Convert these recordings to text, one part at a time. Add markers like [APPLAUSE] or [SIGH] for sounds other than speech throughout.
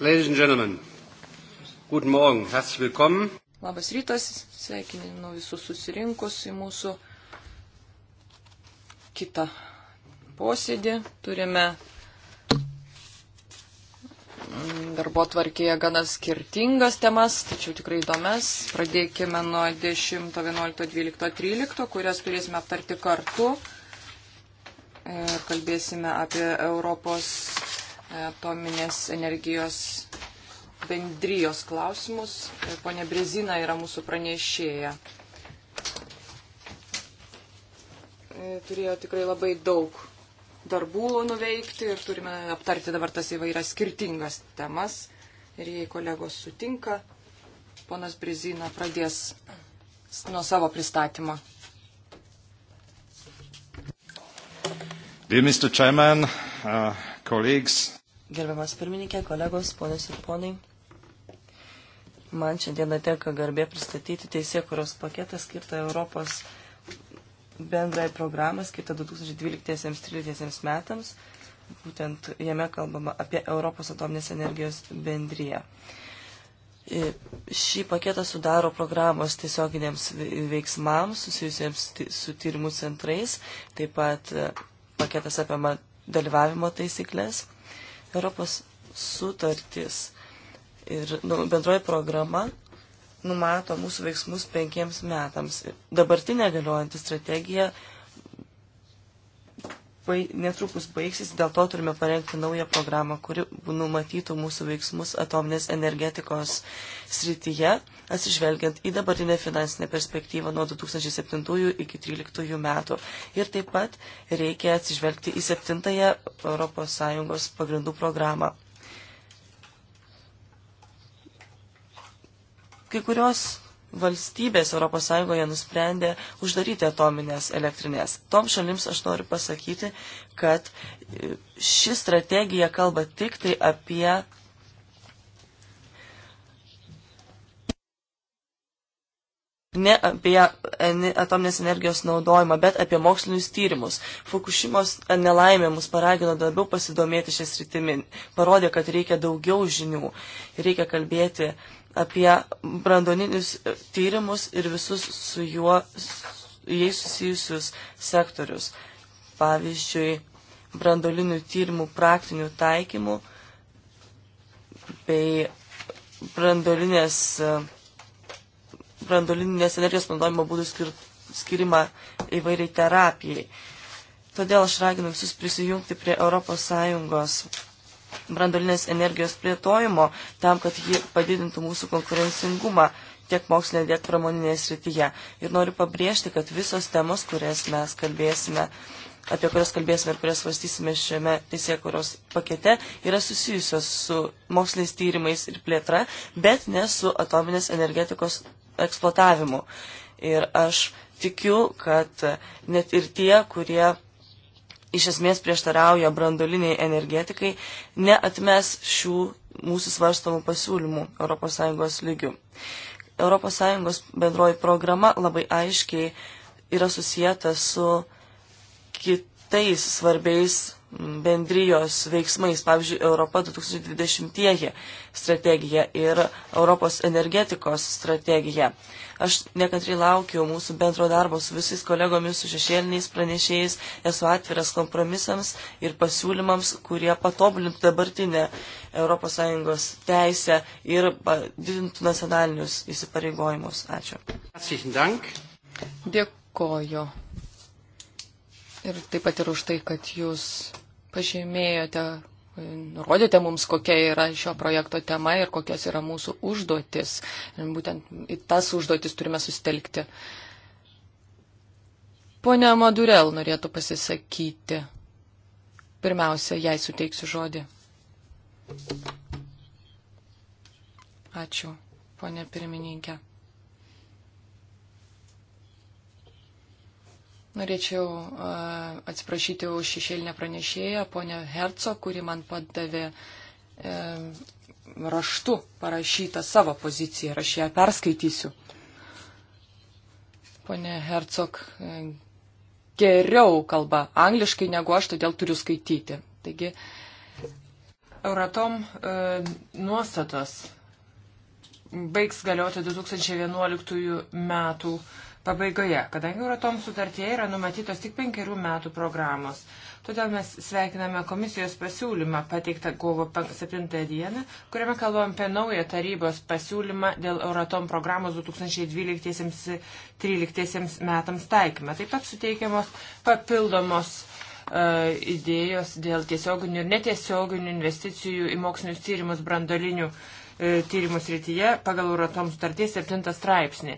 Ladies and gentlemen, guten Morgen, herzlich willkommen. Labas rytas, sveikinu visus susirinkus į mūsų kitą posėdį. Turime darbo tvarkėje gana skirtingas temas, tačiau tikrai įdomias. Pradėkime nuo 10, 11, 12, 13, kurias turėsime aptarti kartu. Ir kalbėsime apie Europos E, atominės energijos bendrijos klausimus. E, Pone Brezina yra mūsų pranešėja. E, turėjo tikrai labai daug darbų nuveikti ir turime aptarti dabar tas įvairias skirtingas temas. Ir jei kolegos sutinka, ponas Brezina pradės nuo savo pristatymo. Dear Mr. Chairman, uh, colleagues, Gerbiamas pirmininkė, kolegos, ponios ir ponai, man šiandieną tenka garbė pristatyti teisėkuros paketą skirtą Europos bendrai programą skirtą 2012-2013 metams. Būtent jame kalbama apie Europos atominės energijos bendryje. Šį paketą sudaro programos tiesioginiams veiksmams susijusiems su tyrimų centrais, taip pat e, paketas apima dalyvavimo taisyklės Europos sutartis ir nu, bendroji programa numato mūsų veiksmus penkiems metams. Dabartinė galiojanti strategija baig, netrukus baigsis, dėl to turime parengti naują programą, kuri numatytų mūsų veiksmus atominės energetikos srityje, atsižvelgiant į dabartinę finansinę perspektyvą nuo 2007 iki 2013 metų. Ir taip pat reikia atsižvelgti į 7-ąją ES pagrindų programą. Kai kurios valstybės ES nusprendė uždaryti atominės elektrinės. Tom šalims aš noriu pasakyti, kad e, ši strategija kalba tik tai apie ne apie atominės energijos naudojimą, bet apie mokslinius tyrimus. Fukushimos nelaimė mus paragino labiau pasidomėti šią sritimį, parodė, kad reikia daugiau žinių, reikia kalbėti uh, apie brandoninius e, tyrimus ir visus su juo, jais susijusius sektorius. Pavyzdžiui, brandolinių tyrimų praktinių taikymų bei brandolinės, e, brandolinės energijos naudojimo būdų skir, skirimą įvairiai terapijai. Todėl aš raginu visus prisijungti prie ES brandolinės energijos plėtojimo, tam, kad ji padidintų mūsų konkurencingumą tiek mokslinė, tiek pramoninėje srityje. Ir noriu pabrėžti, kad visos temos, kurias mes kalbėsime, apie kurias kalbėsime ir kurias svarstysime šiame teisėkuros pakete, yra susijusios su moksliniais tyrimais ir plėtra, bet ne su atominės energetikos eksploatavimu. Ir aš tikiu, kad net ir tie, kurie iš esmės prieštarauja brandoliniai energetikai, neatmes šių mūsų svarstomų pasiūlymų ES lygių. ES bendroji programa labai aiškiai yra susijęta su kitais svarbiais bendrijos veiksmais, pavyzdžiui, Europa 2020 strategija ir Europos energetikos strategija. Aš nekantri laukiu mūsų bendro darbo su visais kolegomis, su šešėliniais pranešėjais, esu atviras kompromisams ir pasiūlymams, kurie patobulintų dabartinę ES teisę ir didintų nacionalinius įsipareigojimus. Ačiū. Dėkoju. Ir taip pat ir už tai, kad jūs pažymėjote, nurodėte mums, kokia yra šio projekto tema ir kokios yra mūsų užduotis. Ir būtent į tas užduotis turime sustelkti. Pone Madurel norėtų pasisakyti. Pirmiausia, jai suteiksiu žodį. Ačiū, ponė pirmininkė. Norėčiau uh, atsiprašyti už šešėlinę pranešėją, ponę Herco, kuri man padavė uh, raštu parašytą savo poziciją ir aš ją perskaitysiu. Pone Hercog e, geriau kalba angliškai negu aš, todėl turiu skaityti. Taigi, Euratom e, nuostatos baigs galioti 2011 metų pabaigoje, kadangi Euratom sutartėje yra numatytos tik penkerių metų programos. Todėl mes sveikiname komisijos pasiūlymą pateiktą kovo 7 dieną, kuriame kalbam apie naują tarybos pasiūlymą dėl Euratom programos 2012-2013 metams taikymą. Taip pat suteikiamos papildomos uh, idėjos dėl tiesioginių ir netiesioginių investicijų į mokslinius tyrimus brandolinių uh, E, tyrimų srityje pagal Euratom sutarties 7 straipsnį.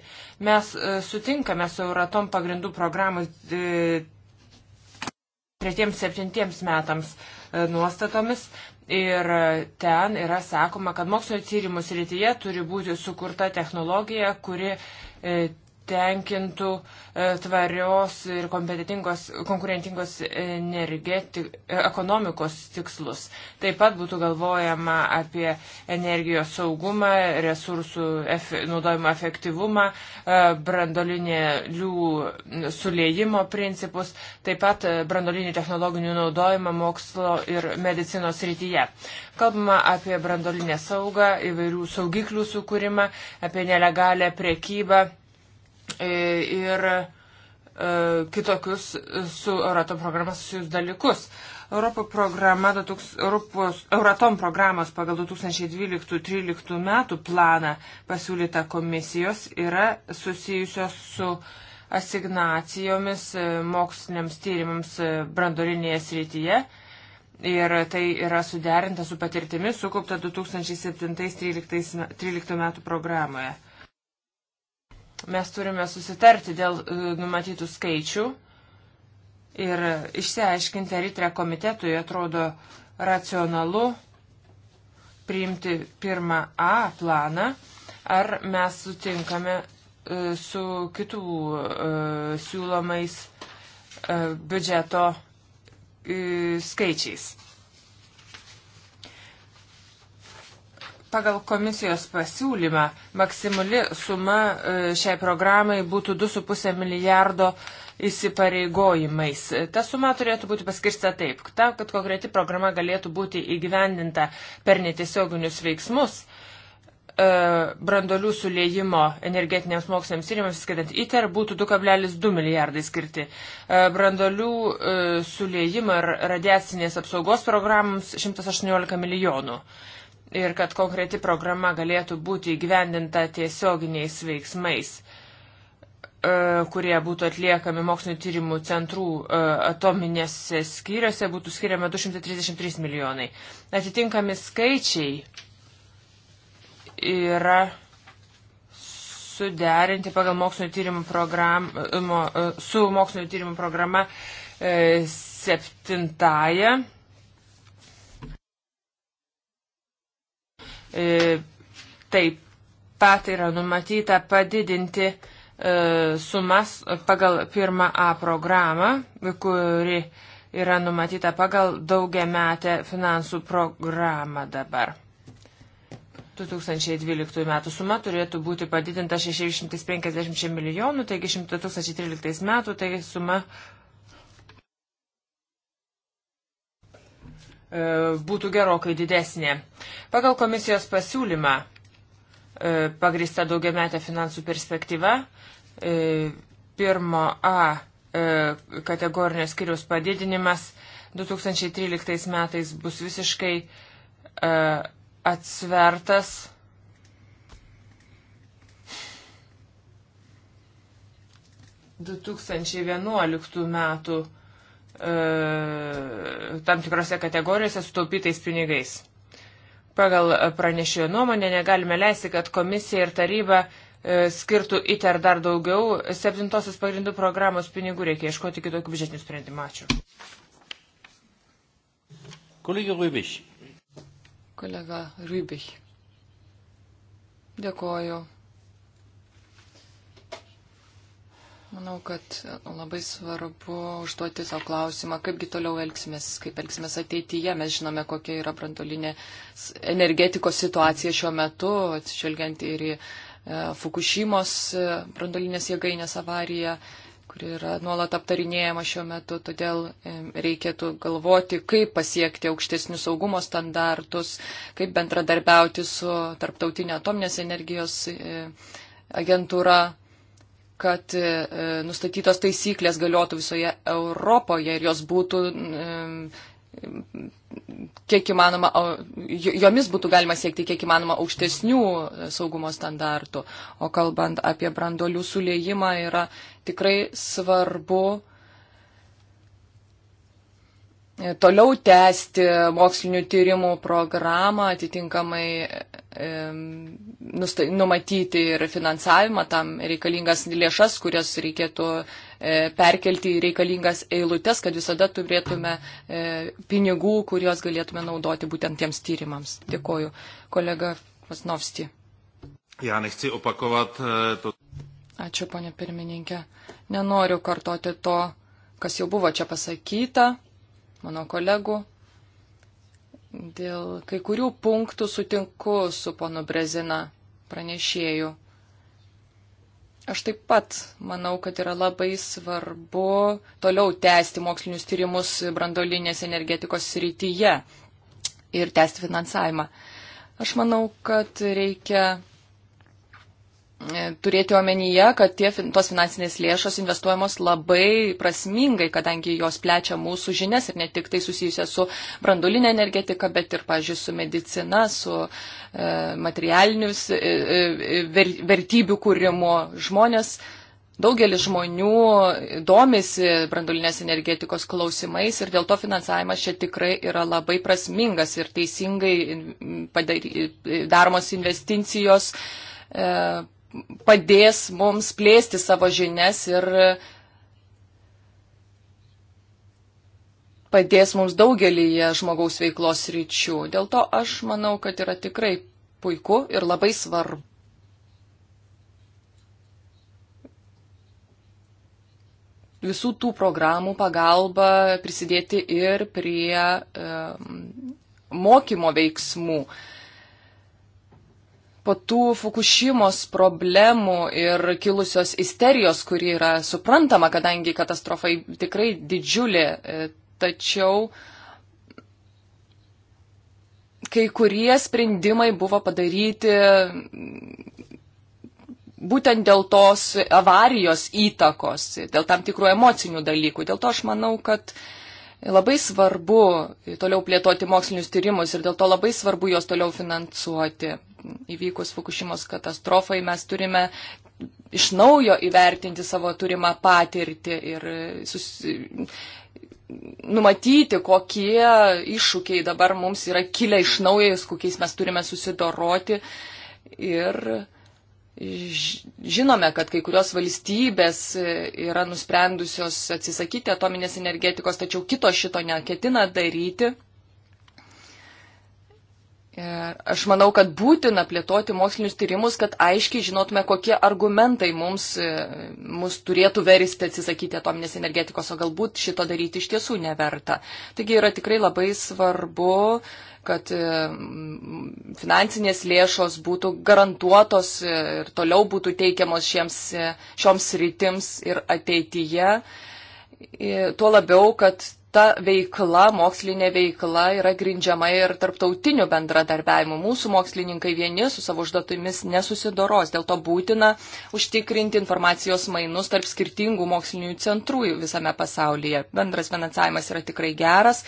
Mes e, sutinkame su Euratom pagrindų programos e, tretiems septintiems metams nuostatomis ir ten yra sakoma, kad mokslo tyrimų srityje turi būti sukurta technologija, kuri tenkintų e, tvarios ir konkurentingos e, ekonomikos tikslus. Taip pat būtų galvojama apie energijos saugumą, resursų efe, naudojimo efektyvumą, e, brandolinių sulėjimo principus, taip pat brandolinių technologinių naudojimą mokslo ir medicinos rytyje. Kalbama apie brandolinę saugą, įvairių saugiklių sukūrimą, apie nelegalę priekybą E, ir e, kitokius su Euratom programas susijus dalykus. Europo programa, Europos, Euratom programos pagal 2012-2013 metų planą pasiūlyta komisijos yra susijusios su asignacijomis e, moksliniams tyrimams brandolinėje srityje. Ir tai yra suderinta su patirtimi sukaupta 2007-2013 metų programoje. Mes turime susitarti dėl e, numatytų skaičių ir išsiaiškinti, ar įtre komitetui atrodo racionalu priimti pirmą A planą, ar mes sutinkame e, su kitų e, siūlomais biudžeto skaičiais. pagal komisijos pasiūlymą maksimali suma e, šiai programai būtų 2,5 milijardo įsipareigojimais. E, ta suma turėtų būti paskirsta taip, tam, kad konkreti programa galėtų būti įgyvendinta per netiesioginius veiksmus e, brandolių sulėjimo energetiniams moksliniams tyrimams, skaitant ITER, būtų 2,2 milijardai skirti. Brandolių sulėjimo ir radiacinės apsaugos programams 118 milijonų ir kad konkreti programa galėtų būti įgyvendinta tiesioginiais veiksmais, e, kurie būtų atliekami mokslinio tyrimų centrų e, atominėse skyriuose, būtų skiriama 233 milijonai. Atitinkami skaičiai yra suderinti pagal mokslinio tyrimų programą e, su mokslinio tyrimų programa septintąją E, taip pat yra numatyta padidinti e, sumas pagal pirmą A programą, kuri yra numatyta pagal daugiametę finansų programą dabar. 2012 metų suma turėtų būti padidinta 650 milijonų, taigi 100 2013 metų tai suma E, būtų gerokai didesnė. Pagal komisijos pasiūlymą e, pagrįsta daugiametė finansų perspektyva, e, pirmo A kategorinės skiriaus padidinimas 2013 metais bus visiškai atsvertas du tūkstančiai vienuoliktų metų E, tam tikrose kategorijose sutaupytais pinigais. Pagal pranešėjo nuomonę negalime leisti, kad komisija ir taryba e, skirtų ITER dar daugiau. Septintosios pagrindų programos pinigų reikia ieškoti kitokių biudžetinių sprendimų. Ačiū. Kolega Rybiš. Kolega Rybiš. Dėkoju. Manau, kad labai svarbu užduoti savo klausimą, kaipgi toliau elgsimės, kaip elgsimės ateityje. Mes žinome, kokia yra brandolinė energetikos situacija šiuo metu, atsižvelgiant ir į e, Fukushimos e, brandolinės jėgainės avariją, kuri yra nuolat aptarinėjama šiuo metu. Todėl e, reikėtų galvoti, kaip pasiekti aukštesnius saugumo standartus, kaip bendradarbiauti su tarptautinė atominės energijos agentūra kad e, nustatytos taisyklės galiotų visoje Europoje ir jos būtų, e, kiek įmanoma, jomis būtų galima siekti kiek įmanoma aukštesnių saugumo standartų. O kalbant apie brandolių sulėjimą, yra tikrai svarbu toliau tęsti mokslinių tyrimų programą, atitinkamai e, numatyti ir finansavimą tam reikalingas lėšas, kurias reikėtų e, perkelti į reikalingas eilutes, kad visada turėtume e, pinigų, kuriuos galėtume naudoti būtent tiems tyrimams. Dėkoju, kolega Vasnovsti. Ja nechci opakovat e, to. Ačiū, ponė pirmininkė. Nenoriu kartoti to, kas jau buvo čia pasakyta mano kolegų. Dėl kai kurių punktų sutinku su ponu Brezina pranešėju. Aš taip pat manau, kad yra labai svarbu toliau tęsti mokslinius tyrimus brandolinės energetikos srityje ir tęsti finansavimą. Aš manau, kad reikia E, turėti omenyje, kad tie, tos finansinės lėšos investuojamos labai prasmingai, kadangi jos plečia mūsų žinias ir ne tik tai susijusia su brandulinė energetika, bet ir, pažiūrėjau, su medicina, su e, materialinius e, e, e, ver, vertybių kūrimo žmonės. Daugelis žmonių domisi brandulinės energetikos klausimais ir dėl to finansavimas čia tikrai yra labai prasmingas ir teisingai padary, daromos investicijos e, padės mums plėsti savo žinias ir padės mums daugelį žmogaus veiklos ryčių. Dėl to aš manau, kad yra tikrai puiku ir labai svarbu. Visų tų programų pagalba prisidėti ir prie e, mokymo veiksmų. E, po tų Fukushimos problemų ir kilusios isterijos, kuri yra suprantama, kadangi katastrofa tikrai didžiulė, e, tačiau kai kurie sprendimai buvo padaryti būtent dėl tos avarijos įtakos, dėl tam tikrų emocinių dalykų. Dėl to aš manau, kad uh, Labai svarbu toliau plėtoti mokslinius tyrimus ir dėl to labai svarbu juos toliau finansuoti. Įvykus Fukushimos katastrofai mes turime iš naujo įvertinti savo turimą patirtį ir sus, numatyti, kokie iššūkiai dabar mums yra kilę iš naujo, kokiais mes turime susidoroti. Ir Žinome, kad kai kurios valstybės e, yra nusprendusios atsisakyti atominės energetikos, tačiau kitos šito neketina daryti. Ir e, aš manau, kad būtina plėtoti mokslinius tyrimus, kad aiškiai žinotume, kokie argumentai mums, e, mums turėtų versti atsisakyti atominės energetikos, o galbūt šito daryti iš tiesų neverta. Taigi yra tikrai labai svarbu uh, kad e, finansinės lėšos būtų garantuotos e, ir toliau būtų teikiamos šiems, e, šioms rytims ir ateityje. Tuo labiau, kad ta veikla, mokslinė veikla yra grindžiama ir tarptautiniu bendradarbiavimu. Mūsų mokslininkai vieni su savo užduotimis nesusidoros, dėl to būtina užtikrinti informacijos mainus tarp skirtingų mokslinių centrų visame pasaulyje. Bendras finansavimas yra tikrai geras,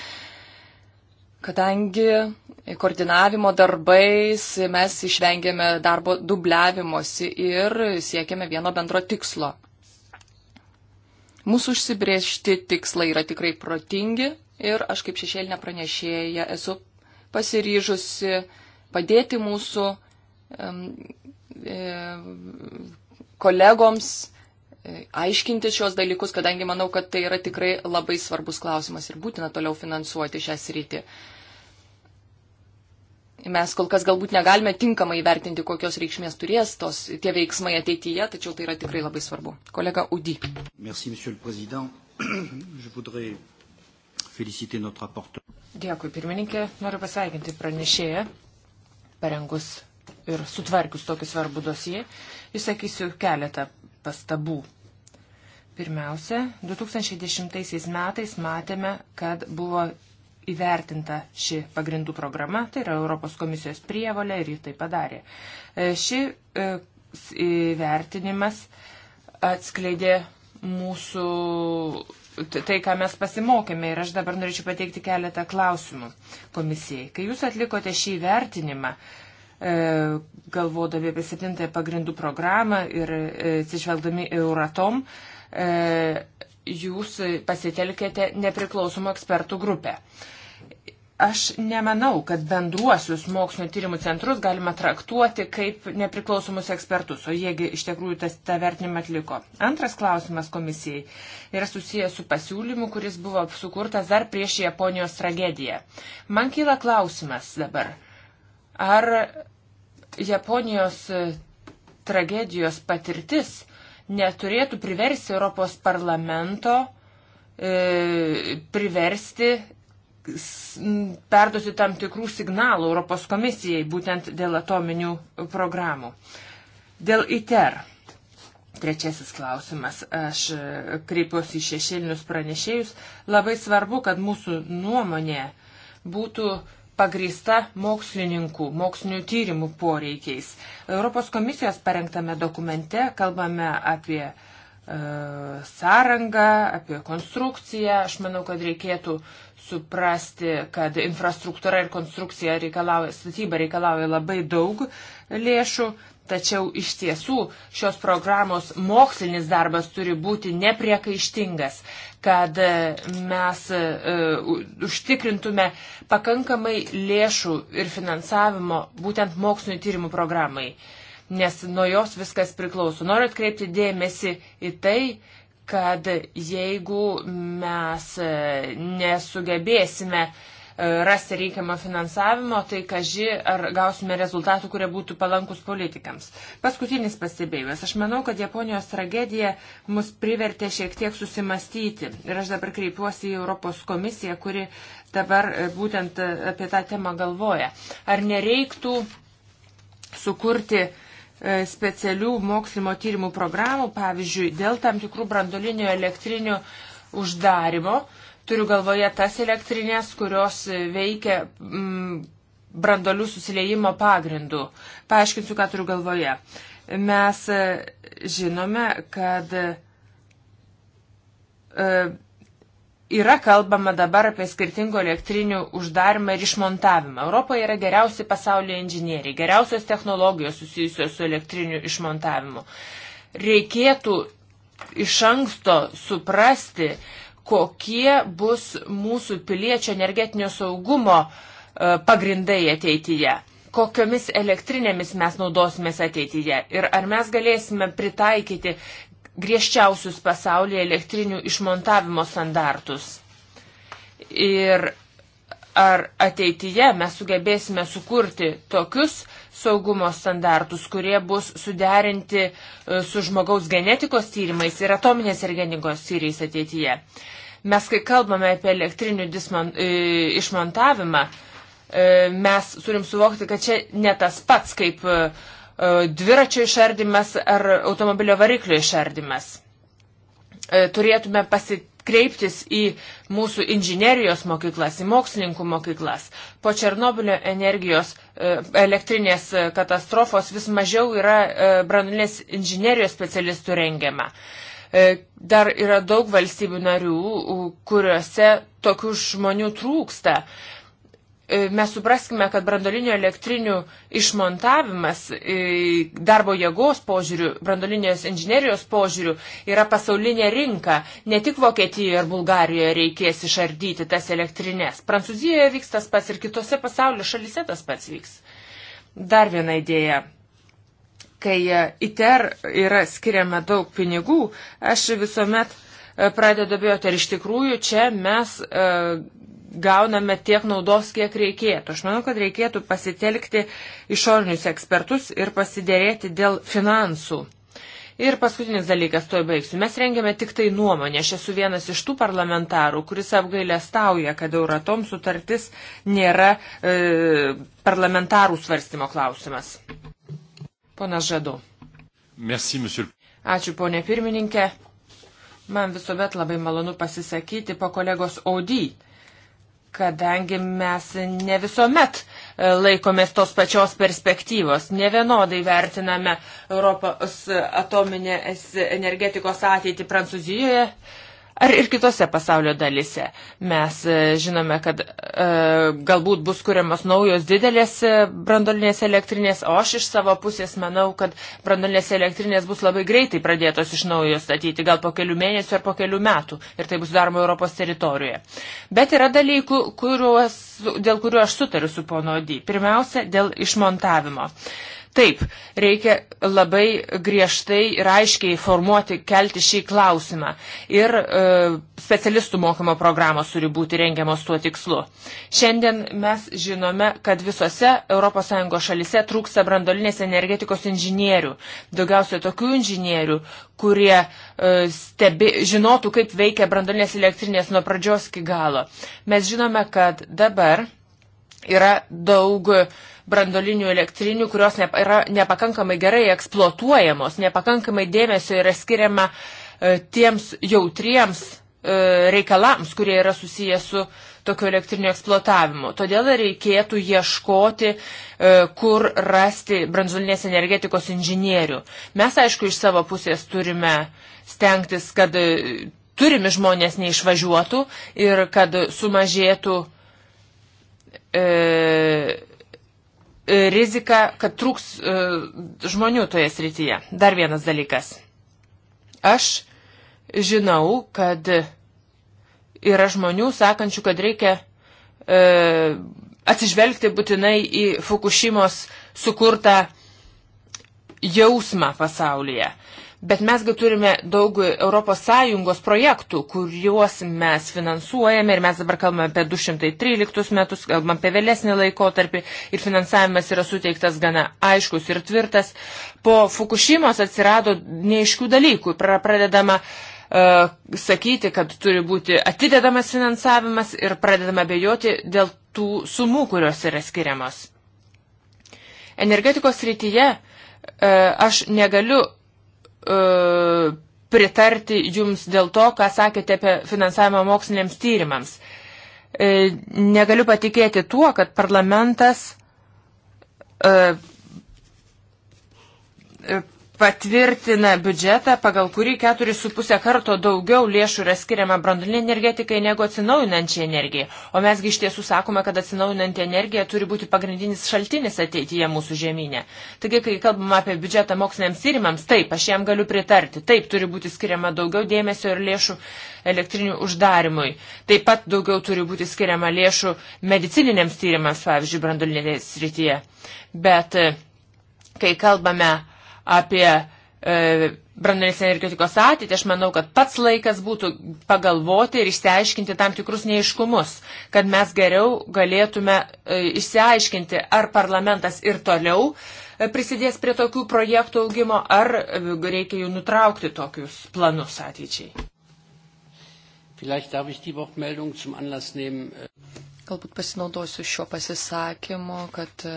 kadangi koordinavimo darbais mes išvengėme darbo dubliavimosi ir siekėme vieno bendro tikslo. Mūsų užsibriežti tikslai yra tikrai protingi ir aš kaip šešėlinė pranešėja esu pasiryžusi padėti mūsų um, e, kolegoms e, aiškinti šios dalykus, kadangi manau, kad tai yra tikrai labai svarbus klausimas ir būtina toliau finansuoti šią sritį mes kol kas galbūt negalime tinkamai vertinti, kokios reikšmės turės tos, tie veiksmai ateityje, tačiau tai yra tikrai labai svarbu. Kolega Udy. Merci, [CLEARS THROAT] Dėkui, pirmininkė. Noriu pasveikinti pranešėją, parengus ir sutvarkius tokį svarbų dosiją. Išsakysiu keletą pastabų. Pirmiausia, 2010 metais matėme, kad buvo įvertinta ši pagrindų programa, tai yra Europos komisijos prievalė ir ji tai padarė. E, ši e, įvertinimas atskleidė mūsų tai, ką mes pasimokėme ir aš dabar norėčiau pateikti keletą klausimų komisijai. Kai jūs atlikote šį vertinimą, e, galvodami apie septintąją pagrindų programą ir atsižvelgdami Euratom, jūs pasitelkėte nepriklausomų ekspertų grupę. Aš nemanau, kad bendruosius mokslinio tyrimų centrus galima traktuoti kaip nepriklausomus ekspertus, o jiegi iš tikrųjų tas, tą vertinimą atliko. Antras klausimas komisijai yra susijęs su pasiūlymu, kuris buvo sukurtas dar prieš Japonijos tragediją. Man kyla klausimas dabar, ar Japonijos tragedijos patirtis neturėtų priversti Europos parlamento e, priversti perduoti tam tikrų signalų Europos komisijai būtent dėl atominių programų. Dėl ITER. Trečiasis klausimas. Aš e, kreipiuosi į šešėlinius pranešėjus. Labai svarbu, kad mūsų nuomonė būtų pagrįsta mokslininkų, mokslinių tyrimų poreikiais. Europos komisijos parengtame dokumente kalbame apie e, sąrangą, apie konstrukciją. Aš manau, kad reikėtų suprasti, kad infrastruktūra ir konstrukcija reikalauja, statyba reikalauja labai daug lėšų. Tačiau iš tiesų šios programos mokslinis darbas turi būti nepriekaištingas, kad e, mes uh, užtikrintume pakankamai lėšų ir finansavimo būtent mokslinio tyrimų programai, nes nuo jos viskas priklauso. Noriu atkreipti dėmesį į tai, kad jeigu mes e, nesugebėsime uh, E, rasti reikiamą finansavimo, tai kaži, ar gausime rezultatų, kurie būtų palankus politikams. Paskutinis pastebėjimas. Aš manau, kad Japonijos tragedija mus privertė šiek tiek susimastyti. Ir aš dabar kreipiuosi į Europos komisiją, kuri dabar e, būtent e, apie tą temą galvoja. Ar nereiktų sukurti specialių mokslinio tyrimų programų, pavyzdžiui, dėl tam tikrų brandolinių elektrinių uždarimo, uh, Turiu galvoje tas elektrinės, kurios veikia mm, brandolių susiliejimo pagrindu. Paaiškinsiu, ką turiu galvoje. Mes e, žinome, kad e, yra kalbama dabar apie skirtingų elektrinių uždarimą ir išmontavimą. Europoje yra geriausi pasaulyje inžinieriai, geriausios technologijos susijusios su elektriniu išmontavimu. Reikėtų iš anksto suprasti, kokie bus mūsų piliečio energetinio saugumo e, pagrindai ateityje kokiomis elektrinėmis mes naudosimės ateityje ir ar mes galėsime pritaikyti griežčiausius pasaulyje elektrinių išmontavimo standartus. Ir ar ateityje mes sugebėsime sukurti tokius saugumo standartus, kurie bus suderinti e, su žmogaus genetikos tyrimais ir atominės energetikos tyriais ateityje. Mes, kai kalbame apie elektrinių disman, e, išmontavimą, e, mes turim suvokti, kad čia ne tas pats kaip dviračio išardimas ar automobilio variklio išardimas turėtume pasi, kreiptis į mūsų inžinerijos mokyklas, į mokslininkų mokyklas. Po Černobilio energijos e, elektrinės e, katastrofos vis mažiau yra e, branulės inžinerijos specialistų rengiama. Dar yra daug valstybių narių, kuriuose tokių žmonių trūksta. E, mes supraskime, kad brandolinio elektrinių išmontavimas e, darbo jėgos požiūrių, brandolinės inžinerijos požiūrių yra pasaulinė rinka. Ne tik Vokietijoje ir Bulgarijoje reikės išardyti tas elektrinės. Prancūzijoje vyks tas pats ir kitose pasaulio šalise tas pats vyks. Dar viena idėja. Kai e, ITER yra skiriama daug pinigų, aš visuomet pradedu abejoti, ar iš tikrųjų čia mes gauname tiek naudos, kiek reikėtų. Aš manau, kad reikėtų pasitelkti išorinius ekspertus ir pasidėrėti dėl finansų. Ir paskutinis dalykas, to baigsiu. Mes rengiame tik tai nuomonę. Aš esu vienas iš tų parlamentarų, kuris apgailę stauja, kad Euratom sutartis nėra e, parlamentarų svarstymo klausimas. Pana Žadu. Merci, monsieur. Ačiū, ponė pirmininkė. Man visuomet labai malonu pasisakyti po kolegos Audy kadangi mes ne visuomet e, laikomės tos pačios perspektyvos, ne vienodai vertiname Europos atominės energetikos ateitį Prancūzijoje, Ar ir kitose pasaulio dalise mes e, žinome, kad e, galbūt bus kuriamos naujos didelės e, brandolinės elektrinės, o aš iš savo pusės manau, kad brandolinės elektrinės bus labai greitai pradėtos iš naujo statyti, gal po kelių mėnesių ar po kelių metų, ir tai bus daroma Europos teritorijoje. Bet yra dalykų, kuriuos, dėl kurių aš sutariu su ponodi. Pirmiausia, dėl išmontavimo. E, Taip, reikia labai griežtai ir aiškiai formuoti, kelti šį klausimą. Ir e, specialistų mokymo programos turi būti rengiamos tuo tikslu. Šiandien mes žinome, kad visose ES šalise trūksta brandolinės energetikos inžinierių. Daugiausia tokių inžinierių, kurie e, stebi, žinotų, kaip veikia brandolinės elektrinės nuo pradžios iki galo. Mes žinome, kad dabar yra daug. E, brandolinių elektrinių, kurios ne, yra nepakankamai gerai eksploatuojamos, nepakankamai dėmesio yra skiriama e, tiems jautriems e, reikalams, kurie yra susiję su tokio elektrinio eksploatavimu. Todėl reikėtų ieškoti, e, kur rasti brandulinės energetikos inžinierių. Mes, aišku, iš savo pusės turime stengtis, kad e, turimi žmonės neišvažiuotų ir kad sumažėtų e, E, rizika, kad trūks e, žmonių toje srityje. Dar vienas dalykas. Aš žinau, kad yra žmonių sakančių, kad reikia e, atsižvelgti būtinai į Fukushimos sukurtą jausmą pasaulyje. Bet mesgi turime daug ES projektų, kuriuos mes finansuojame ir mes dabar kalbame apie 213 metus, kalbame apie vėlesnį laikotarpį ir finansavimas yra suteiktas gana aiškus ir tvirtas. Po Fukushimos atsirado neiškių dalykų, pradedama uh, sakyti, kad turi būti atidedamas finansavimas ir pradedama bejoti dėl tų sumų, kurios yra skiriamos. Energetikos rytyje uh, e, aš negaliu E, pritarti jums dėl to, ką sakėte apie finansavimą moksliniams tyrimams. E, negaliu patikėti tuo, kad parlamentas e, patvirtina biudžetą, pagal kurį 4,5 karto daugiau lėšų yra skiriama brandulinė energetikai negu atsinaujinančiai energijai. O mesgi iš tiesų sakome, kad atsinaujinanti energija turi būti pagrindinis šaltinis ateityje mūsų žemynė. Taigi, kai kalbam apie biudžetą moksliniams tyrimams, taip, aš jam galiu pritarti. Taip, turi būti skiriama daugiau dėmesio ir lėšų elektrinių uždarimui. Taip pat daugiau turi būti skiriama lėšų medicininiams tyrimams, pavyzdžiui, brandulinės srityje. Bet e, kai kalbame apie e, branduolinės energetikos ateitį, aš manau, kad pats laikas būtų pagalvoti ir išsiaiškinti tam tikrus neiškumus, kad mes geriau galėtume e, išsiaiškinti, ar parlamentas ir toliau e, prisidės prie tokių projektų augimo, ar reikia jų nutraukti tokius planus ateičiai. Äh, Galbūt pasinaudosiu šio pasisakymu, kad uh,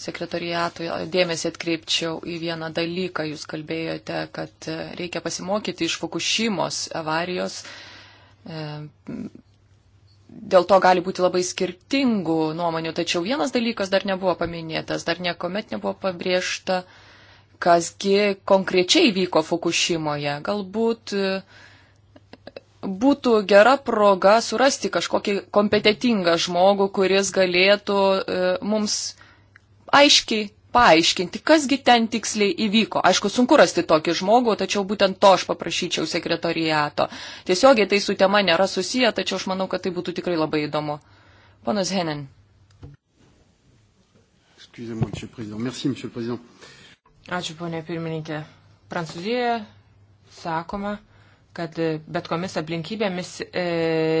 sekretariatui dėmesį atkreipčiau į vieną dalyką. Jūs kalbėjote, kad reikia pasimokyti iš Fukushimos avarijos. E, dėl to gali būti labai skirtingų nuomonių, tačiau vienas dalykas dar nebuvo paminėtas, dar niekuomet nebuvo pabrėžta, kasgi konkrečiai vyko Fukushimoje. Galbūt e, būtų gera proga surasti kažkokį kompetitingą žmogų, kuris galėtų e, mums aiškiai paaiškinti, kasgi ten tiksliai įvyko. Aišku, sunku rasti tokį žmogų, tačiau būtent to aš paprašyčiau sekretoriato. Tiesiogiai tai su tema nėra susiję, tačiau aš manau, kad tai būtų tikrai labai įdomu. Ponas Henin. Ačiū, ponė pirmininkė. Prancūzijoje sakoma, kad e, bet komis aplinkybėmis e,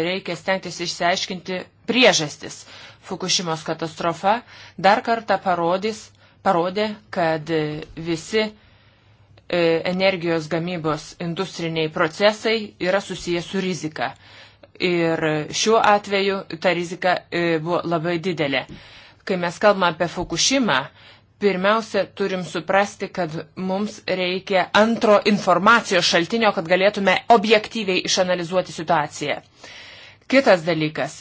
reikia stengtis išsiaiškinti priežastis. Fukushimos katastrofa dar kartą parodys, parodė, kad e, visi energijos gamybos industriniai procesai yra susiję su rizika. Ir šiuo atveju ta rizika buvo labai didelė. Kai mes kalbame apie Fukushimą, pirmiausia, turim suprasti, kad mums reikia antro informacijos šaltinio, kad galėtume objektyviai išanalizuoti situaciją. Kitas dalykas.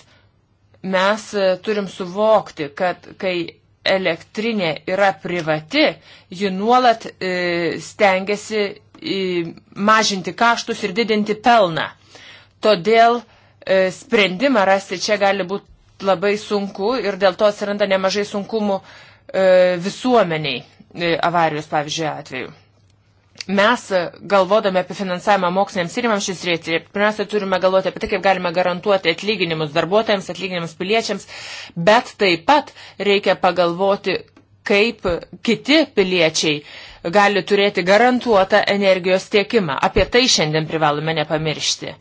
Mes e, turim suvokti, kad kai elektrinė yra privati, ji nuolat e, stengiasi e, mažinti kaštus ir didinti pelną. Todėl e, sprendimą rasti čia gali būti labai sunku ir dėl to atsiranda nemažai sunkumų e, E, visuomeniai e, avarijos, pavyzdžiui, atveju. Mes, e, galvodami apie finansavimą moksliniams tyrimams šis rėti, pirmiausia, turime galvoti apie tai, kaip galime garantuoti atlyginimus darbuotojams, atlyginimus piliečiams, bet taip pat reikia pagalvoti, kaip kiti piliečiai gali turėti garantuotą energijos tiekimą. Apie tai šiandien privalome nepamiršti.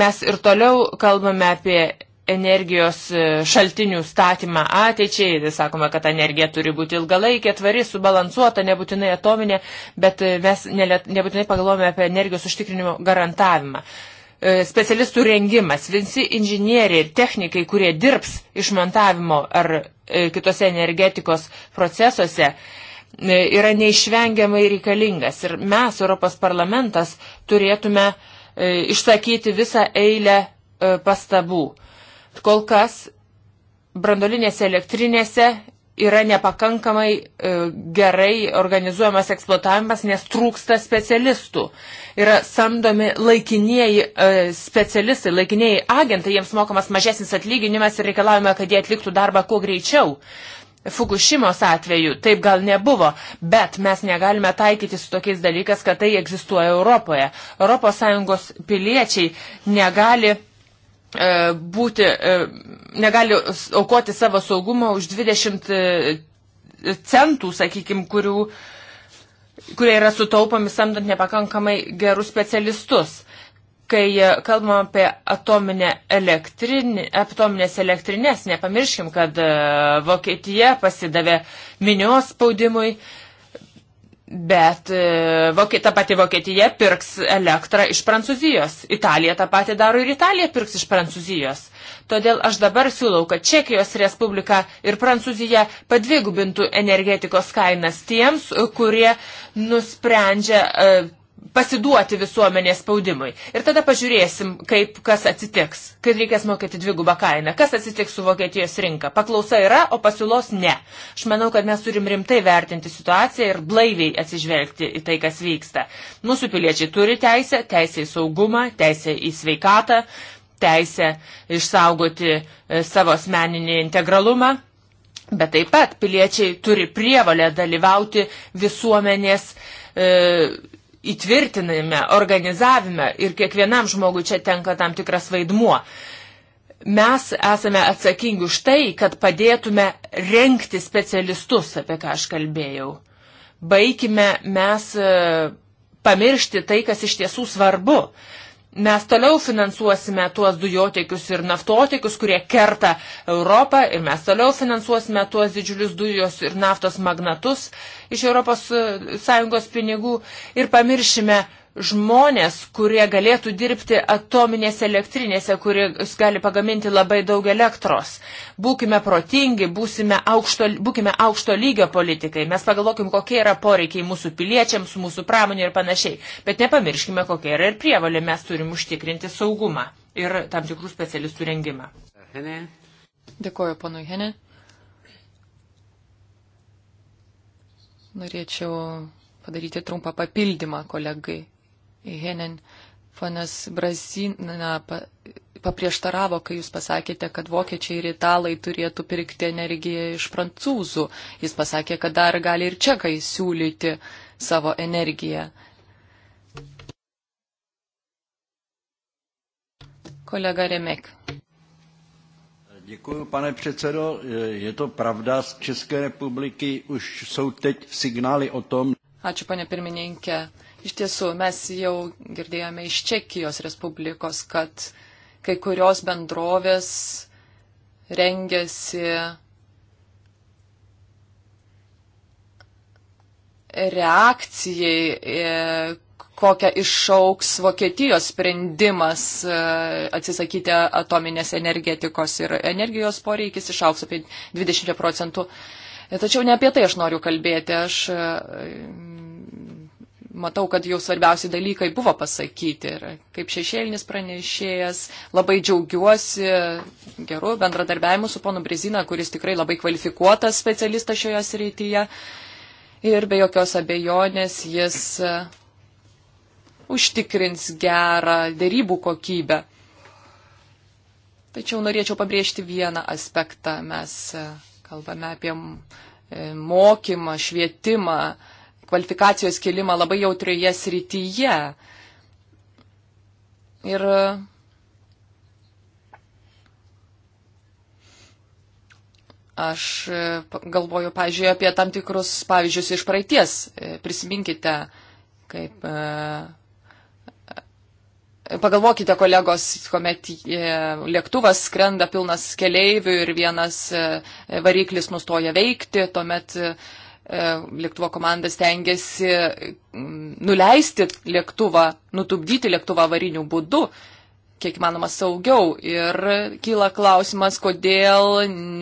Mes ir toliau kalbame apie energijos e, šaltinių statymą ateičiai. Tai Sakome, kad energija turi būti ilgalaikė, tvari, subalansuota, nebūtinai atominė, bet e, mes nebūtinai pagalvojame apie energijos užtikrinimo garantavimą. E, specialistų rengimas, visi inžinieriai ir technikai, kurie dirbs išmontavimo ar kitose energetikos procesuose, yra neišvengiamai reikalingas. Ir mes, Europos parlamentas, turėtume išsakyti visą eilę pastabų. Kol kas brandolinėse elektrinėse yra nepakankamai e, gerai organizuojamas eksploatavimas, nes trūksta specialistų. Yra samdomi laikinieji e, specialistai, laikinieji agentai, jiems mokamas mažesnis atlyginimas ir reikalavime, kad jie atliktų darbą kuo greičiau. Fukushimos atveju taip gal nebuvo, bet mes negalime taikyti su tokiais dalykas, kad tai egzistuoja Europoje. ES piliečiai negali E, būti, e, negali aukoti savo saugumo už 20 e, centų, sakykime, kurių, kurie yra sutaupami samdant nepakankamai gerus specialistus. Kai kalbam apie atominę elektrinį, atominės elektrinės, nepamirškim, kad Vokietija pasidavė minios spaudimui, uh, Bet e, ta pati Vokietija pirks elektrą iš Prancūzijos. Italija tą patį daro ir Italija pirks iš Prancūzijos. Todėl aš dabar siūlau, kad Čekijos Respublika ir Prancūzija padvigubintų energetikos kainas tiems, kurie nusprendžia e, pasiduoti visuomenės spaudimui. Ir tada pažiūrėsim, kaip kas atsitiks, kai reikės mokėti dvigubą kainą, kas atsitiks su Vokietijos rinka. Paklausa yra, o pasiūlos ne. Aš manau, kad mes turim rimtai vertinti situaciją ir blaiviai atsižvelgti į tai, kas vyksta. Mūsų piliečiai turi teisę, teisę į saugumą, teisę į sveikatą, teisę išsaugoti e, savo asmeninį integralumą. Bet taip pat piliečiai turi prievalę dalyvauti visuomenės e, įtvirtinime, organizavime ir kiekvienam žmogui čia tenka tam tikras vaidmuo. Mes esame atsakingi už tai, kad padėtume renkti specialistus, apie ką aš kalbėjau. Baikime mes e, pamiršti tai, kas iš tiesų svarbu. Mes toliau finansuosime tuos dujotiekius ir naftotiekius, kurie kerta Europą ir mes toliau finansuosime tuos didžiulius dujos ir naftos magnatus iš ES e, pinigų ir pamiršime žmonės, kurie galėtų dirbti atominėse elektrinėse, kuris gali pagaminti labai daug elektros. Būkime protingi, būsime aukšto, būkime aukšto lygio politikai. Mes pagalvokim, kokie yra poreikiai mūsų piliečiams, mūsų pramonė ir panašiai. Bet nepamirškime, kokie yra ir prievalė. Mes turim užtikrinti saugumą ir tam tikrų specialistų rengimą. Dėkuoju, ponui Henė. Norėčiau padaryti trumpą papildymą kolegai Henin, ponas Brazina paprieštaravo, kai jūs pasakėte, kad vokiečiai ir italai turėtų pirkti energiją iš prancūzų. Jis pasakė, kad dar gali ir čekai siūlyti savo energiją. Kolega Remek. Děkuji, pane předsedo. Je to pravda, z České republiky už jsou teď signály o tom. Ačiū, pane pirmininkė. Iš tiesų, mes jau girdėjome iš Čekijos Respublikos, kad kai kurios bendrovės rengiasi reakcijai, e, kokią išauks Vokietijos sprendimas e, atsisakyti atominės energetikos ir energijos poreikis išauks apie 20 procentų. E, tačiau ne apie tai aš noriu kalbėti. Aš matau, kad jau svarbiausi dalykai buvo pasakyti. Ir kaip šešėlinis pranešėjas labai džiaugiuosi geru bendradarbiavimu su ponu Brezina, kuris tikrai labai kvalifikuotas specialistas šioje srityje. Ir be jokios abejonės jis e, užtikrins gerą dėrybų kokybę. Tačiau norėčiau pabrėžti vieną aspektą. Mes e, kalbame apie e, mokymą, švietimą, kvalifikacijos kelimą labai jautrioje srityje. Ir aš e, galvoju, pažiūrėjau, apie tam tikrus pavyzdžius iš praeities. E, prisiminkite, kaip. E, pagalvokite, kolegos, kuomet lėktuvas skrenda pilnas keleivių ir vienas variklis nustoja veikti, tuomet E, lėktuvo komanda stengiasi nuleisti lėktuvą, nutupdyti lėktuvą avariniu būdu, kiek įmanoma saugiau. Ir kyla klausimas, kodėl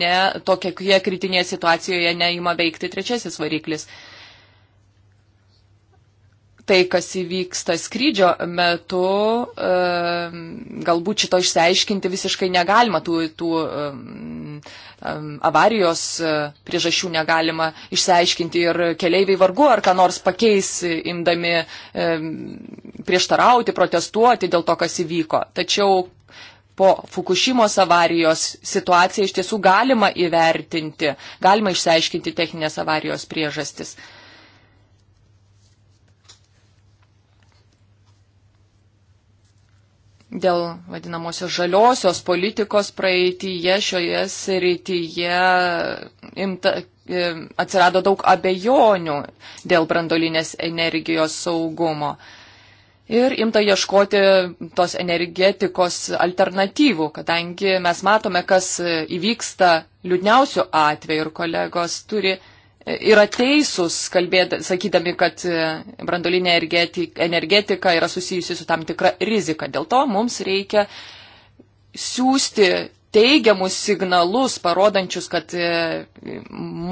ne tokia kritinėje situacijoje neima veikti trečiasis variklis. Uh, tai, kas įvyksta skrydžio metu, e, galbūt šito išsiaiškinti visiškai negalima, tų, tų e, e, avarijos priežasčių negalima išsiaiškinti ir keleiviai vargu ar ką nors pakeis, imdami prieštarauti, protestuoti dėl to, kas įvyko. Tačiau po Fukushimos avarijos situaciją iš tiesų galima įvertinti, galima išsiaiškinti techninės avarijos priežastis. dėl vadinamosios žaliosios politikos praeitįje šioje srityje imta, e, atsirado daug abejonių dėl brandolinės energijos saugumo. Ir imta ieškoti tos energetikos alternatyvų, kadangi mes matome, kas įvyksta liūdniausių atveju ir kolegos turi yra teisūs, sakydami, kad e, brandolinė energetika yra susijusi su tam tikra rizika. Dėl to mums reikia siūsti teigiamus signalus, parodančius, kad e,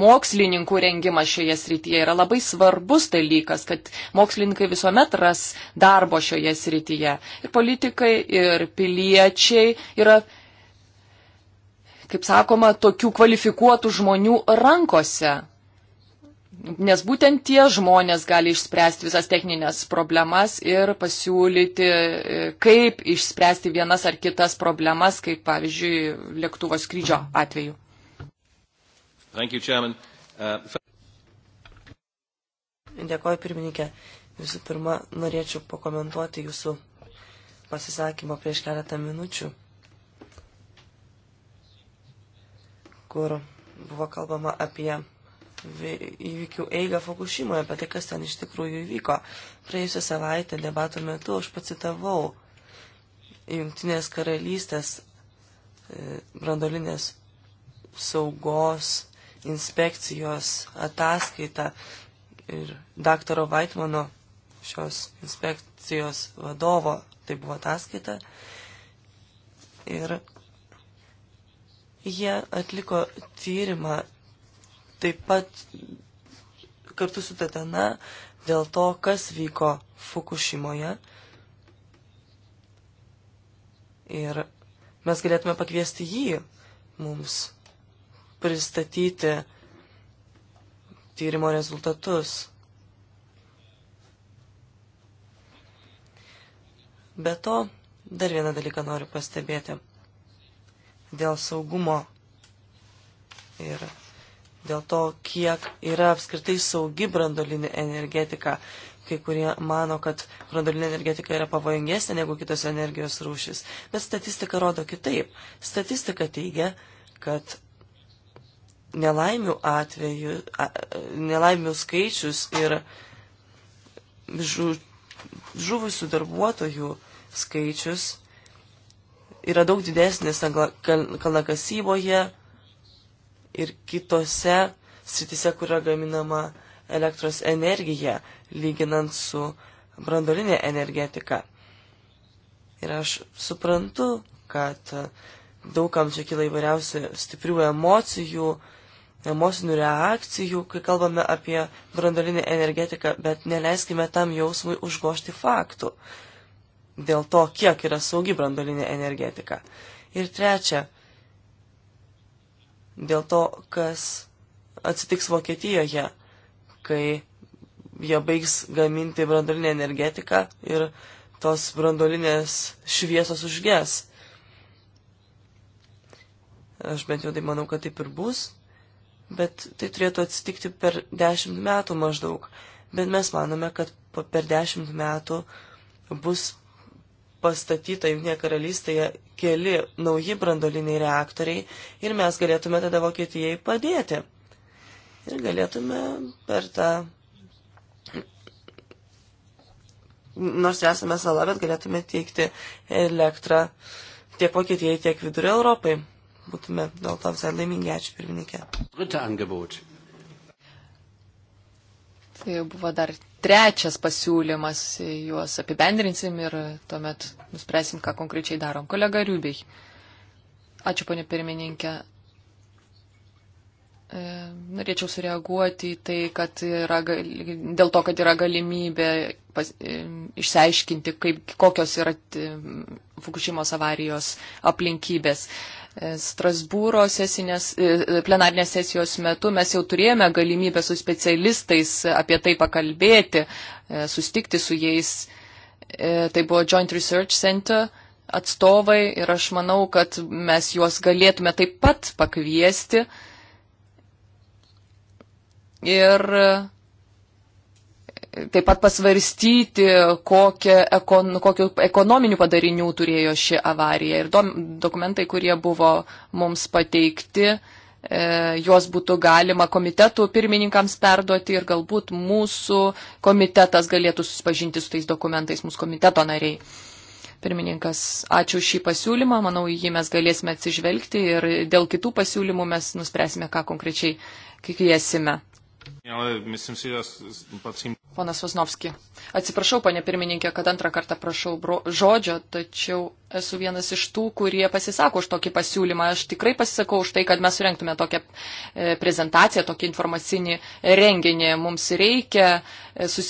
mokslininkų rengimas šioje srityje yra labai svarbus dalykas, kad mokslininkai visuomet ras darbo šioje srityje. Ir politikai, ir piliečiai yra, kaip sakoma, tokių kvalifikuotų žmonių rankose nes būtent tie žmonės gali išspręsti visas techninės problemas ir pasiūlyti, e, kaip išspręsti vienas ar kitas problemas, kaip pavyzdžiui lėktuvo skrydžio atveju. You, uh... Dėkoju, pirmininkė. Visų pirma, norėčiau pakomentuoti jūsų pasisakymą prieš keletą minučių, kur buvo kalbama apie įvykių eigą Fukushimoje, apie tai, kas ten iš tikrųjų įvyko. Praėjusią savaitę debato metu aš pacitavau Jungtinės karalystės e, brandolinės saugos inspekcijos ataskaitą ir daktaro Vaitmano šios inspekcijos vadovo, tai buvo ataskaita. Ir jie atliko tyrimą taip pat kartu su Tatena dėl to, kas vyko Fukushimoje. Ir mes galėtume pakviesti jį mums pristatyti tyrimo rezultatus. Be to, dar vieną dalyką noriu pastebėti. Dėl saugumo ir dėl to, kiek yra apskritai saugi brandolinė energetika. Kai kurie mano, kad brandolinė energetika yra pavojingesnė negu kitos energijos rūšis. Bet statistika rodo kitaip. Statistika teigia, kad nelaimių atveju, a, nelaimių skaičius ir žu, žuvusių darbuotojų skaičius yra daug didesnis kalnakasyboje, ir kitose sritise, kur yra gaminama elektros energija, lyginant su brandolinė energetika. Ir aš suprantu, kad daugam čia kyla įvairiausių stiprių emocijų, emocinių reakcijų, kai kalbame apie brandolinę energetiką, bet neleiskime tam jausmui užgošti faktų dėl to, kiek yra saugi brandolinė energetika. Ir trečia, dėl to, kas atsitiks Vokietijoje, kai jie baigs gaminti brandolinę energetiką ir tos brandolinės šviesos užges. Aš bent jau tai manau, kad taip ir bus, bet tai turėtų atsitikti per dešimt metų maždaug. Bet mes manome, kad per dešimt metų bus pastatyta Junktinėje karalystėje keli nauji brandoliniai reaktoriai ir mes galėtume tada Vokietijai padėti. Ir galėtume per tą, nors esame sala, bet galėtume teikti elektrą tiek Vokietijai, tiek vidurio Europai. Būtume dėl to visai laimingi. Ačiū, pirmininkė. Tai buvo dar trečias pasiūlymas, juos apibendrinsim ir tuomet nuspręsim, ką konkrečiai darom. Kolega Riubiai. Ačiū, ponė pirmininkė. E, norėčiau sureaguoti į tai, kad yra, dėl to, kad yra galimybė pas, e, išsiaiškinti, kaip, kokios yra e, Fukushimos avarijos aplinkybės. Strasbūro sesinės, plenarnės sesijos metu mes jau turėjome galimybę su specialistais apie tai pakalbėti, sustikti su jais. Tai buvo Joint Research Center atstovai ir aš manau, kad mes juos galėtume taip pat pakviesti ir e, taip pat pasvarstyti, kokie ekon, kokiu ekonominių padarinių turėjo ši avarija. Ir do, dokumentai, kurie buvo mums pateikti, e, juos būtų galima komitetų pirmininkams perduoti ir galbūt mūsų komitetas galėtų susipažinti su tais dokumentais, mūsų komiteto nariai. Pirmininkas, ačiū šį pasiūlymą, manau, jį mes galėsime atsižvelgti ir dėl kitų pasiūlymų mes nuspręsime, ką konkrečiai kviesime. Ponas Vasnovski, atsiprašau, ponė pirmininkė, kad antrą kartą prašau bro, žodžio, tačiau esu vienas iš tų, kurie pasisako už tokį pasiūlymą. Aš tikrai pasisakau už tai, kad mes surenktume tokią e, prezentaciją, tokį informacinį renginį. Mums reikia e, sus,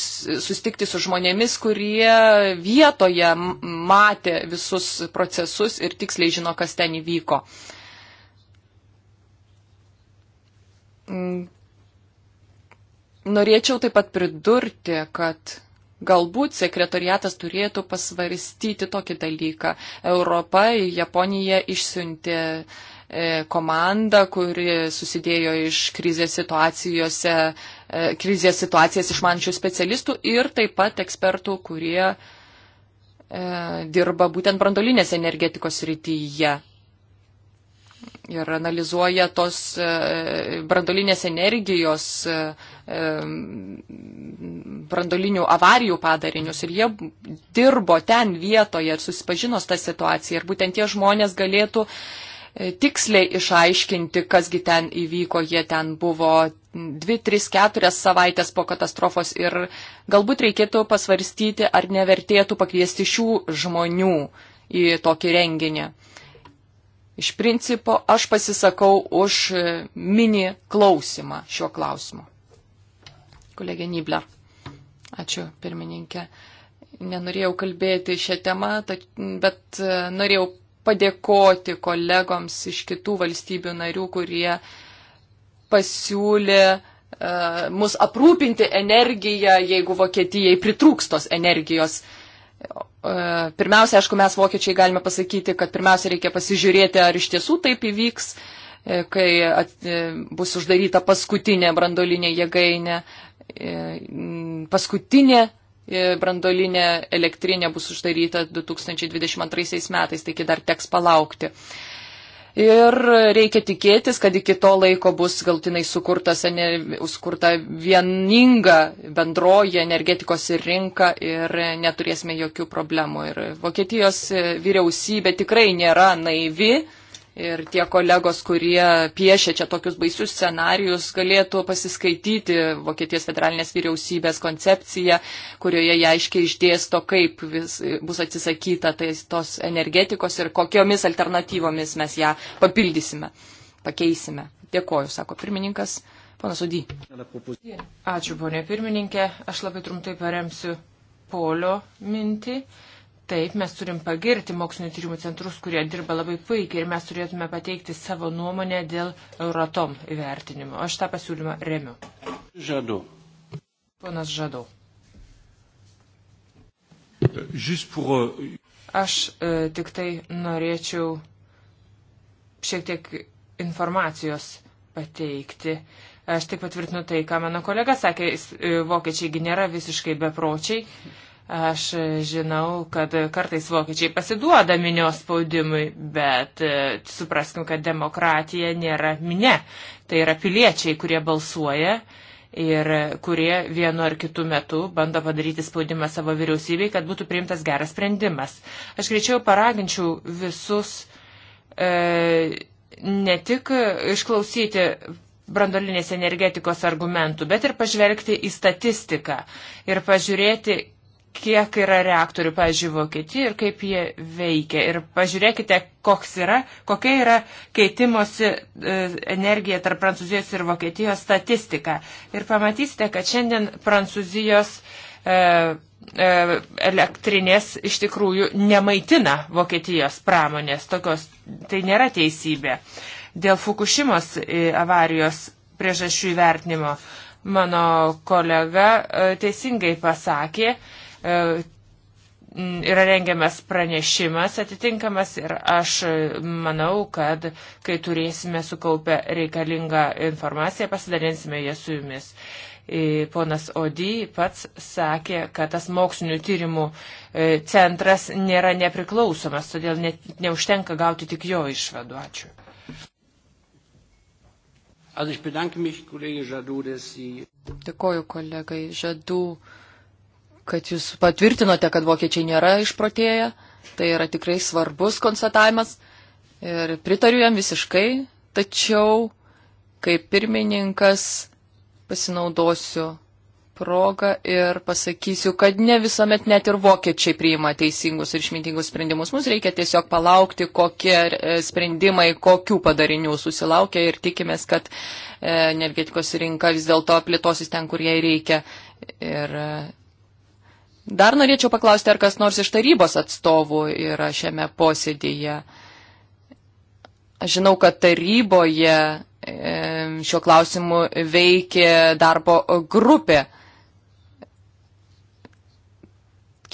sustikti su žmonėmis, kurie vietoje matė visus procesus ir tiksliai žino, kas ten įvyko mm, Norėčiau taip pat pridurti, kad Galbūt sekretariatas turėtų pasvarstyti tokį dalyką. Europa į Japoniją išsiuntė e, komandą, kuri susidėjo iš krizės, e, krizės situacijas išmančių specialistų ir taip pat ekspertų, kurie e, dirba būtent brandolinės energetikos rytyje ir analizuoja tos e, brandolinės energijos, e, e, brandolinių avarijų padarinius. Ir jie dirbo ten vietoje ir susipažino tą situaciją. Ir būtent tie žmonės galėtų tiksliai išaiškinti, kasgi ten įvyko, jie ten buvo 2, 3, 4 savaitės po katastrofos ir galbūt reikėtų pasvarstyti, ar nevertėtų pakviesti šių žmonių į tokį renginį. Iš principo aš pasisakau už e, mini klausimą šiuo klausimu. Kolegė Nibler. Ačiū, pirmininkė. Nenorėjau kalbėti šią temą, bet e, norėjau padėkoti kolegoms iš kitų valstybių narių, kurie pasiūlė uh, mus aprūpinti energiją, jeigu Vokietijai pritrūkstos energijos. Uh, E, pirmiausia, aišku, mes vokiečiai galime pasakyti, kad pirmiausia reikia pasižiūrėti, ar iš tiesų taip įvyks, e, kai at, e, bus uždaryta paskutinė brandolinė jėgainė, paskutinė brandolinė elektrinė bus uždaryta 2022 metais, taigi dar teks palaukti ir reikia tikėtis, kad iki to laiko bus galtinai sukurtas, ne, sukurta vieninga bendroji energetikos rinka ir neturėsime jokių problemų. Ir Vokietijos vyriausybė tikrai nėra naivi Ir tie kolegos, kurie piešia čia tokius baisius scenarius, galėtų pasiskaityti Vokietijos federalinės vyriausybės koncepciją, kurioje jie aiškiai išdėsto, kaip vis, bus atsisakyta tai, tos energetikos ir kokiomis alternatyvomis mes ją papildysime, pakeisime. Dėkoju, sako pirmininkas. Pana Sudy. Ačiū, ponė pirmininkė. Aš labai trumpai paremsiu polio mintį. Uh, Taip, mes turim pagirti mokslinio tyrimų centrus, kurie dirba labai puikiai ir mes turėtume pateikti savo nuomonę dėl Euratom įvertinimo. Aš tą pasiūlymą remiu. Žadu. Ponas Žadau. Pour... Uh, Aš e, tik tai norėčiau šiek tiek informacijos pateikti. Aš tik patvirtinu tai, ką mano kolega sakė, e, vokiečiai nėra visiškai bepročiai. E, Aš žinau, kad kartais vokiečiai pasiduoda minios spaudimui, bet e, supraskim, kad demokratija nėra minė. Tai yra piliečiai, kurie balsuoja ir kurie vienu ar kitu metu bando padaryti spaudimą savo vyriausybei, kad būtų priimtas geras sprendimas. Aš greičiau paraginčiau visus e, ne tik išklausyti brandolinės energetikos argumentų, bet ir pažvelgti į statistiką ir pažiūrėti, kiek yra reaktorių, pavyzdžiui, Vokietijoje ir kaip jie veikia. Ir pažiūrėkite, koks yra, kokia yra keitimosi e, energija tarp Prancūzijos ir Vokietijos statistika. Ir pamatysite, kad šiandien Prancūzijos e, e, elektrinės iš tikrųjų nemaitina Vokietijos pramonės. Tokios, tai nėra teisybė. Dėl Fukushimos avarijos priežasčių įvertinimo mano kolega teisingai pasakė, E, yra rengiamas pranešimas atitinkamas ir aš manau, kad kai turėsime sukaupę reikalingą informaciją, pasidalinsime ją su jumis. E, ponas Odi pats sakė, kad tas mokslinių tyrimų e, centras nėra nepriklausomas, todėl ne, neužtenka gauti tik jo išvadų. Ačiū. Dėkoju kolegai Žadų kad jūs patvirtinote, kad vokiečiai nėra išprotėję. Tai yra tikrai svarbus konstatavimas ir pritariu jam visiškai, tačiau kaip pirmininkas pasinaudosiu progą ir pasakysiu, kad ne visuomet net ir vokiečiai priima teisingus ir išmintingus sprendimus. Mums reikia tiesiog palaukti, kokie e, sprendimai, kokių padarinių susilaukia ir tikimės, kad e, energetikos rinka vis dėlto plėtosis ten, kur jai reikia. Ir e, Dar norėčiau paklausti, ar kas nors iš tarybos atstovų yra šiame posėdėje. Aš žinau, kad taryboje šiuo klausimu veikė darbo grupė.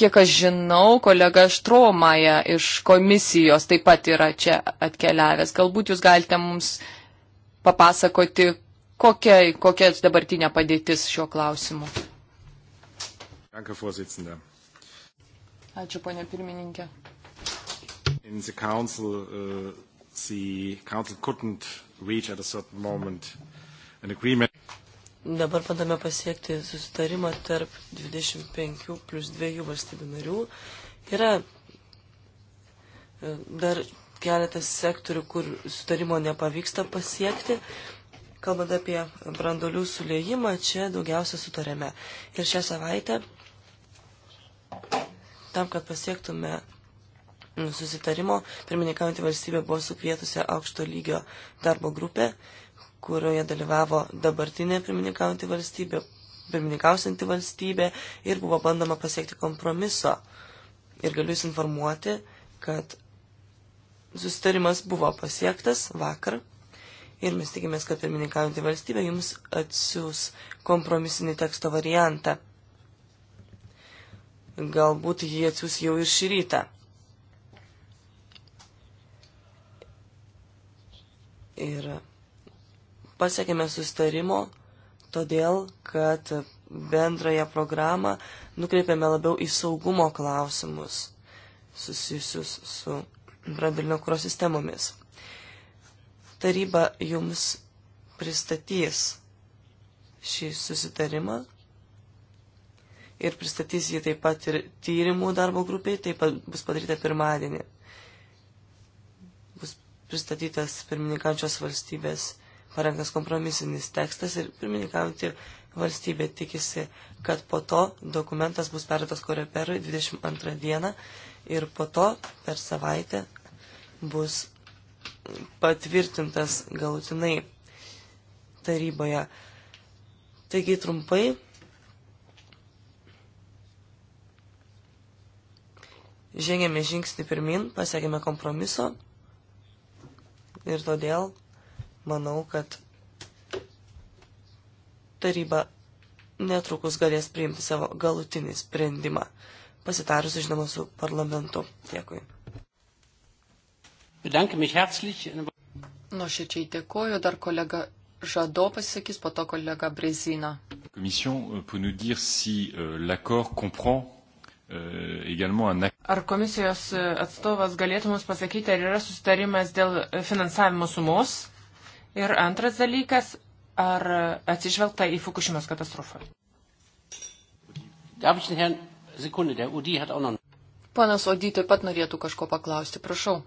Kiek aš žinau, kolega Štromaja iš komisijos taip pat yra čia atkeliavęs. Galbūt jūs galite mums papasakoti, kokia, kokia dabartinė padėtis šiuo klausimu. Danke, Vorsitzende. Ačiū, ponė pirmininkė. In the council, uh, the council couldn't reach at a certain moment an agreement. Dabar bandome pasiekti susitarimą tarp 25 plus 2 valstybių narių. Yra uh, dar keletas sektorių, kur sutarimo nepavyksta pasiekti. Kalbant apie brandolių sulėjimą, čia daugiausia sutarėme. Ir šią savaitę Tam, kad pasiektume susitarimo, pirmininkaujantį valstybę buvo sukvietusi aukšto lygio darbo grupė, kurioje dalyvavo dabartinė pirmininkaujanti valstybė, pirmininkausianti valstybė ir buvo bandoma pasiekti kompromiso. Ir galiu jūs informuoti, kad susitarimas buvo pasiektas vakar ir mes tikimės, kad pirmininkaujanti valstybė jums atsiūs kompromisinį teksto variantą. Galbūt jį atsiūs jau ir šį rytą. Ir pasiekėme sustarimo, todėl, kad bendrąją programą nukreipėme labiau į saugumo klausimus susijusius su branduolinio kūro sistemomis. Taryba jums pristatys šį susitarimą ir pristatys jį taip pat ir tyrimų darbo grupiai, taip pat bus padaryta pirmadienį. Bus pristatytas pirmininkančios valstybės parengtas kompromisinis tekstas ir pirmininkaujantį valstybė tikisi, kad po to dokumentas bus perduotas koreperui 22 dieną ir po to per savaitę bus patvirtintas galutinai taryboje. Taigi trumpai žengėme žingsnį pirmin, pasiekėme kompromiso ir todėl manau, kad taryba netrukus galės priimti savo galutinį sprendimą, pasitarus, žinoma, su parlamentu. Dėkui. Nuoširdžiai dėkoju, dar kolega Žado pasisakys, po to kolega Brezina. Komisija, pour nous dire si euh, l'accord comprend E, ar komisijos e, atstovas galėtų mums pasakyti, ar yra sustarimas dėl finansavimo sumos? Ir antras dalykas, ar atsižvelgta į Fukushimos katastrofą? Ponas Ody taip pat norėtų kažko paklausti, prašau.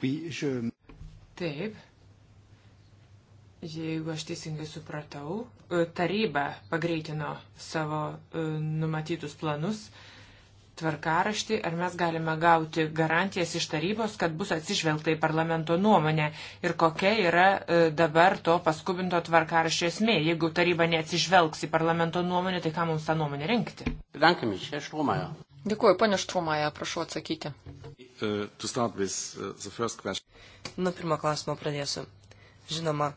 Taip. Jeigu aš teisingai supratau, e, taryba pagreitino savo numatytus planus tvarkaraštį, ar mes galime gauti garantijas iš tarybos, kad bus atsižvelgta į parlamento nuomonę ir kokia yra e, dabar to paskubinto tvarkaraščio esmė. Jeigu taryba neatsižvelgs į parlamento nuomonę, tai ką mums tą nuomonę rinkti? Dėkuoju, ponė Štrumaja, prašau atsakyti. E, uh, Nuo pirmo klausimo pradėsiu. Žinoma,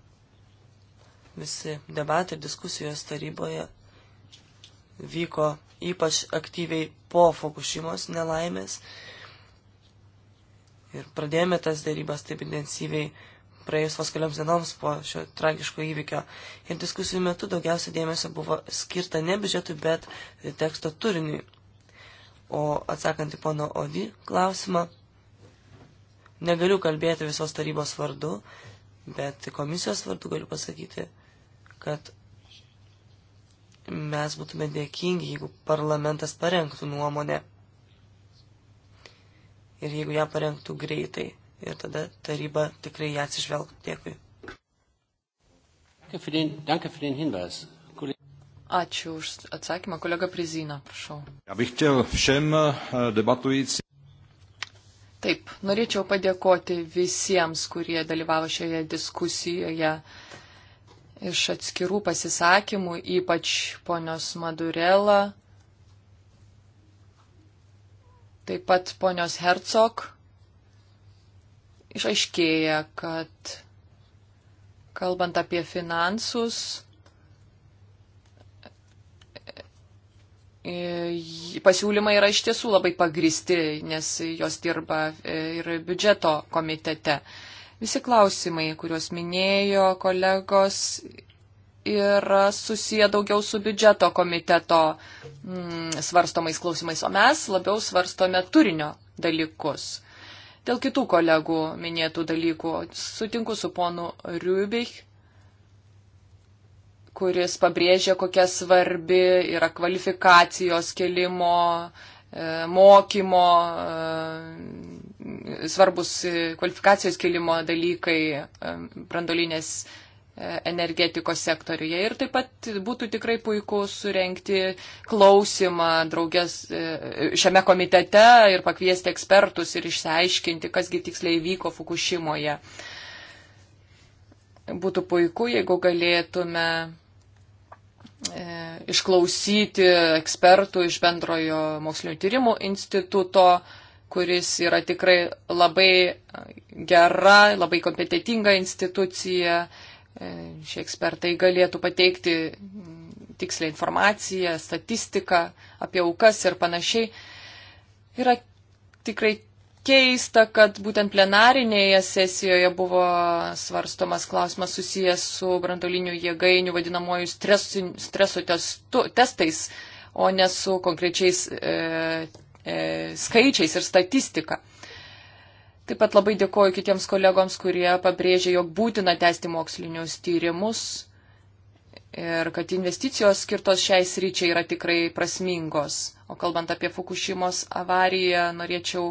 visi debatai ir diskusijos taryboje vyko ypač aktyviai po Fukushimos nelaimės. Ir pradėjome tas dėrybas taip intensyviai praėjus vos kelioms dienoms po šio tragiško įvykio. Ir diskusijų metu daugiausia dėmesio buvo skirta ne biudžetui, bet teksto turiniui. O atsakant į pono Odi klausimą, negaliu kalbėti visos tarybos vardu, bet komisijos vardu galiu pasakyti, kad mes būtume dėkingi, jeigu parlamentas parengtų nuomonę. Ir jeigu ją parengtų greitai. Ir tada taryba tikrai ją atsižvelgtų. Dėkui. Ačiū už atsakymą. Kolega Prizina, prašau. Eh, Taip, norėčiau padėkoti visiems, kurie dalyvavo šioje diskusijoje iš atskirų pasisakymų, ypač ponios Madurela, taip pat ponios Hercog, išaiškėja, kad kalbant apie finansus, e, pasiūlymai yra iš tiesų labai pagristi, nes jos dirba e, ir biudžeto komitete. Visi klausimai, kuriuos minėjo kolegos, yra susiję daugiau su biudžeto komiteto mm, svarstomais klausimais, o mes labiau svarstome turinio dalykus dėl kitų kolegų minėtų dalykų. Sutinku su ponu Rubich, kuris pabrėžia, kokia svarbi yra kvalifikacijos kelimo, e, mokymo e, svarbus kvalifikacijos kilimo dalykai brandolinės e, energetikos sektoriuje. Ir taip pat būtų tikrai puiku surenkti klausimą draugės e, šiame komitete ir pakviesti ekspertus ir išsiaiškinti, kasgi tiksliai vyko Fukushimoje. Būtų puiku, jeigu galėtume e, išklausyti ekspertų iš bendrojo mokslinio tyrimų instituto kuris yra tikrai labai gera, labai kompetitinga institucija. E, šie ekspertai galėtų pateikti tikslę informaciją, statistiką apie aukas ir panašiai. Yra tikrai keista, kad būtent plenarinėje sesijoje buvo svarstomas klausimas susijęs su brandolinių jėgainių vadinamojų stresu, streso testu, testais, o ne su konkrečiais e, E, skaičiais ir statistika. Taip pat labai dėkoju kitiems kolegoms, kurie pabrėžė, jog būtina tęsti mokslinius tyrimus ir kad investicijos skirtos šiai sryčiai yra tikrai prasmingos. O kalbant apie Fukushimos avariją, norėčiau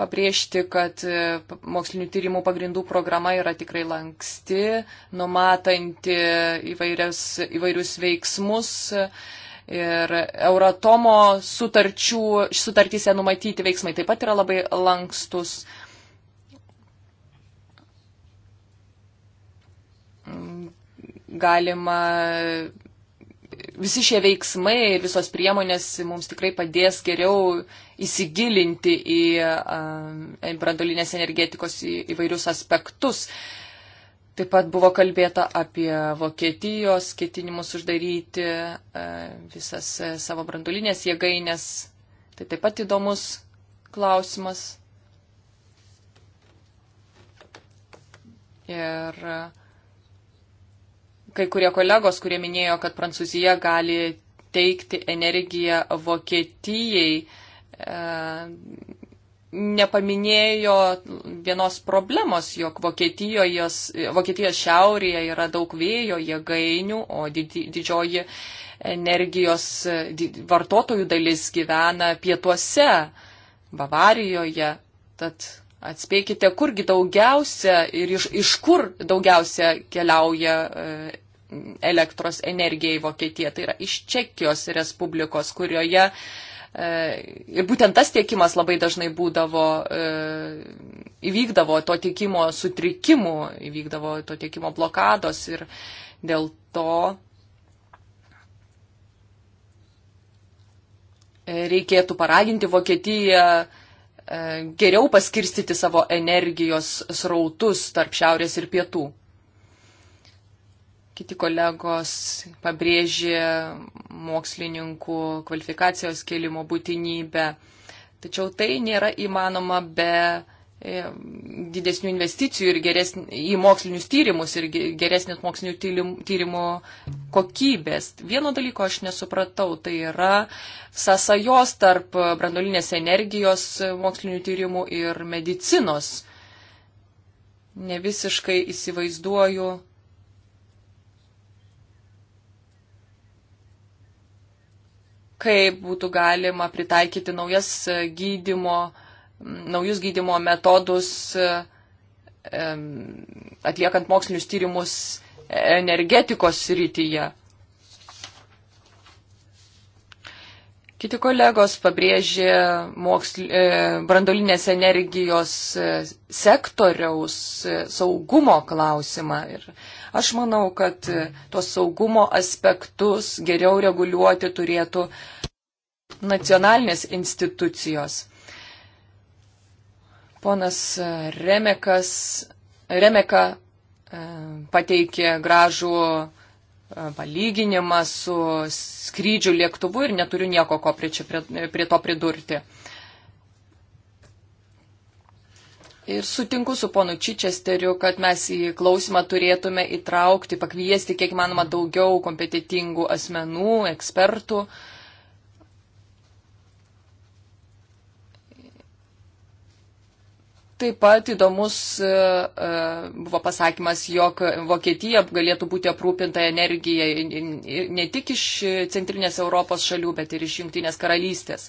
pabrėžti, kad e, mokslinių tyrimų pagrindų programa yra tikrai lanksti, numatanti įvairius, įvairius veiksmus ir Euratomo sutarčių, sutartyse numatyti veiksmai taip pat yra labai lankstus. Galima visi šie veiksmai ir visos priemonės mums tikrai padės geriau įsigilinti į um, brandolinės energetikos įvairius aspektus. Uh, Taip pat buvo kalbėta apie Vokietijos ketinimus uždaryti e, visas e, savo brandulinės jėgainės. Tai taip pat įdomus klausimas. Ir kai kurie kolegos, kurie minėjo, kad Prancūzija gali teikti energiją Vokietijai, e, nepaminėjo vienos problemos, jog Vokietijos, Vokietijos šiaurėje yra daug vėjo jėgainių, o didžioji energijos vartotojų dalis gyvena pietuose, Bavarijoje. Tad atspėkite, kurgi daugiausia ir iš, iš kur daugiausia keliauja e, elektros energija į Vokietiją. Tai yra iš Čekijos Respublikos, kurioje uh, E, ir būtent tas tiekimas labai dažnai būdavo, e, įvykdavo to tiekimo sutrikimų, įvykdavo to tiekimo blokados ir dėl to e, reikėtų paraginti Vokietiją geriau paskirstyti savo energijos srautus tarp šiaurės ir pietų kiti kolegos pabrėžė mokslininkų kvalifikacijos kelimo būtinybę. Tačiau tai nėra įmanoma be e, didesnių investicijų ir geresn, į mokslinius tyrimus ir geresnės mokslinių tyrimų kokybės. Vieno dalyko aš nesupratau, tai yra sąsajos tarp brandolinės energijos mokslinių tyrimų ir medicinos. Ne visiškai įsivaizduoju, kaip būtų galima pritaikyti naujas gydymo, naujus gydymo metodus, atliekant mokslinius tyrimus energetikos rytyje. Kiti kolegos pabrėžė moksl... E, brandolinės energijos e, sektoriaus e, saugumo klausimą. Ir aš manau, kad tos saugumo aspektus geriau reguliuoti turėtų nacionalinės institucijos. Ponas Remekas, Remeka pateikė gražų E, palyginimą su skrydžiu lėktuvu ir neturiu nieko, ko prie, čia, prie, prie to pridurti. Ir sutinku su ponu Čičesteriu, kad mes į klausimą turėtume įtraukti, pakviesti kiek manoma daugiau kompetitingų asmenų, ekspertų. Uh, Taip pat įdomus e, e, buvo pasakymas, jog Vokietija galėtų būti aprūpinta energija ne tik iš centrinės Europos šalių, bet ir iš Junktinės karalystės.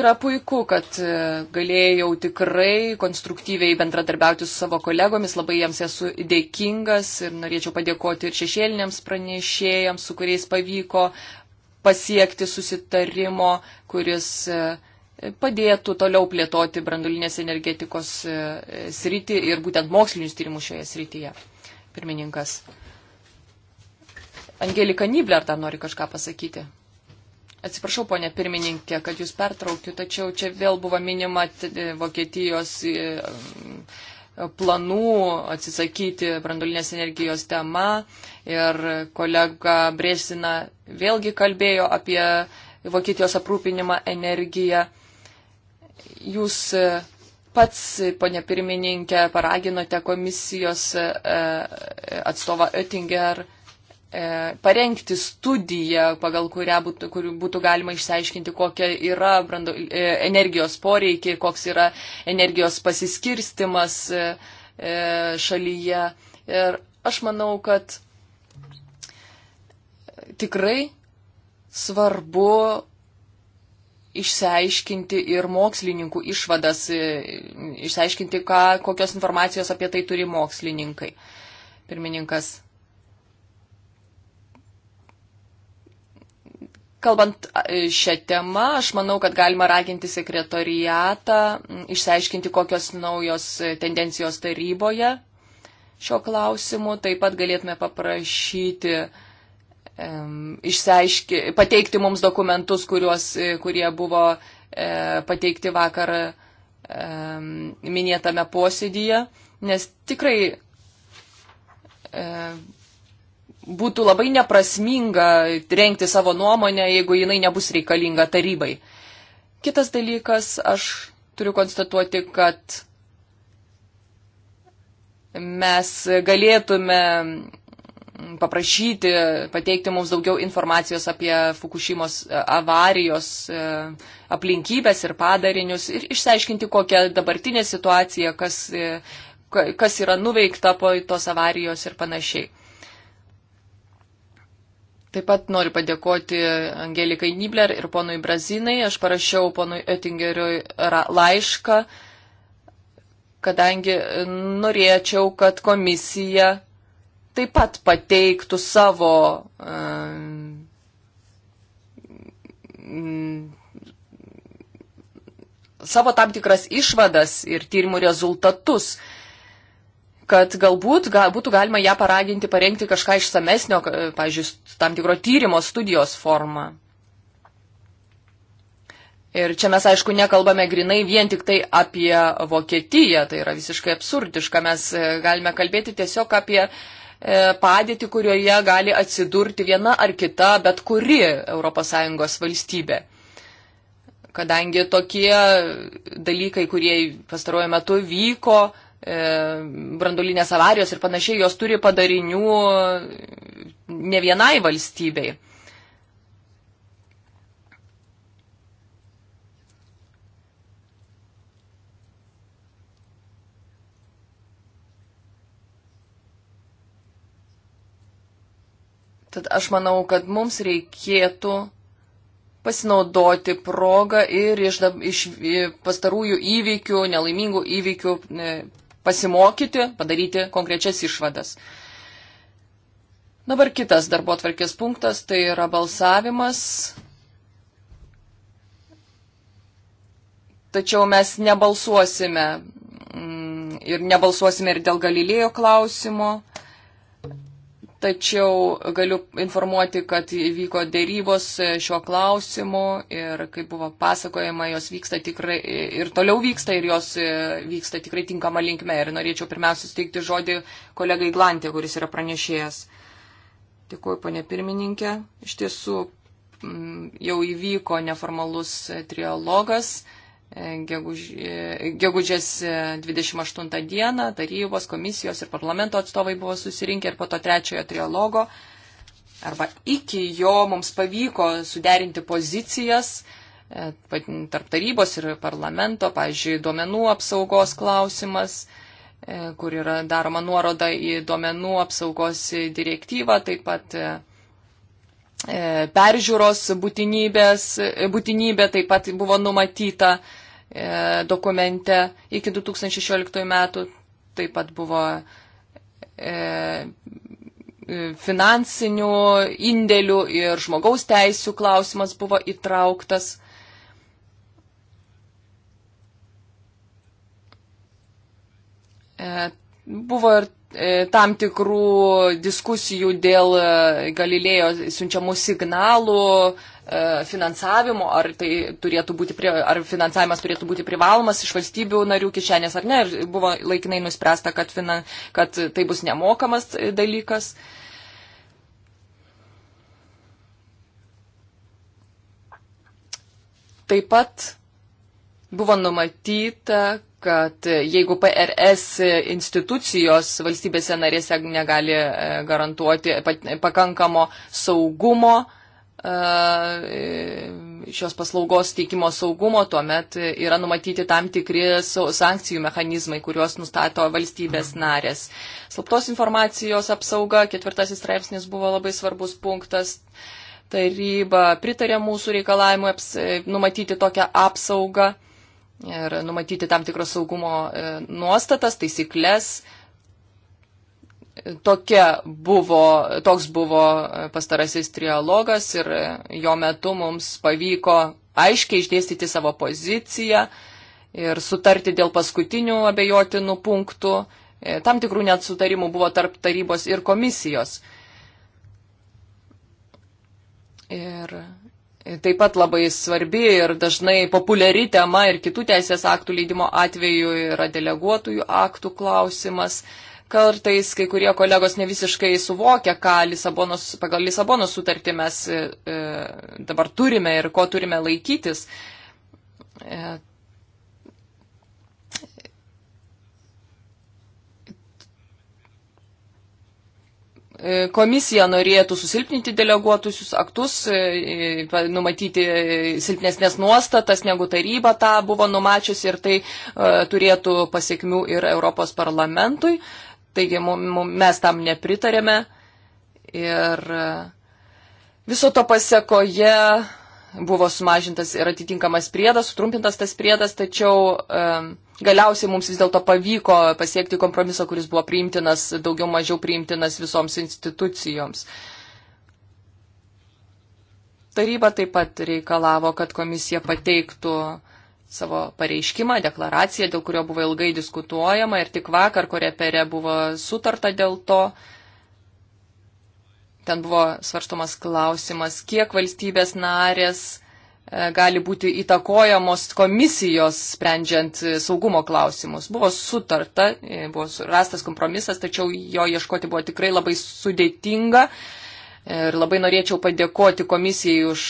Yra puiku, kad e, galėjau tikrai konstruktyviai bendradarbiauti su savo kolegomis, labai jiems esu dėkingas ir norėčiau padėkoti ir šešėliniams pranešėjams, su kuriais pavyko pasiekti susitarimo, kuris uh, padėtų toliau plėtoti brandulinės energetikos e, e, sritį ir būtent mokslinius tyrimus šioje srityje. Pirmininkas. Angelika Nibler dar nori kažką pasakyti. Atsiprašau, ponė pirmininkė, kad jūs pertraukiu, tačiau čia vėl buvo minima e, Vokietijos planų atsisakyti brandulinės energijos tema ir kolega Brėsina vėlgi kalbėjo apie Vokietijos aprūpinimą energiją jūs e, pats, e, ponė pirmininkė, paraginote komisijos e, atstovą Oettinger parengti studiją, pagal kurią būtų, kur būtų galima išsiaiškinti, kokia yra brando, energijos poreikiai, koks yra energijos pasiskirstimas šalyje. Ir aš manau, kad tikrai svarbu išsiaiškinti ir mokslininkų išvadas, e, išsiaiškinti, ką, kokios informacijos apie tai turi mokslininkai. Pirmininkas. Kalbant e, šią temą, aš manau, kad galima raginti sekretoriatą, išsiaiškinti, kokios naujos e, tendencijos taryboje šio klausimu. Taip pat galėtume paprašyti uh, išsiaiški, pateikti mums dokumentus, kuriuos, e, kurie buvo e, pateikti vakar minėtame posėdyje, nes tikrai e, būtų labai neprasminga renkti savo nuomonę, jeigu jinai nebus reikalinga tarybai. Kitas dalykas, aš turiu konstatuoti, kad mes galėtume paprašyti, pateikti mums daugiau informacijos apie Fukushimos e, avarijos e, aplinkybės ir padarinius ir išsiaiškinti, kokia dabartinė situacija, kas, e, kas yra nuveikta po tos avarijos ir panašiai. Taip pat noriu padėkoti Angelikai Nibler ir ponui Brazinai. Aš parašiau ponui Oettingeriui laišką, kadangi norėčiau, kad komisija taip pat pateiktų savo um, savo tam tikras išvadas ir tyrimų rezultatus, kad galbūt ga, būtų galima ją paraginti parengti kažką išsamesnio, pavyzdžiui, tam tikro tyrimo studijos formą. Ir čia mes, aišku, nekalbame grinai vien tik tai apie Vokietiją, tai yra visiškai absurdiška, mes e, galime kalbėti tiesiog apie uh, E, padėtį, kurioje gali atsidurti viena ar kita, bet kuri ES valstybė. Kadangi tokie dalykai, kurie pastaruoju metu vyko, e, brandulinės avarijos ir panašiai, jos turi padarinių ne vienai valstybei. Tad aš manau, kad mums reikėtų pasinaudoti progą ir iš, iš pastarųjų įvykių, nelaimingų įvykių e, pasimokyti, padaryti konkrečias išvadas. Dabar kitas darbo atvarkės punktas, tai yra balsavimas. Tačiau mes nebalsuosime mm, ir nebalsuosime ir dėl Galilėjo klausimo. Tačiau galiu informuoti, kad vyko dėrybos šiuo klausimu ir, kaip buvo pasakojama, jos vyksta tikrai ir toliau vyksta ir jos vyksta tikrai tinkama linkme. Ir norėčiau pirmiausia steigti žodį kolegai Glantė, kuris yra pranešėjas. Dėkuoju, ponė pirmininkė. Iš tiesų jau įvyko neformalus trialogas gegužės 28 dieną tarybos, komisijos ir parlamento atstovai buvo susirinkę ir po to trečiojo trialogo arba iki jo mums pavyko suderinti pozicijas e, tarp tarybos ir parlamento, pavyzdžiui, duomenų apsaugos klausimas, e, kur yra daroma nuoroda į duomenų apsaugos direktyvą, taip pat e, peržiūros būtinybė taip pat buvo numatyta E, dokumente iki 2016 metų taip pat buvo e, e, finansinių indėlių ir žmogaus teisų klausimas buvo įtrauktas. Buvo ir tam tikrų diskusijų dėl Galilėjo siunčiamų signalų, E, finansavimo, ar, tai turėtų būti, ar finansavimas turėtų būti privalomas iš valstybių narių kišenės ar ne. Ir buvo laikinai nuspręsta, kad, finan, kad tai bus nemokamas dalykas. Taip pat buvo numatyta, kad jeigu PRS institucijos valstybėse narėse negali e, garantuoti pakankamo saugumo, E, šios paslaugos teikimo saugumo, tuomet yra numatyti tam tikri sankcijų mechanizmai, kuriuos nustato valstybės narės. Slaptos informacijos apsauga, ketvirtasis straipsnis buvo labai svarbus punktas. Taryba pritarė mūsų reikalavimui e, numatyti tokią apsaugą ir numatyti tam tikros saugumo e, nuostatas, taisyklės, Tokia buvo, toks buvo pastarasis trialogas ir jo metu mums pavyko aiškiai išdėstyti savo poziciją ir sutarti dėl paskutinių abejotinų punktų. E, tam tikrų net sutarimų buvo tarp tarybos ir komisijos. Ir taip pat labai svarbi ir dažnai populiari tema ir kitų teisės aktų leidimo atveju yra deleguotųjų aktų klausimas. Kartais kai kurie kolegos ne visiškai suvokia, ką Lisabonos, pagal Lisabonos sutartį mes e, e dabar turime ir ko turime laikytis. E, e Komisija norėtų susilpninti deleguotusius aktus, e, numatyti silpnesnės nuostatas, negu taryba tą buvo numačiusi ir tai turėtų pasiekmių ir Europos parlamentui. Taigi mes tam nepritarėme ir viso to pasiekoje buvo sumažintas ir atitinkamas priedas, sutrumpintas tas priedas, tačiau galiausiai mums vis dėlto pavyko pasiekti kompromisą, kuris buvo priimtinas, daugiau mažiau priimtinas visoms institucijoms. Taryba taip pat reikalavo, kad komisija pateiktų uh, savo pareiškimą, deklaraciją, dėl kurio buvo ilgai diskutuojama ir tik vakar, kurie perė buvo sutarta dėl to. Ten buvo svarstomas klausimas, kiek valstybės narės e, gali būti įtakojamos komisijos sprendžiant e, saugumo klausimus. Buvo sutarta, e, buvo rastas kompromisas, tačiau jo ieškoti buvo tikrai labai sudėtinga. Ir labai norėčiau padėkoti komisijai už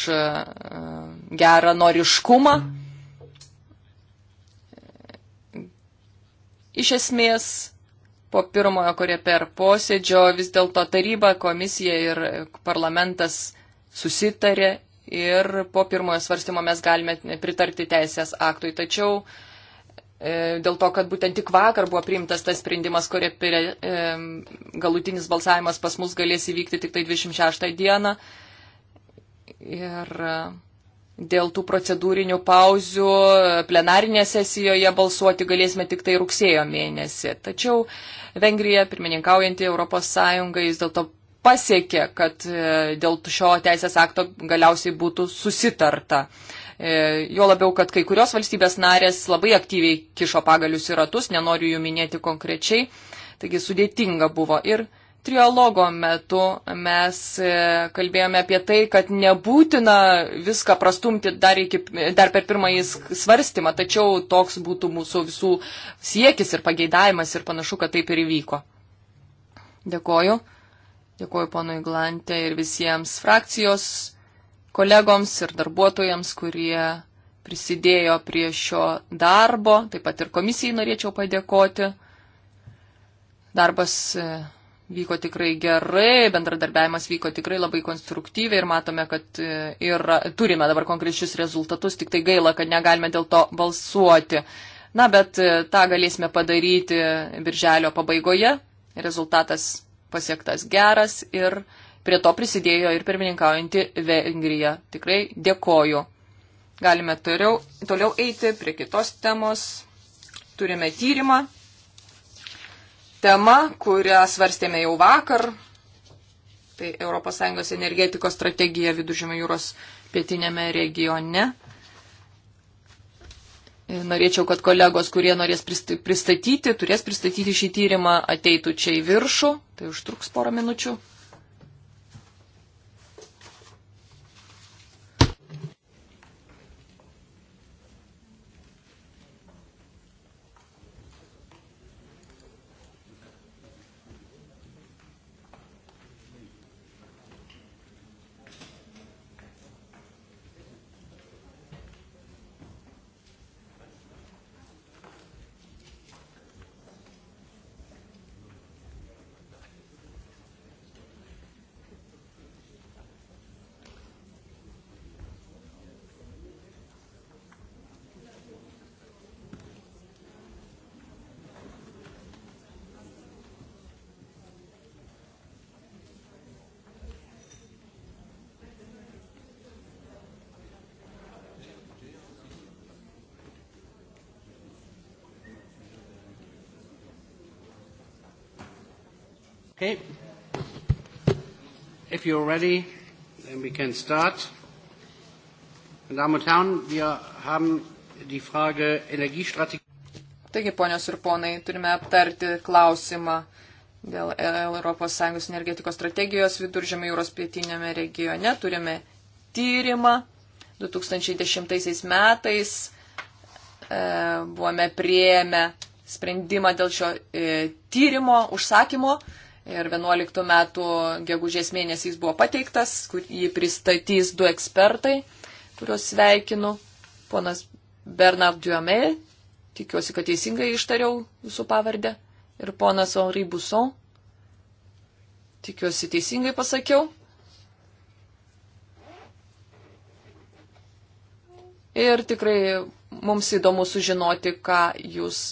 gerą noriškumą. Mm. Iš esmės, po pirmojo korepero posėdžio vis dėlto taryba, komisija ir parlamentas susitarė ir po pirmojo svarstymo mes galime pritarti teisės aktui. Tačiau e, dėl to, kad būtent tik vakar buvo priimtas tas sprendimas, kurie pirė, e, galutinis balsavimas pas mus galės įvykti tik tai 26 dieną. Ir dėl tų procedūrinių pauzių e, plenarinėje sesijoje balsuoti galėsime tik tai rugsėjo mėnesį. Tačiau Vengrija, pirmininkaujantį ES, vis dėlto pasiekė, kad e, dėl šio teisės akto galiausiai būtų susitarta. E, jo labiau, kad kai kurios valstybės narės labai aktyviai kišo pagalius į ratus, nenoriu jų minėti konkrečiai, taigi sudėtinga buvo ir trialogo metu mes e, kalbėjome apie tai, kad nebūtina viską prastumti dar, iki, dar per pirmąjį svarstymą, tačiau toks būtų mūsų visų siekis ir pageidavimas ir panašu, kad taip ir įvyko. Dėkoju. Dėkoju ponui Glantė ir visiems frakcijos kolegoms ir darbuotojams, kurie prisidėjo prie šio darbo. Taip pat ir komisijai norėčiau padėkoti. Darbas e, vyko tikrai gerai, bendradarbiavimas vyko tikrai labai konstruktyviai ir matome, kad e, ir turime dabar konkrečius rezultatus, tik tai gaila, kad negalime dėl to balsuoti. Na, bet e, tą galėsime padaryti birželio pabaigoje. Rezultatas pasiektas geras ir prie to prisidėjo ir pirmininkaujanti Vengrija. Tikrai dėkoju. Galime toliau, toliau eiti prie kitos temos. Turime tyrimą tema, kurią svarstėme jau vakar. Tai ES energetikos strategija Vidužymio jūros pietinėme regione. Ir norėčiau, kad kolegos, kurie norės pristatyti, turės pristatyti šį tyrimą, ateitų čia į viršų. Tai užtruks porą minučių. Okay. If you're ready, then we can start. Meine Damen und Herren, wir haben die Frage Energiestrategie. Taigi, ponios ir ponai, turime aptarti klausimą dėl ES energetikos strategijos viduržėmio jūros pietinėme regione. Turime tyrimą 2010 metais. E, buvome prieėmę sprendimą dėl šio e, tyrimo, užsakymo. E, ir 11 metų gegužės mėnesiais buvo pateiktas, kur jį pristatys du ekspertai, kuriuos sveikinu, ponas Bernard Duhamel, tikiuosi, kad teisingai ištariau jūsų pavardę, ir ponas Henri Busson, tikiuosi teisingai pasakiau. Ir tikrai mums įdomu sužinoti, ką jūs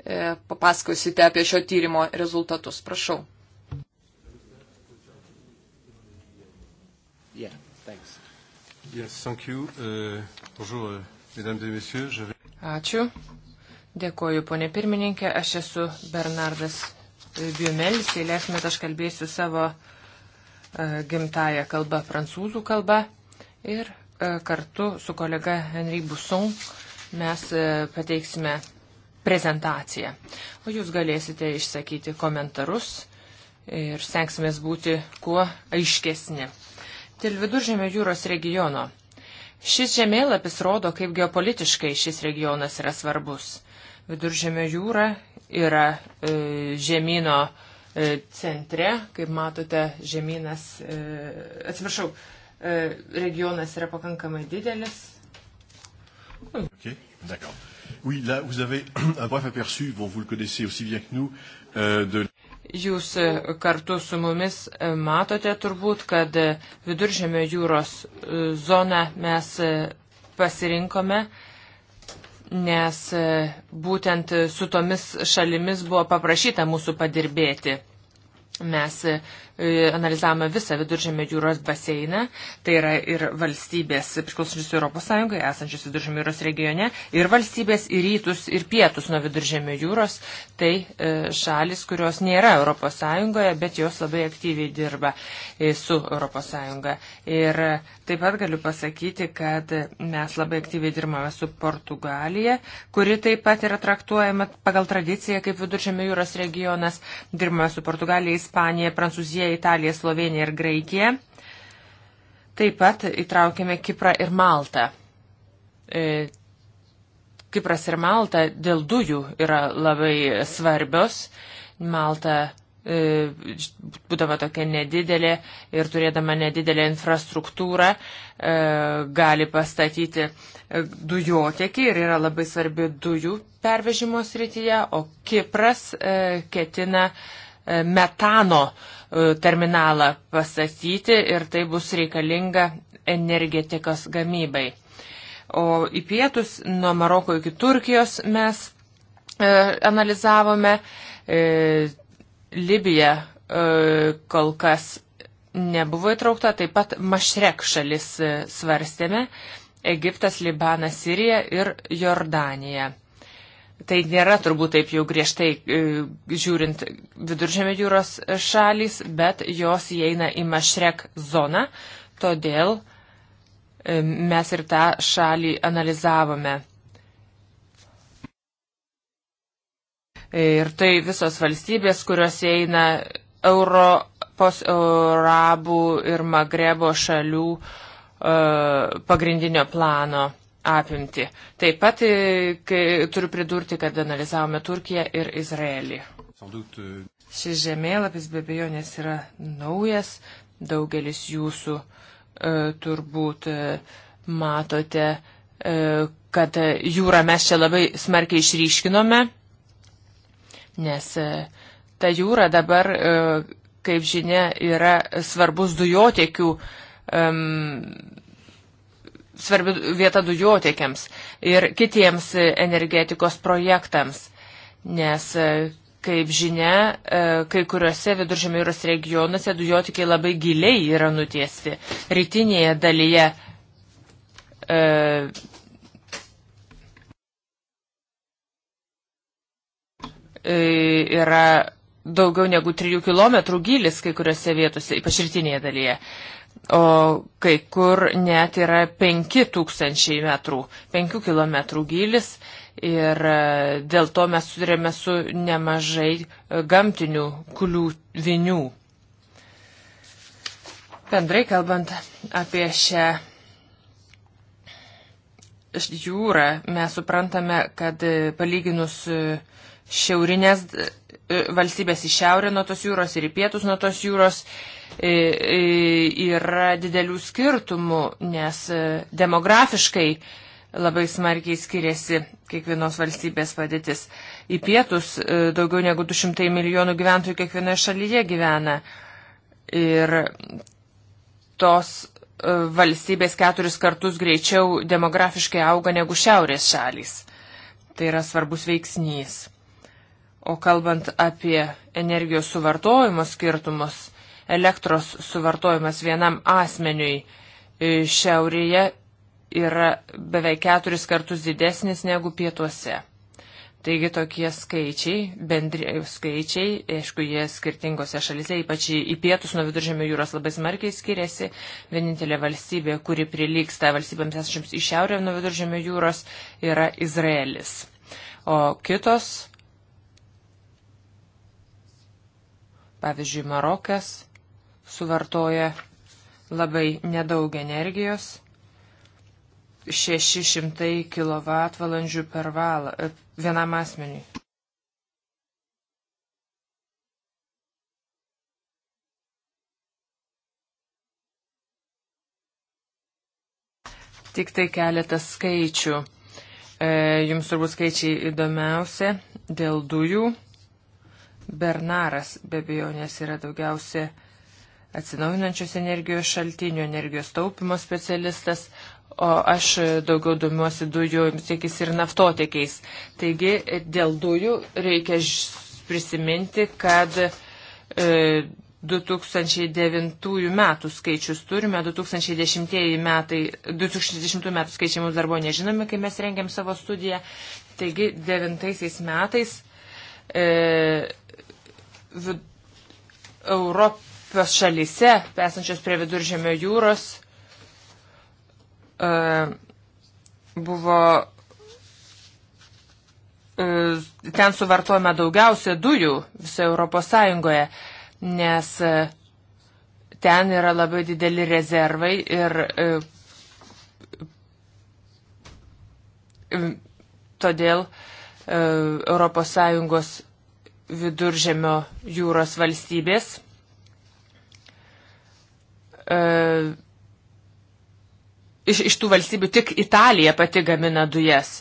e, papasakosite apie šio tyrimo rezultatus. Prašau. Yes, thank you. Uh, bonjour, uh, mesdames et messieurs. Je... Ačiū. Dėkoju, ponė pirmininkė. Aš esu Bernardas uh, Biumelis. Įlėsmet aš kalbėsiu savo uh, gimtają kalbą, prancūzų kalbą. Ir uh, kartu su kolega Henry Busson mes uh, pateiksime prezentaciją. O jūs galėsite išsakyti komentarus ir stengsimės būti kuo aiškesni dėl viduržėmio jūros regiono. Šis žemėlapis rodo, kaip geopolitiškai šis regionas yra svarbus. Viduržėmio jūra yra e, žemynų e, centre, kaip matote, žemynas, e, atsiprašau, e, regionas yra pakankamai didelis. Okay, D'accord. Oui, là, vous avez [CLEARS THROAT] un bref aperçu, bon, vous le connaissez aussi bien que nous, euh, de... Jūs e, kartu su mumis e, matote turbūt, kad e, viduržėmio jūros zoną mes pasirinkome, nes būtent su tomis šalimis buvo paprašyta mūsų padirbėti. Mes E, analizavome visą viduržėmio jūros baseiną, tai yra ir valstybės priklausančius Europos Sąjungai, esančius viduržėmio jūros regione, ir valstybės į rytus ir pietus nuo viduržėmio jūros, tai e, šalis, kurios nėra Europos Sąjungoje, bet jos labai aktyviai dirba e, su Europos Sąjunga. Ir taip pat galiu pasakyti, kad mes labai aktyviai dirbame su Portugalija, kuri taip pat yra traktuojama pagal tradiciją kaip viduržėmio jūros regionas. Dirbame su Portugalija, Ispanija, Prancūzija. Čekiją, Italiją, Sloveniją ir Graikiją. Taip pat įtraukėme Kiprą ir Maltą. E, Kipras ir Malta dėl dujų yra labai svarbios. Malta, e, būdama tokia nedidelė ir turėdama nedidelę infrastruktūrą, e, gali pastatyti dujotekį ir yra labai svarbi dujų pervežimo srityje, o Kipras ketina metano terminalą pasakyti ir tai bus reikalinga energetikos gamybai. O į pietus nuo Maroko iki Turkijos mes e, analizavome. E, Libija e, kol kas nebuvo įtraukta, taip pat Mašrek šalis e, svarstėme. Egiptas, Libanas, Sirija ir Jordanija. Tai nėra turbūt taip jau griežtai e, žiūrint viduržėmio jūros šalys, bet jos įeina į Mašrek zoną, todėl e, mes ir tą šalį analizavome. Ir tai visos valstybės, kurios įeina Europos, Eurabų ir Magrebo šalių e, pagrindinio plano apimti. Taip pat e, kai, turiu pridurti, kad analizavome Turkiją ir Izraelį. E, Šis žemėlapis be abejonės yra naujas, daugelis jūsų e, turbūt e, matote, e, kad jūrą mes čia labai smarkiai išryškinome, nes e, ta jūra dabar, e, kaip žinia, yra svarbus dujotiekių e, svarbi vieta dujotiekiams ir kitiems energetikos projektams, nes, e, kaip žinia, e, kai kuriuose viduržėmio jūros regionuose dujotikiai labai giliai yra nutiesti. Rytinėje dalyje e, e yra daugiau negu 3 km gilis kai kuriuose vietose, ypač rytinėje dalyje o kai kur net yra 5000 metrų, 5 km gylis ir e, dėl to mes sudarėme su nemažai e, gamtinių kliūvinių. Bendrai kalbant apie šią jūrą, mes suprantame, kad e, palyginus šiaurinės valstybės į šiaurę nuo tos jūros ir į pietus nuo tos jūros E, e, yra didelių skirtumų, nes e, demografiškai labai smarkiai skiriasi kiekvienos valstybės padėtis. Į pietus daugiau negu 200 milijonų gyventojų kiekvienoje šalyje gyvena. Ir tos valstybės keturis kartus greičiau demografiškai auga negu šiaurės šalys. Tai yra svarbus veiksnys. O kalbant apie energijos suvartojimo skirtumus, elektros suvartojimas vienam asmeniui e, šiaurėje yra beveik keturis kartus didesnis negu pietuose. Taigi tokie skaičiai, bendri skaičiai, aišku, jie skirtingose šalise, ypač į, į pietus nuo viduržėmio jūros labai smarkiai skiriasi. Vienintelė valstybė, kuri prilyksta valstybėms esančiams į šiaurę nuo viduržėmio jūros, yra Izraelis. O kitos, pavyzdžiui, Marokas, suvartoja labai nedaug energijos. 600 kWh per valą e, vienam asmeniui. Tik tai keletas skaičių. E, jums turbūt skaičiai įdomiausia dėl dujų. Bernaras be abejonės yra daugiausia atsinaujinančios energijos šaltinių, energijos taupimo specialistas, o aš daugiau domiuosi dujų tiekis ir naftotiekiais. Taigi dėl dujų reikia prisiminti, kad e, 2009 metų skaičius turime, 2010 metai, 2010 metų skaičiai mums dar buvo nežinomi, kai mes rengiam savo studiją. Taigi 2009 metais e, vid, Europ, šalise, esančios prie viduržėmio jūros, e, buvo e, ten suvartojama daugiausia dujų visoje Europos Sąjungoje, nes e, ten yra labai dideli rezervai ir todėl Europos Sąjungos viduržemio jūros valstybės E, iš, iš tų valstybių tik Italija pati gamina dujas,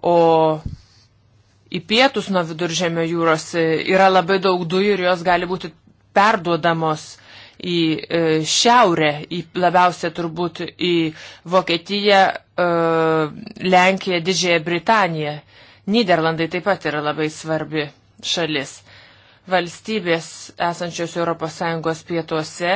o į pietus nuo viduržėmio jūros e, yra labai daug dujų ir jos gali būti perduodamos į e, šiaurę, į labiausia turbūt į Vokietiją, Lenkiją, Didžiąją Britaniją. Niderlandai taip pat yra labai svarbi šalis. Valstybės esančios ES pietuose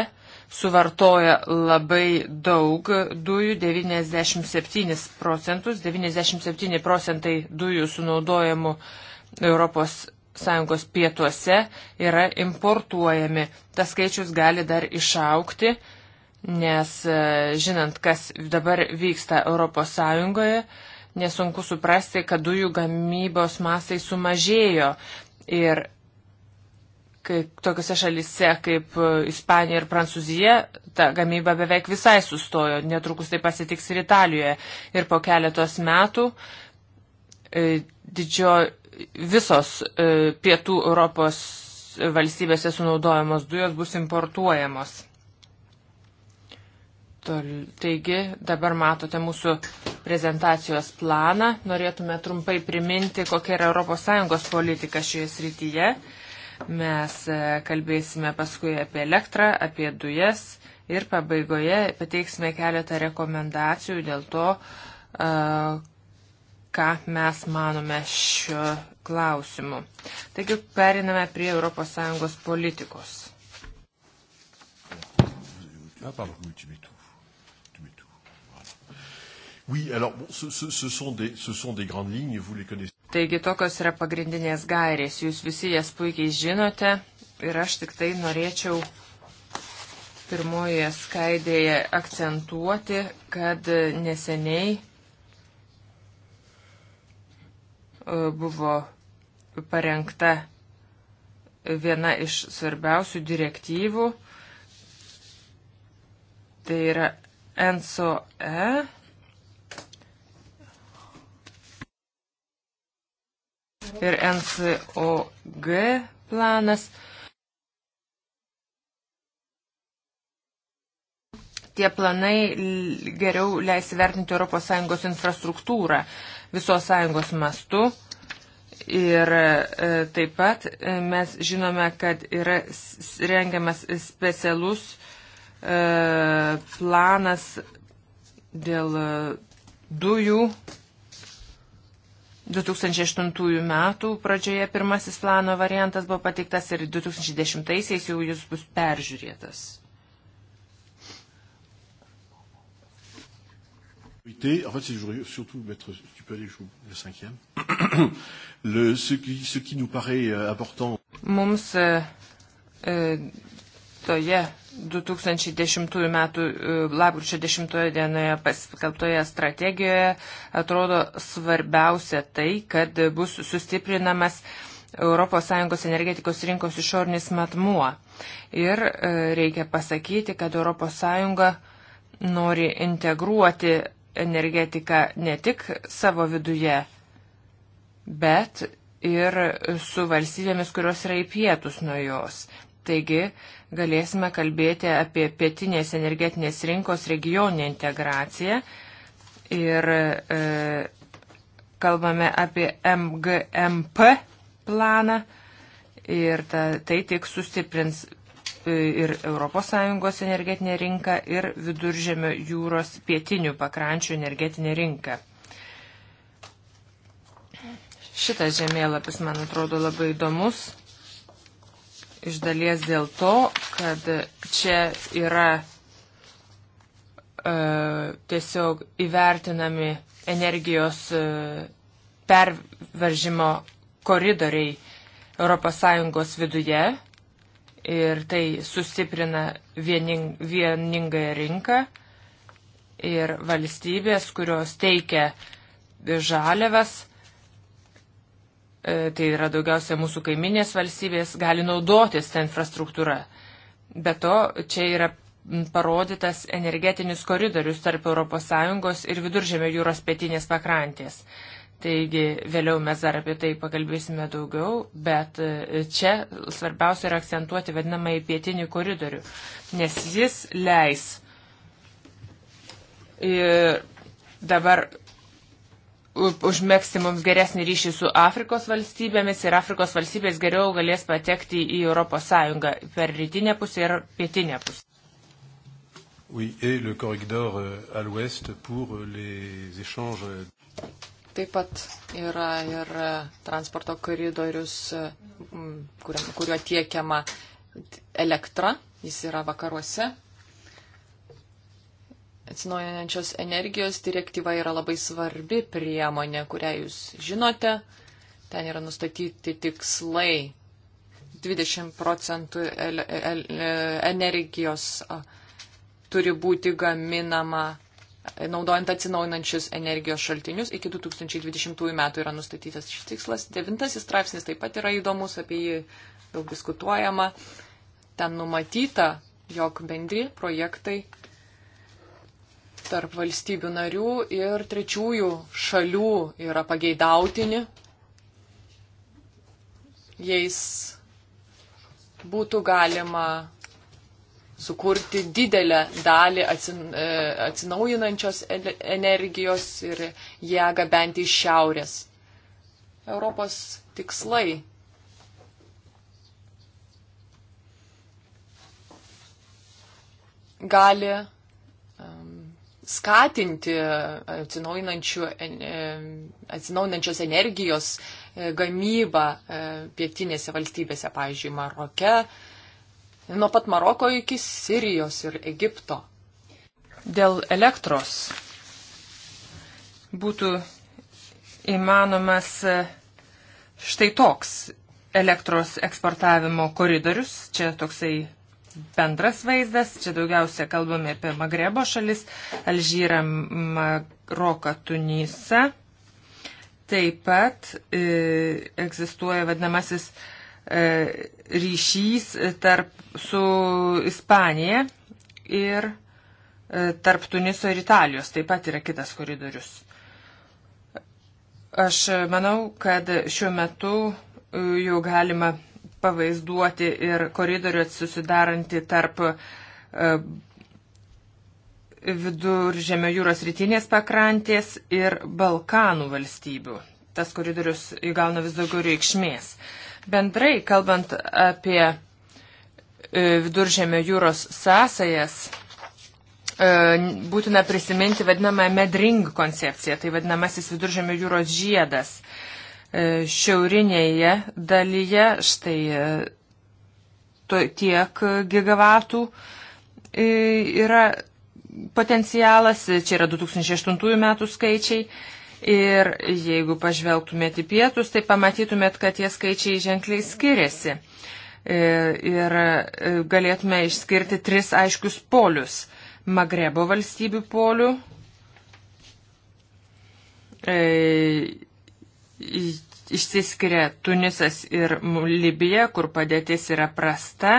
suvartoja labai daug dujų, 97 procentus, 97 procentai dujų sunaudojamų Europos Sąjungos pietuose yra importuojami. Tas skaičius gali dar išaukti, nes e, žinant, kas dabar vyksta Europos Sąjungoje, nesunku suprasti, kad dujų gamybos mastai sumažėjo ir kai tokiuose šalise kaip e, Ispanija ir Prancūzija ta gamyba beveik visai sustojo, netrukus tai pasitiks ir Italijoje. Ir po keletos metų e, didžio, visos e, pietų Europos valstybėse sunaudojamos dujos bus importuojamos. Taigi dabar matote mūsų prezentacijos planą. Norėtume trumpai priminti, kokia yra ES politika šioje srityje. Mes e, kalbėsime paskui apie elektrą, apie dujas ir pabaigoje pateiksime keletą rekomendacijų dėl to, e, ką mes manome šiuo klausimu. Taigi periname prie ES politikos. Ah, pardon. Oui, alors, bon, ce, ce, ce, sont des, ce sont des grandes lignes, vous les connaissez. Taigi tokios yra pagrindinės gairės, jūs visi jas puikiai žinote ir aš tik tai norėčiau pirmoje skaidėje akcentuoti, kad neseniai e, buvo parengta viena iš svarbiausių direktyvų, tai yra NSOE ir NCOG planas. Tie planai geriau leis vertinti ES infrastruktūrą visos sąjungos mastu. Ir e, taip pat e, mes žinome, kad yra rengiamas specialus e, planas dėl dujų 2008 metų pradžioje pirmasis plano variantas buvo pateiktas ir 2010-aisiais jau jis bus peržiūrėtas. En fait, si je voudrais surtout mettre, si tu peux aller le cinquième, [COUGHS] le, ce, qui, ce qui nous paraît euh, important. Mums e, toje 2010 metų e, lapkričio 10 dienoje paskelbtoje strategijoje atrodo svarbiausia tai, kad bus sustiprinamas ES energetikos rinkos išorinis matmuo. Ir e, reikia pasakyti, kad ES nori integruoti energetiką ne tik savo viduje, bet ir su valstybėmis, kurios yra į pietus nuo jos. Taigi galėsime kalbėti apie pietinės energetinės rinkos regioninę integraciją ir e, kalbame apie MGMP planą ir ta, tai tik sustiprins e, ir ES energetinė rinka ir viduržėmio jūros pietinių pakrančių energetinė rinka. Šitas žemėlapis, man atrodo, labai įdomus iš dalies dėl to, kad čia yra e, tiesiog įvertinami energijos e, pervaržymo koridoriai ES viduje ir tai sustiprina viening, vieningąją rinką ir valstybės, kurios teikia žaliavas, E, tai yra daugiausia mūsų kaiminės valstybės, gali naudotis tą infrastruktūrą. Be to, čia yra parodytas energetinis koridorius tarp ES ir viduržėmio jūros pietinės pakrantės. Taigi vėliau mes dar apie tai pakalbėsime daugiau, bet e, čia svarbiausia yra akcentuoti vadinamąjį pietinį koridorių, nes jis leis ir e, dabar užmėgsti mums geresnį ryšį su Afrikos valstybėmis ir Afrikos valstybės geriau galės patekti į Europos Sąjungą per rytinę pusę ir pietinę pusę. Oui, et le corridor euh, à l'ouest pour euh, les échanges. Taip pat yra ir euh, transporto koridorius, kuriuo tiekiama elektra, jis yra vakaruose Atsinaujinančios energijos direktyva yra labai svarbi priemonė, kurią jūs žinote. Ten yra nustatyti tikslai 20 procentų energijos turi būti gaminama naudojant atsinaujinančius energijos šaltinius. Iki 2020 metų yra nustatytas šis tikslas. Devintasis straipsnis taip pat yra įdomus, apie jį daug diskutuojama. Ten numatyta, jog bendri projektai tarp valstybių narių ir trečiųjų šalių yra pageidautini. Jais būtų galima sukurti didelę dalį e, atsinaujinančios energijos ir ją gabenti iš šiaurės. Europos tikslai gali um, skatinti e, atsinaujinančios energijos e, gamybą e, pietinėse valstybėse, pavyzdžiui, Maroke, nuo pat Maroko iki Sirijos ir Egipto. Dėl elektros būtų įmanomas štai toks elektros eksportavimo koridorius, čia toksai bendras vaizdas. Čia daugiausia kalbame apie Magrebo šalis, Alžyrą, Maroką, Tunisą. Taip pat e, egzistuoja vadinamasis e, ryšys tarp, su Ispanija ir e, tarp Tuniso ir Italijos. Taip pat yra kitas koridorius. Aš manau, kad šiuo metu e, jau galima pavaizduoti ir koridorių susidarantį tarp e, viduržėmio jūros rytinės pakrantės ir Balkanų valstybių. Tas koridorius įgauna vis daugiau reikšmės. Bendrai, kalbant apie e, viduržėmio jūros sąsajas, e, būtina prisiminti vadinamą medring koncepciją, tai vadinamasis viduržėmio jūros žiedas. E, šiaurinėje dalyje štai e, tiek gigavatų e, yra potencialas, čia yra 2008 metų skaičiai. Ir jeigu pažvelgtumėte į pietus, tai pamatytumėt, kad tie skaičiai ženkliai skiriasi. Ir galėtume išskirti tris aiškius polius. Magrebo valstybių polių, išsiskiria Tunisas ir Libija, kur padėtis yra prasta.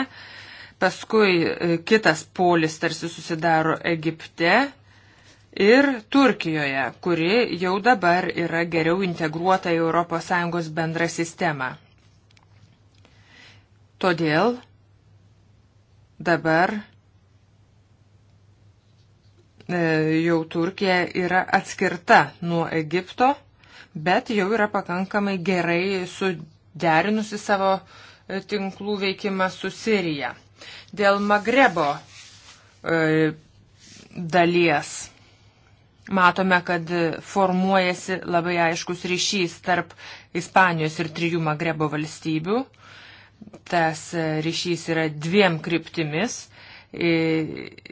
Paskui e, kitas polis tarsi susidaro Egipte ir Turkijoje, kuri jau dabar yra geriau integruota į ES bendrą sistemą. Todėl dabar e, jau Turkija yra atskirta nuo Egipto bet jau yra pakankamai gerai suderinusi savo e, tinklų veikimą su Sirija. Dėl Magrebo e, dalies matome, kad formuojasi labai aiškus ryšys tarp Ispanijos ir trijų Magrebo valstybių. Tas e, ryšys yra dviem kryptimis. E,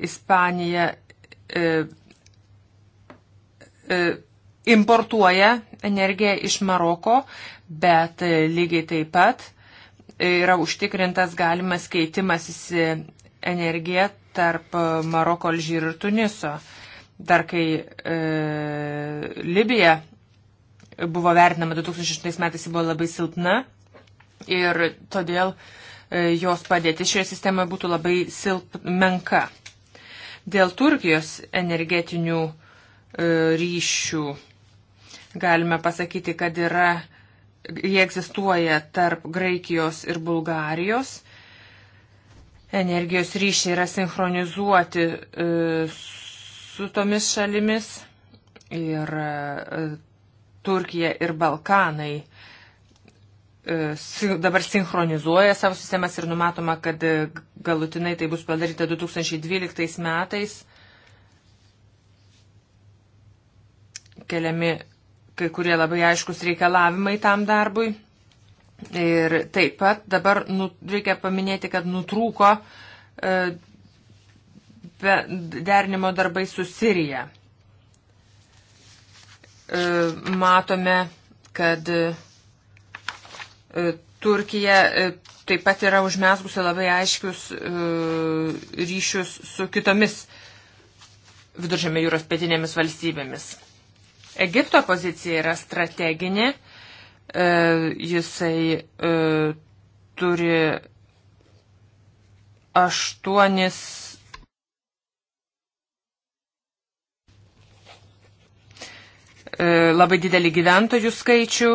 Ispanija e, e, importuoja energiją iš Maroko, bet lygiai taip pat yra užtikrintas galimas keitimasis energiją tarp Maroko, Alžyr ir Tuniso. Dar kai e, Libija buvo vertinama 2006 metais, ji buvo labai silpna ir todėl e, jos padėti šioje sistemoje būtų labai silp, menka. Dėl Turkijos energetinių e, ryšių Galime pasakyti, kad yra, jie egzistuoja tarp Graikijos ir Bulgarijos. Energijos ryšiai yra sinchronizuoti e, su tomis šalimis ir e, Turkija ir Balkanai e, dabar sinchronizuoja savo sistemas ir numatoma, kad e, galutinai tai bus padaryta 2012 metais. Keliami kai kurie labai aiškus reikalavimai tam darbui. Ir taip pat dabar nu, reikia paminėti, kad nutrūko e, be, derinimo darbai su Sirija. E, matome, kad e, Turkija e, taip pat yra užmesgusi labai aiškius e, ryšius su kitomis viduržėme jūros pietinėmis valstybėmis. Egipto pozicija yra strateginė, e, jisai e, turi aštuonis. E, labai didelį gyventojų skaičių.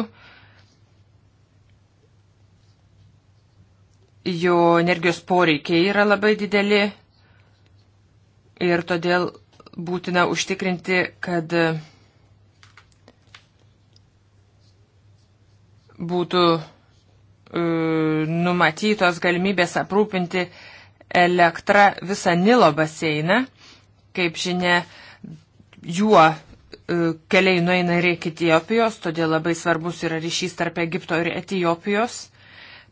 Jo energijos poreikiai yra labai dideli ir todėl būtina užtikrinti, kad būtų e, numatytos galimybės aprūpinti elektrą visą Nilo baseiną. Kaip žinia, juo e, keliai nueina ir iki Etijopijos, todėl labai svarbus yra ryšys tarp Egipto ir Etijopijos.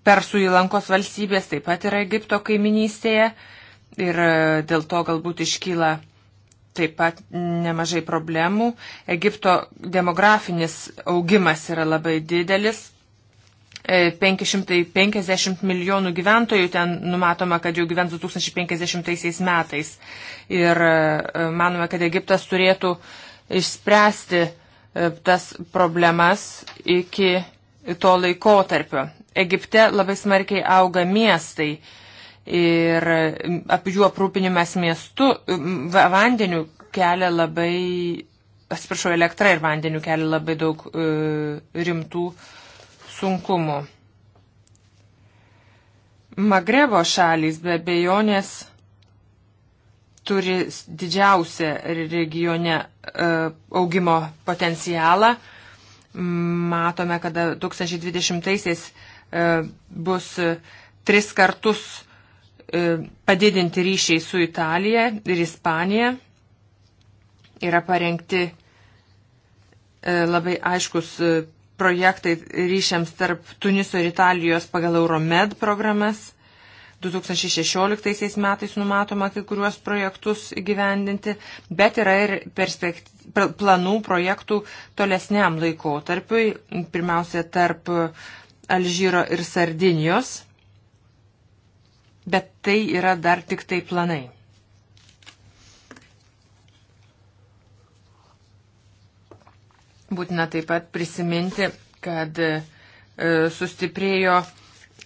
Persų įlankos valstybės taip pat yra Egipto kaiminystėje ir e, dėl to galbūt iškyla taip pat nemažai problemų. Egipto demografinis augimas yra labai didelis, 550 e, milijonų gyventojų ten numatoma, kad jau gyvens 2050 metais. Ir e, manome, kad Egiptas turėtų išspręsti e, tas problemas iki to laikotarpio. Egipte labai smarkiai auga miestai ir apie jų aprūpinimas miestu, vandeniu kelia labai, atsiprašau, elektra ir vandeniu kelia labai daug rimtų uh, sunkumų. Magrebo šalys be bejonės turi didžiausią regione e, augimo potencialą. Matome, kad 2020-aisiais e, bus tris kartus e, padidinti ryšiai su Italija ir Ispanija. Yra parengti labai aiškus projektai ryšiams tarp Tuniso ir Italijos pagal Euromed programas. 2016 metais numatoma kai kuriuos projektus įgyvendinti, bet yra ir perspekt... planų projektų tolesniam laikotarpiui, pirmiausia tarp Alžyro ir Sardinijos, bet tai yra dar tik tai planai. Būtina taip pat prisiminti, kad e, sustiprėjo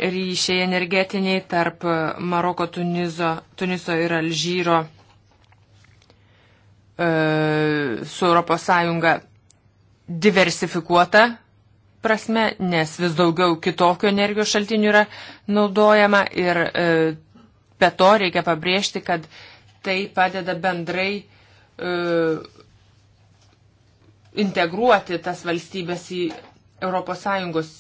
ryšiai energetiniai tarp Maroko, Tunizo, Tuniso ir Alžyro e, su ES diversifikuota prasme, nes vis daugiau kitokio energijos šaltinių yra naudojama ir e, be to reikia pabrėžti, kad tai padeda bendrai integruoti tas valstybės į ES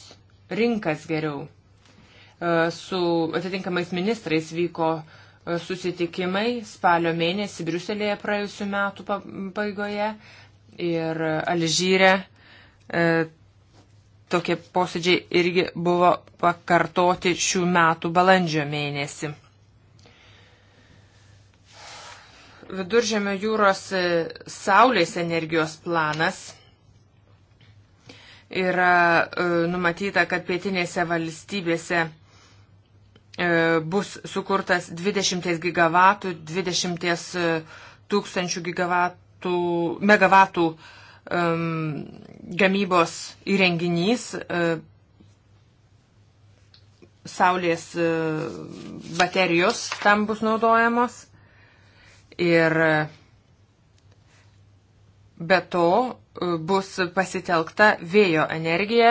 rinkas geriau. E, su atitinkamais ministrais vyko e, susitikimai spalio mėnesį Briuselėje praėjusiu metu pabaigoje ir Alžyre. E, tokie posėdžiai irgi buvo pakartoti šių metų balandžio mėnesį. Viduržėmio jūros e, saulės energijos planas yra e, numatyta, kad pietinėse valstybėse e, bus sukurtas 20 gigavatų, 20 tūkstančių gigavatų, megavatų um, gamybos įrenginys uh, saulės uh, baterijos tam bus naudojamos. Ir be to e, bus pasitelkta vėjo energija,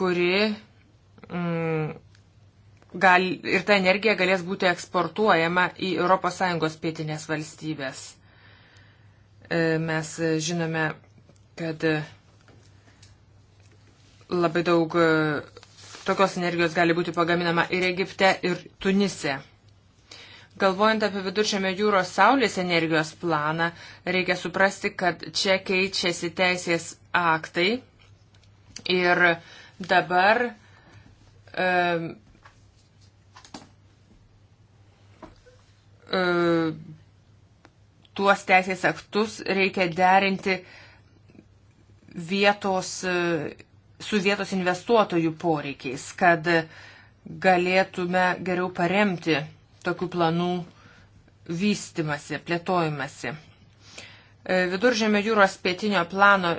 kuri mm, gal, ir ta energija galės būti eksportuojama į ES pietinės valstybės. E, mes žinome, kad labai daug e, tokios energijos gali būti pagaminama ir Egipte, ir Tunise. Galvojant apie viduržėmio jūros saulės energijos planą, reikia suprasti, kad čia keičiasi teisės aktai ir dabar e, e, tuos teisės aktus reikia derinti vietos, su vietos investuotojų poreikiais, kad galėtume geriau paremti tokių planų vystimasi, plėtojimasi. E, Viduržėmio jūros pietinio plano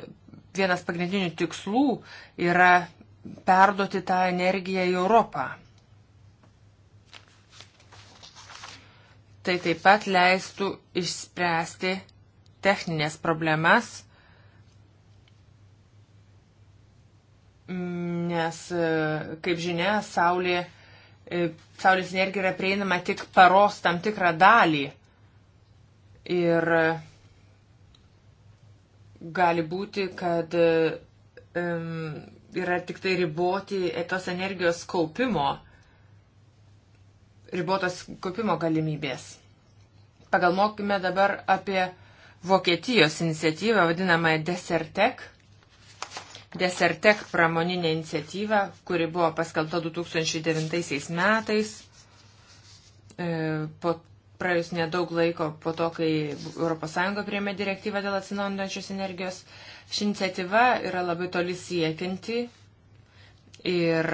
vienas pagrindinių tikslų yra perduoti tą energiją į Europą. Tai taip pat leistų išspręsti techninės problemas, nes, e, kaip žinia, Saulė E, saulės energija yra prieinama tik paros tam tikrą dalį. Ir e, gali būti, kad um, yra tik tai riboti tos energijos kaupimo, ribotos kaupimo galimybės. Pagalvokime dabar apie Vokietijos iniciatyvą, vadinamą Desertec Desertech pramoninė iniciatyva, kuri buvo paskelbta 2009 metais. E, po praėjus nedaug laiko po to, kai ES priėmė direktyvą dėl atsinaujančios energijos. Ši iniciatyva yra labai toli siekianti ir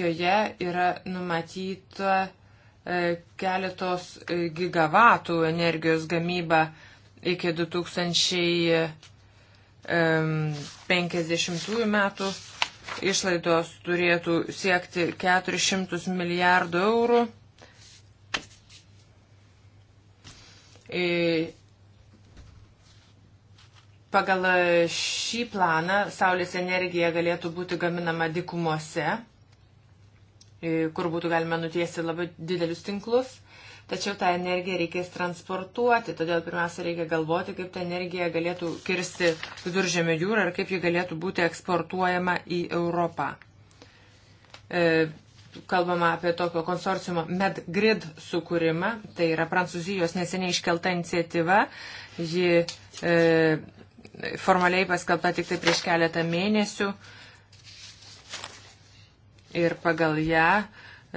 joje yra numatyta e, keletos e, gigavatų energijos gamyba iki 2000. 50 metų išlaidos turėtų siekti 400 milijardų eurų. E, pagal šį planą Saulės energija galėtų būti gaminama dikumose, e, kur būtų galima nutiesti labai didelius tinklus. Tačiau tą energiją reikės transportuoti, todėl pirmiausia reikia galvoti, kaip ta energija galėtų kirsti viduržėmio jūrą ir kaip ji galėtų būti eksportuojama į Europą. E, kalbama apie tokio konsorciumo MedGrid sukūrimą, tai yra Prancūzijos neseniai iškelta iniciatyva. Ji e, formaliai paskelbta tik tai prieš keletą mėnesių. Ir pagal ją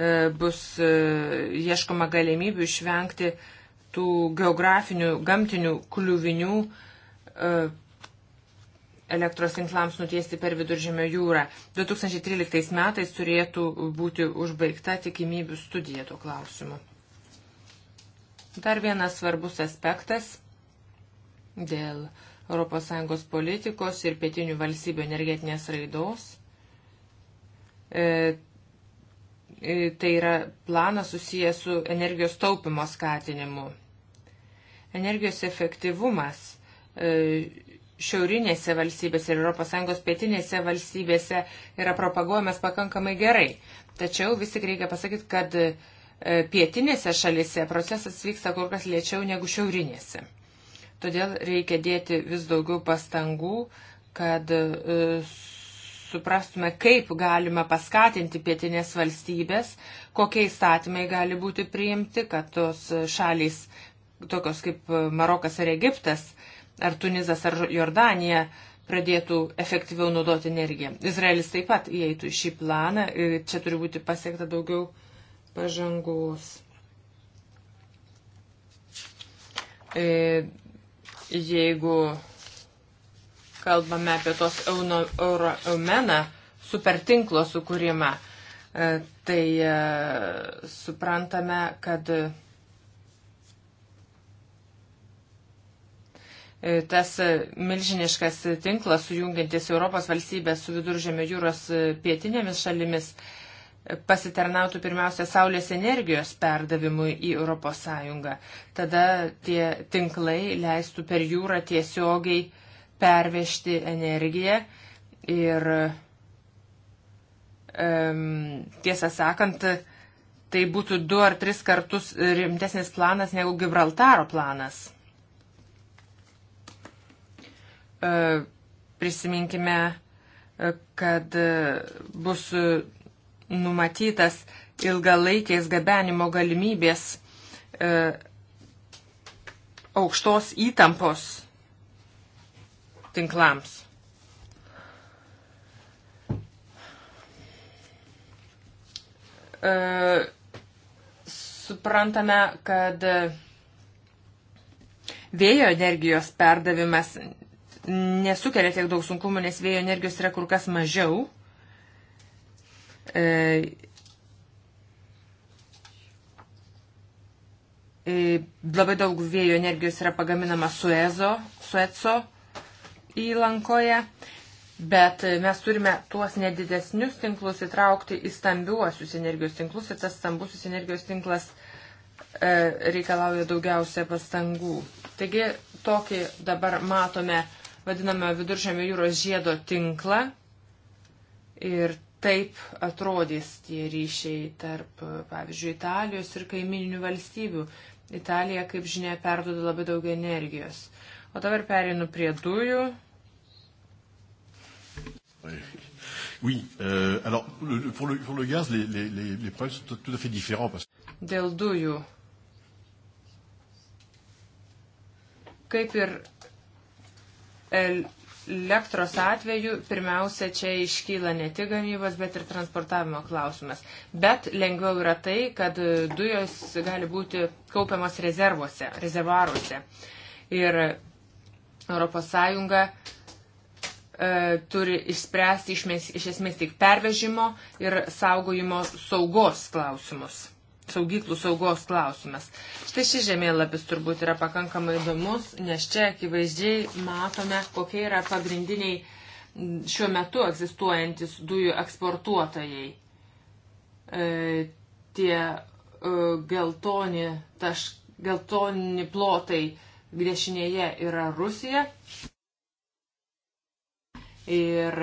E, bus e, ieškoma galimybių išvengti tų geografinių, gamtinių kliuvinių e, elektros tinklams nutiesti per viduržėmio jūrą. 2013 metais turėtų būti užbaigta tikimybių studija tuo klausimu. Dar vienas svarbus aspektas dėl ES politikos ir pietinių valstybių energetinės raidos. E, E, tai yra planas susijęs su energijos taupimo skatinimu. Energijos efektyvumas e, šiaurinėse valstybėse ir ES pietinėse valstybėse yra propaguojamas pakankamai gerai. Tačiau vis tik reikia pasakyti, kad e, pietinėse šalise procesas vyksta kur kas lėčiau negu šiaurinėse. Todėl reikia dėti vis daugiau pastangų, kad suprastume, kaip galima paskatinti pietinės valstybės, kokie įstatymai gali būti priimti, kad tos šalys, tokios kaip Marokas ar Egiptas, ar Tunizas ar Jordanija, pradėtų efektyviau naudoti energiją. Izraelis taip pat įeitų į šį planą ir čia turi būti pasiekta daugiau pažangos. E, jeigu kalbame apie tos euromeną supertinklo sukūrimą, e, tai e, suprantame, kad e, tas milžiniškas tinklas sujungiantis Europos valstybės su viduržėmio jūros pietinėmis šalimis pasitarnautų pirmiausia Saulės energijos perdavimui į Europos Sąjungą. Tada tie tinklai leistų per jūrą tiesiogiai pervežti energiją ir um, tiesą sakant, tai būtų du ar tris kartus rimtesnis planas negu Gibraltaro planas. Uh, prisiminkime, e, kad e, bus numatytas ilgalaikės gabenimo galimybės aukštos įtampos tinklams. E, suprantame, kad vėjo energijos perdavimas nesukelia tiek daug sunkumų, nes vėjo energijos yra kur kas mažiau. E, e labai daug vėjo energijos yra pagaminama Suezo, Sueco įlankoje, bet mes turime tuos nedidesnius tinklus įtraukti į stambiuosius energijos tinklus ir tas stambusis energijos tinklas e, reikalauja daugiausia pastangų. Taigi tokį dabar matome vadinamą viduržėmio jūros žiedo tinklą ir taip atrodys tie ryšiai tarp, pavyzdžiui, Italijos ir kaimininių valstybių. Italija, kaip žinia, perduoda labai daug energijos. O dabar perinu prie dujų. Oui, oui euh, alors le, pour, le, pour le gaz, les, les, les, les problèmes sont tout à fait différents. Parce... Dėl dujų. Kaip ir elektros atveju, pirmiausia, čia iškyla ne tik gamybos, bet ir transportavimo klausimas. Bet lengviau yra tai, kad dujos gali būti kaupiamas rezervuose, rezervaruose. Ir ES E, turi išspręsti išmės, iš esmės tik pervežimo ir saugojimo saugos klausimus. Saugyklų saugos klausimas. Štai šis žemėlapis turbūt yra pakankamai įdomus, nes čia akivaizdžiai matome, kokie yra pagrindiniai šiuo metu egzistuojantis dujų eksportuotojai. E, tie e, geltoni, taš, geltoni plotai dešinėje yra Rusija, Ir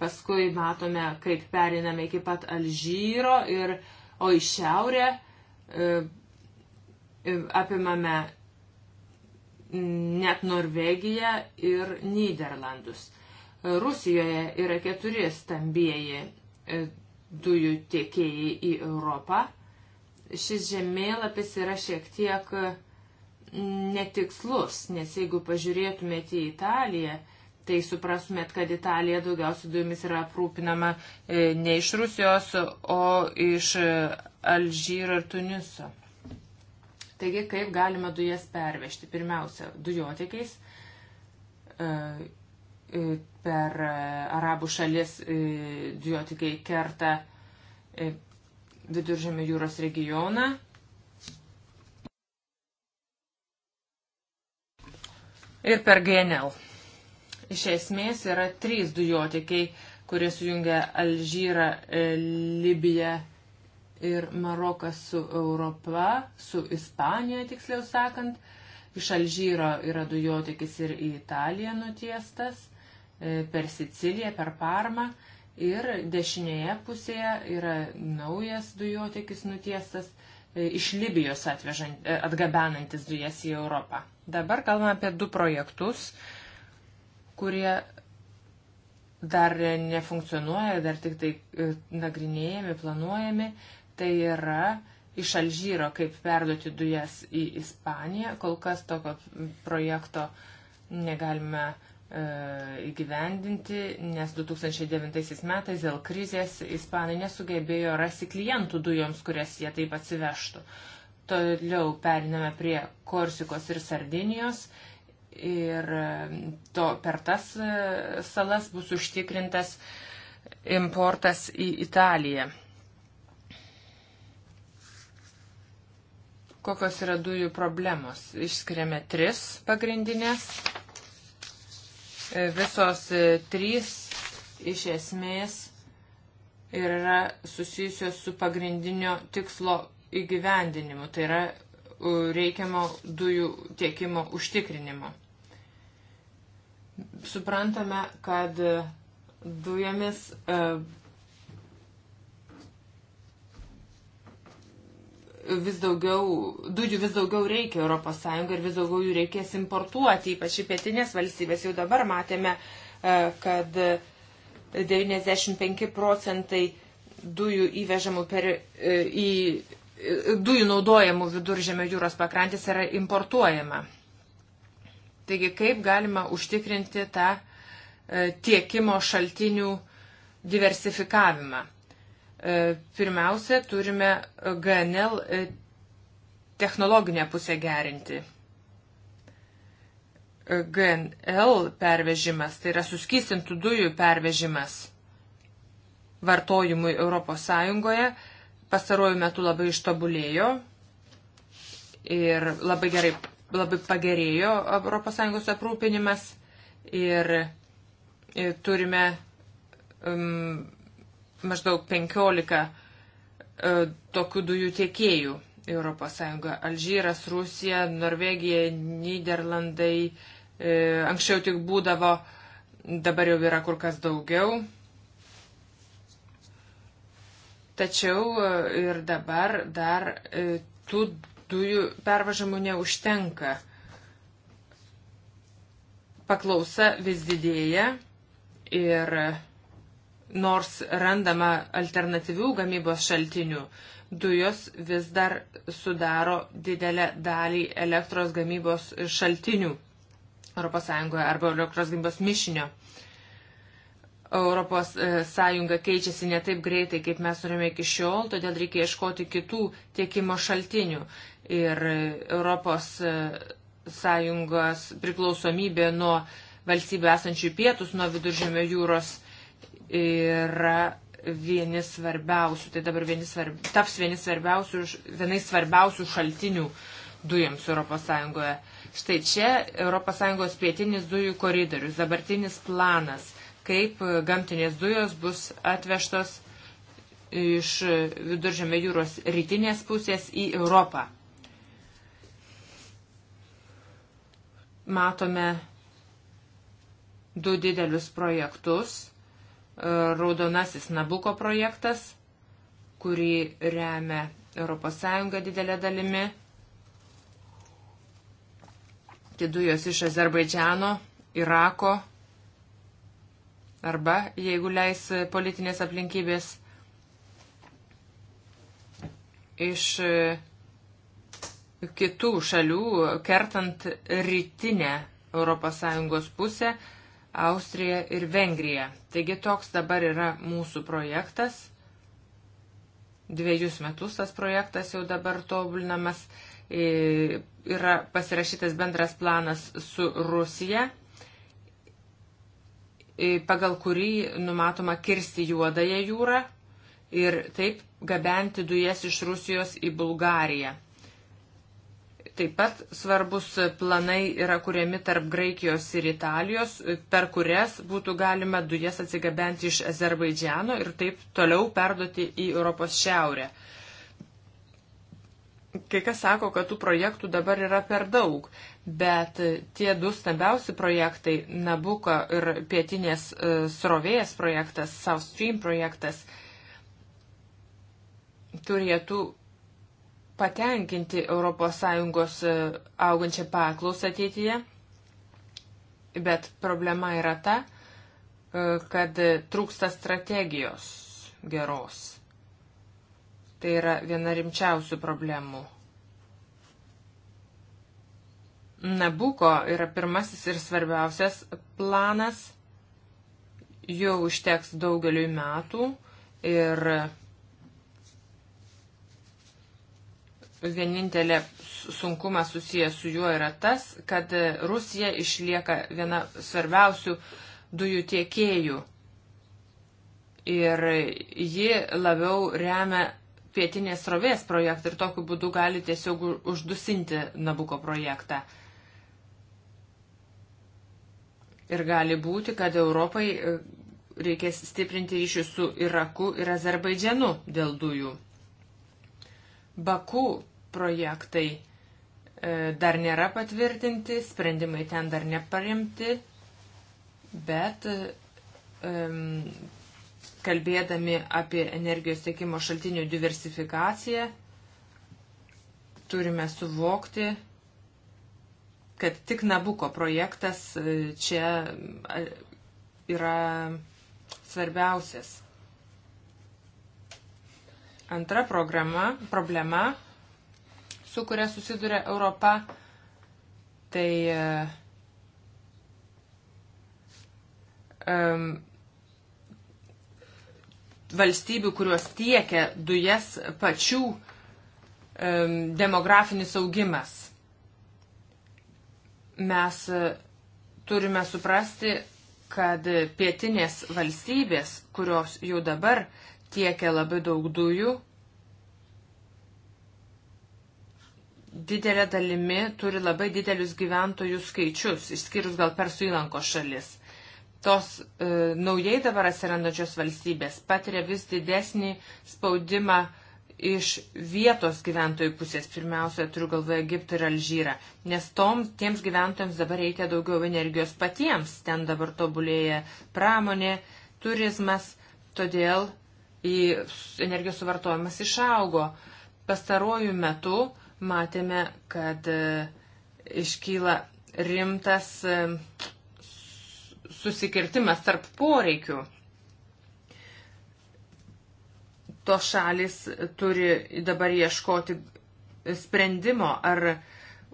paskui matome, kaip periname iki pat Alžyro, ir, o į šiaurę e, e apimame net Norvegiją ir Niderlandus. Rusijoje yra keturi stambieji e, dujų tiekėjai į Europą. Šis žemėlapis yra šiek tiek netikslus, nes jeigu pažiūrėtumėte į Italiją, tai suprasumėt, kad Italija daugiausiai dujomis yra aprūpinama e, ne iš Rusijos, o iš e, Alžyro ir Tuniso. Taigi, kaip galima dujas pervežti? Pirmiausia, dujotiekiais e, per arabų šalis dujotikai kerta viduržėmio jūros regioną. Ir per GNL iš esmės yra trys dujotikiai, kurie sujungia Alžyrą, e, Libiją ir Maroką su Europa, su Ispanija tiksliau sakant. Iš Alžyro yra dujotikis ir į Italiją nutiestas, e, per Siciliją, per Parmą. Ir dešinėje pusėje yra naujas dujotikis nutiestas e, iš Libijos atvežant, atgabenantis dujas į Europą. Dabar kalbame apie du projektus, kurie dar nefunkcionuoja, dar tik tai e, nagrinėjami, planuojami, tai yra iš Alžyro, kaip perduoti dujas į Ispaniją. Kol kas tokio projekto negalime e, įgyvendinti, nes 2009 metais dėl krizės ispanai nesugebėjo rasti klientų dujoms, kurias jie taip atsivežtų. Toliau periname prie Korsikos ir Sardinijos ir e, to, per tas e, salas bus užtikrintas importas į Italiją. Kokios yra dujų problemos? Išskiriame tris pagrindinės. E, visos trys iš esmės yra susijusios su pagrindinio tikslo įgyvendinimu, tai yra reikiamo dujų tiekimo užtikrinimu. Suprantame, kad dujomis e, vis daugiau, dujų vis daugiau reikia ES ir vis daugiau jų reikės importuoti, ypač į pietinės valstybės. Jau dabar matėme, e, kad 95 procentai dujų įvežamų per, e, į dujų naudojamų viduržėmio jūros pakrantės yra importuojama. Taigi, kaip galima užtikrinti tą e, tiekimo šaltinių diversifikavimą? E, pirmiausia, turime GNL e, technologinę pusę gerinti. GNL pervežimas, tai yra suskystintų dujų pervežimas vartojimui ES pastaruoju metu labai ištobulėjo ir labai gerai labai pagerėjo ES aprūpinimas ir e, turime um, maždaug 15 uh, e, tokių dujų tiekėjų ES. Alžyras, Rusija, Norvegija, Niderlandai, uh, anksčiau tik būdavo, dabar jau yra kur kas daugiau. Tačiau uh, ir dabar dar uh, tų dujų pervažamų neužtenka. Paklausa vis didėja ir nors randama alternatyvių gamybos šaltinių, dujos vis dar sudaro didelę dalį elektros gamybos šaltinių ES arba elektros gamybos mišinio. Europos e, Sąjunga keičiasi ne taip greitai, kaip mes turime iki šiol, todėl reikia ieškoti kitų tiekimo šaltinių ir Europos e, Sąjungos priklausomybė nuo valstybių esančių pietus, nuo viduržėmio jūros yra vieni svarbiausių, tai dabar vieni svarb, taps vieni svarbiausių, vienai svarbiausių šaltinių dujams Europos Sąjungoje. Štai čia Europos Sąjungos pietinis dujų koridorius, dabartinis planas, kaip gamtinės dujos bus atvežtos iš viduržėmio jūros rytinės pusės į Europą. matome du didelius projektus. E, Raudonasis Nabuko projektas, kurį remia ES didelė dalimi. Tai dujos iš Azerbaidžiano, Irako arba, jeigu leis politinės aplinkybės, iš kitų šalių, kertant rytinę ES pusę - Austrija ir Vengrija. Taigi toks dabar yra mūsų projektas. Dviejus metus tas projektas jau dabar tobulinamas. E, yra pasirašytas bendras planas su Rusija, e, pagal kurį numatoma kirsti juodąją jūrą ir taip gabenti dujas iš Rusijos į Bulgariją Taip pat svarbus planai yra kuriami tarp Graikijos ir Italijos, per kurias būtų galima dujas atsigabenti iš Azerbaidžiano ir taip toliau perduoti į Europos šiaurę. Kai kas sako, kad tų projektų dabar yra per daug, bet tie du stambiausi projektai - Nabuko ir pietinės e, srovėjas projektas, South Stream projektas - turėtų patenkinti ES e, augančią paklausą ateityje, bet problema yra ta, e, kad trūksta strategijos geros. Tai yra viena rimčiausių problemų. Nabuko yra pirmasis ir svarbiausias planas, jau užteks daugeliui metų ir vienintelė sunkumas susijęs su juo yra tas, kad Rusija išlieka viena svarbiausių dujų tiekėjų. Ir ji labiau remia pietinės srovės projektą ir tokiu būdu gali tiesiog uždusinti Nabuko projektą. Ir gali būti, kad Europai e, reikės stiprinti ryšius su Iraku ir Azerbaidžianu dėl dujų. Baku projektai e, dar nėra patvirtinti, sprendimai ten dar neparimti, bet e, kalbėdami apie energijos tiekimo šaltinių diversifikaciją, turime suvokti, kad tik Nabuko projektas e, čia yra svarbiausias. Antra programa, problema su kuria susiduria Europa, tai um, valstybių, kurios tiekia dujas pačių um, demografinis augimas. Mes e, turime suprasti, kad pietinės valstybės, kurios jau dabar tiekia labai daug dujų, didelė dalimi turi labai didelius gyventojų skaičius, išskyrus gal Persų įlanko šalis. Tos e, naujai dabar atsirandančios valstybės patiria vis didesnį spaudimą iš vietos gyventojų pusės, pirmiausia, turiu galvoje Egiptą ir Alžyrą, nes tom, tiems gyventojams dabar reikia daugiau energijos patiems, ten dabar tobulėja pramonė, turizmas, todėl į energijos suvartojimas išaugo. Pastaruoju metu uh, matėme, kad e, iškyla rimtas e, susikirtimas tarp poreikių. To šalis turi dabar ieškoti sprendimo ar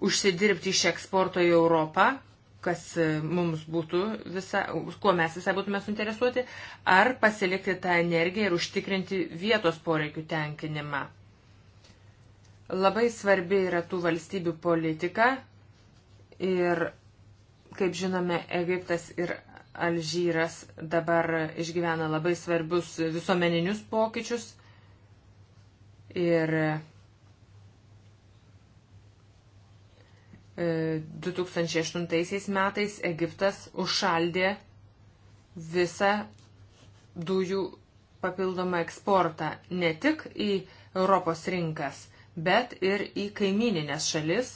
užsidirbti iš eksporto į Europą, kas e, mums būtų visa, kuo mes visai būtume suinteresuoti, ar pasilikti tą energiją ir užtikrinti vietos poreikių tenkinimą. Labai svarbi yra tų valstybių politika ir, kaip žinome, Egiptas ir Alžyras dabar išgyvena labai svarbius visuomeninius pokyčius ir 2008 e, metais Egiptas užšaldė visą dujų papildomą eksportą ne tik į Europos rinkas, bet ir į kaimininės šalis,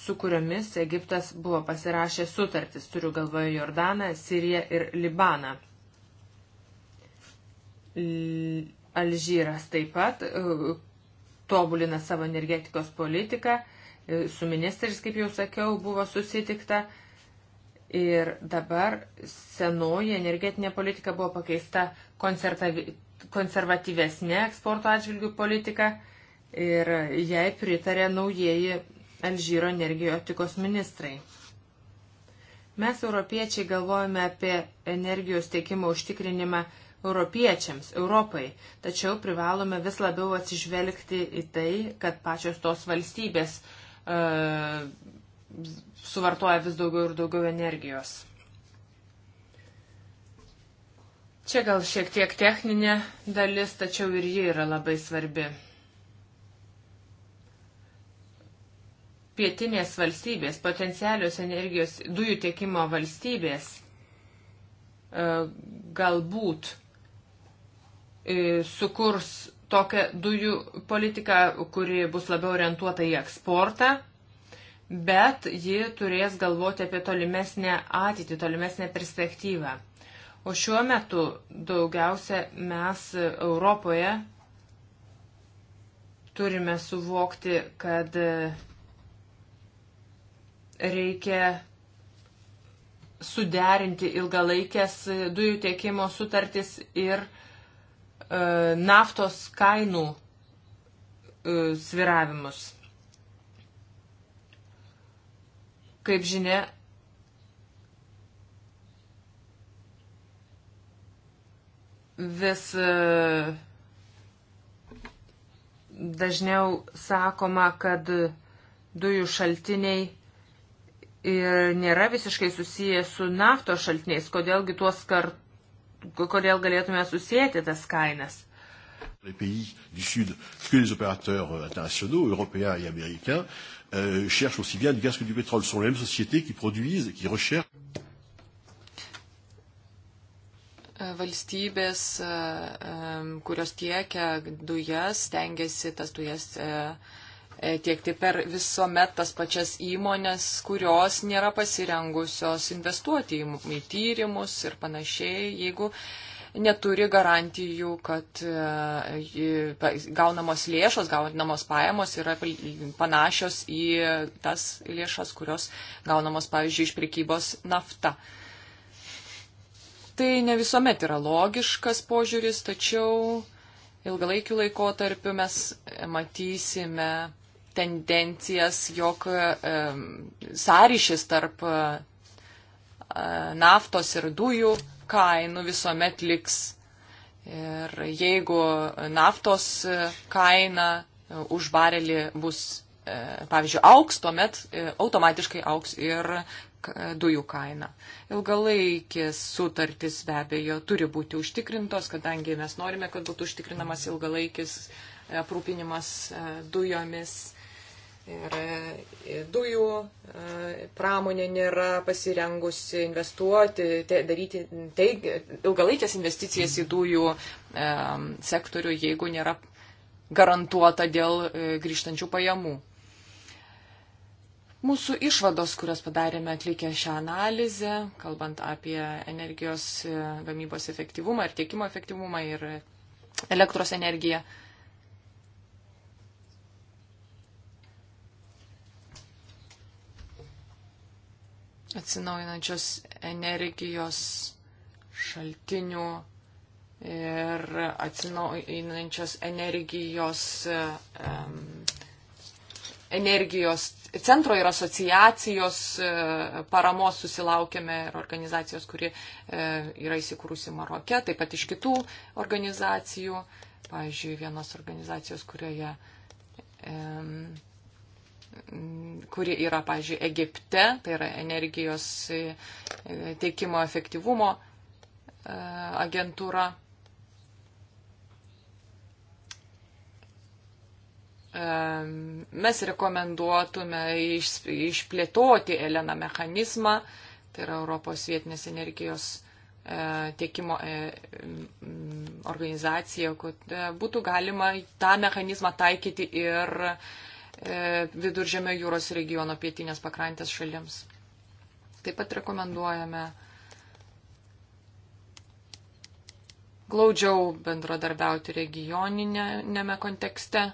su kuriomis Egiptas buvo pasirašęs sutartis, turiu galvoje Jordaną, Siriją ir Libaną. Alžyras taip pat e, tobulina savo energetikos politiką, e, su ministrais, kaip jau sakiau, buvo susitikta ir dabar senoji energetinė politika buvo pakeista koncertavi konservatyvesnė eksporto atžvilgių politika ir jai pritarė naujieji Alžyro energetikos ministrai. Mes, europiečiai, galvojame apie energijos tiekimo užtikrinimą europiečiams, Europai, tačiau privalome vis labiau atsižvelgti į tai, kad pačios tos valstybės e, suvartoja vis daugiau ir daugiau energijos. Čia gal šiek tiek techninė dalis, tačiau ir ji yra labai svarbi. Pietinės valstybės, potencialios energijos dujų tiekimo valstybės e, galbūt e, sukurs tokią dujų politiką, kuri bus labiau orientuota į eksportą, bet ji turės galvoti apie tolimesnę ateitį, tolimesnę perspektyvą. O šiuo metu daugiausia mes Europoje turime suvokti, kad reikia suderinti ilgalaikės dujų tiekimo sutartis ir e, naftos kainų e, sviravimus. Kaip žinia, vis e, dažniau sakoma, kad dujų šaltiniai ir nėra visiškai susiję su naftos šaltiniais, kodėlgi tuos kart, kodėl galėtume susijęti tas kainas. Les pays du Sud, que les opérateurs euh, internationaux, européens et américains, euh, cherchent aussi bien du gaz que du pétrole. Ce sont les mêmes sociétés qui produisent, qui recherchent valstybės, e, e, kurios tiekia dujas, tengiasi tas dujas e, tiekti per visuomet tas pačias įmonės, kurios nėra pasirengusios investuoti į, į tyrimus ir panašiai, jeigu neturi garantijų, kad gaunamos lėšos, gaunamos pajamos yra panašios į tas lėšas, kurios gaunamos, pavyzdžiui, iš prekybos nafta. Uh, tai ne visuomet yra logiškas požiūris, tačiau ilgalaikiu laikotarpiu mes e, matysime tendencijas, jog e, sąryšis tarp e, e, naftos ir dujų kainų visuomet liks. Ir jeigu naftos e, kaina už barelį bus, pavyzdžiui, auks, tuomet automatiškai auks ir dujų kainą. Ilgalaikės sutartys be abejo turi būti užtikrintos, kadangi mes norime, kad būtų užtikrinamas ilgalaikis aprūpinimas e, dujomis. Ir e, dujų e, pramonė nėra pasirengusi investuoti, te, daryti teig, ilgalaikės investicijas į dujų sektorių, jeigu nėra garantuota dėl grįžtančių pajamų. Mūsų išvados, kurias padarėme atlikę šią analizę, kalbant apie energijos e, gamybos efektyvumą ir tiekimo efektyvumą ir elektros energiją. Atsinaujinančios energijos šaltinių ir atsinaujinančios energijos, um, energijos centro ir asociacijos e, paramos susilaukėme ir organizacijos, kuri e, yra įsikūrusi Marokė, taip pat iš kitų organizacijų. Pavyzdžiui, vienos organizacijos, kurioje, kuri yra, pavyzdžiui, Egipte, tai yra energijos e, teikimo efektyvumo agentūra. mes rekomenduotume išplėtoti Elena mechanizmą, tai yra Europos vietinės energijos e, tiekimo e, organizacija, kad e, būtų galima tą mechanizmą taikyti ir viduržėmio jūros regiono pietinės pakrantės šalims. Taip pat rekomenduojame glaudžiau bendradarbiauti regioninėme kontekste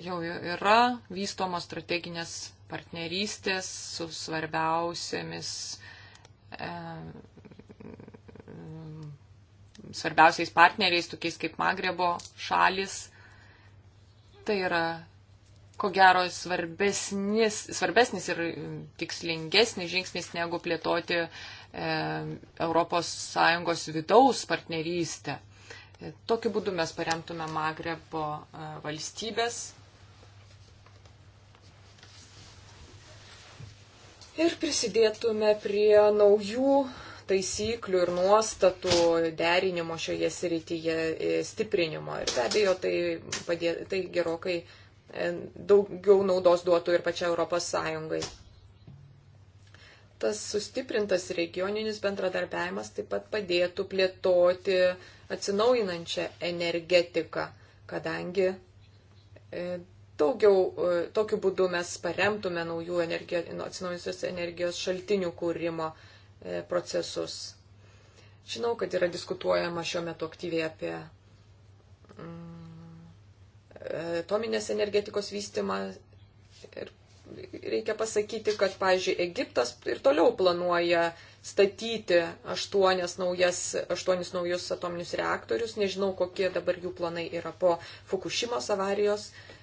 jau yra vystomos strateginės partnerystės su svarbiausiamis, e, svarbiausiais partneriais, tokiais kaip Magrebo šalis. Tai yra, ko gero, svarbesnis, svarbesnis ir tikslingesnis žingsnis negu plėtoti e, ES vidaus partnerystę. E, tokiu būdu mes paremtume Magrebo e, valstybės ir prisidėtume prie naujų taisyklių ir nuostatų derinimo šioje srityje e, stiprinimo. Ir be abejo, tai, padė, tai gerokai e, daugiau naudos duotų ir pačia Europos Sąjungai. Tas sustiprintas regioninis bendradarbiavimas taip pat padėtų plėtoti atsinaujinančią energetiką, kadangi e, daugiau e, tokiu būdu mes paremtume naujų nu, atsinaujusios energijos šaltinių kūrimo e, procesus. Žinau, kad yra diskutuojama šiuo metu aktyviai apie mm, e, atominės energetikos vystimą. Ir reikia pasakyti, kad, pavyzdžiui, Egiptas ir toliau planuoja statyti aštuonias naujas, aštuonis naujus atominius reaktorius. Nežinau, kokie dabar jų planai yra po Fukushimos avarijos. Uh,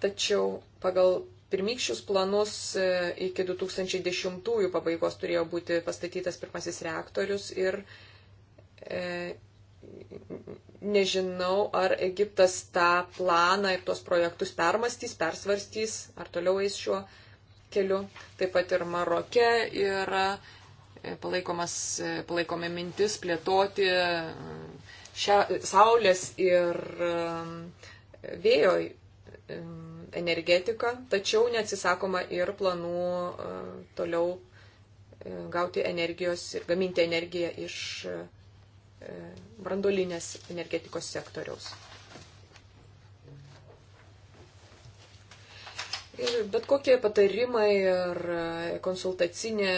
tačiau pagal pirmykščius planus e, iki 2010 pabaigos turėjo būti pastatytas pirmasis reaktorius ir e, nežinau, ar Egiptas tą planą ir tuos projektus permastys, persvarstys, ar toliau eis šiuo keliu. Taip pat ir Maroke yra e, palaikome mintis plėtoti e, šia, saulės ir vėjo E, energetiką, tačiau neatsisakoma ir planų e, toliau e, gauti energijos ir gaminti energiją iš brandolinės energetikos sektoriaus. Ir bet kokie patarimai ir konsultacinė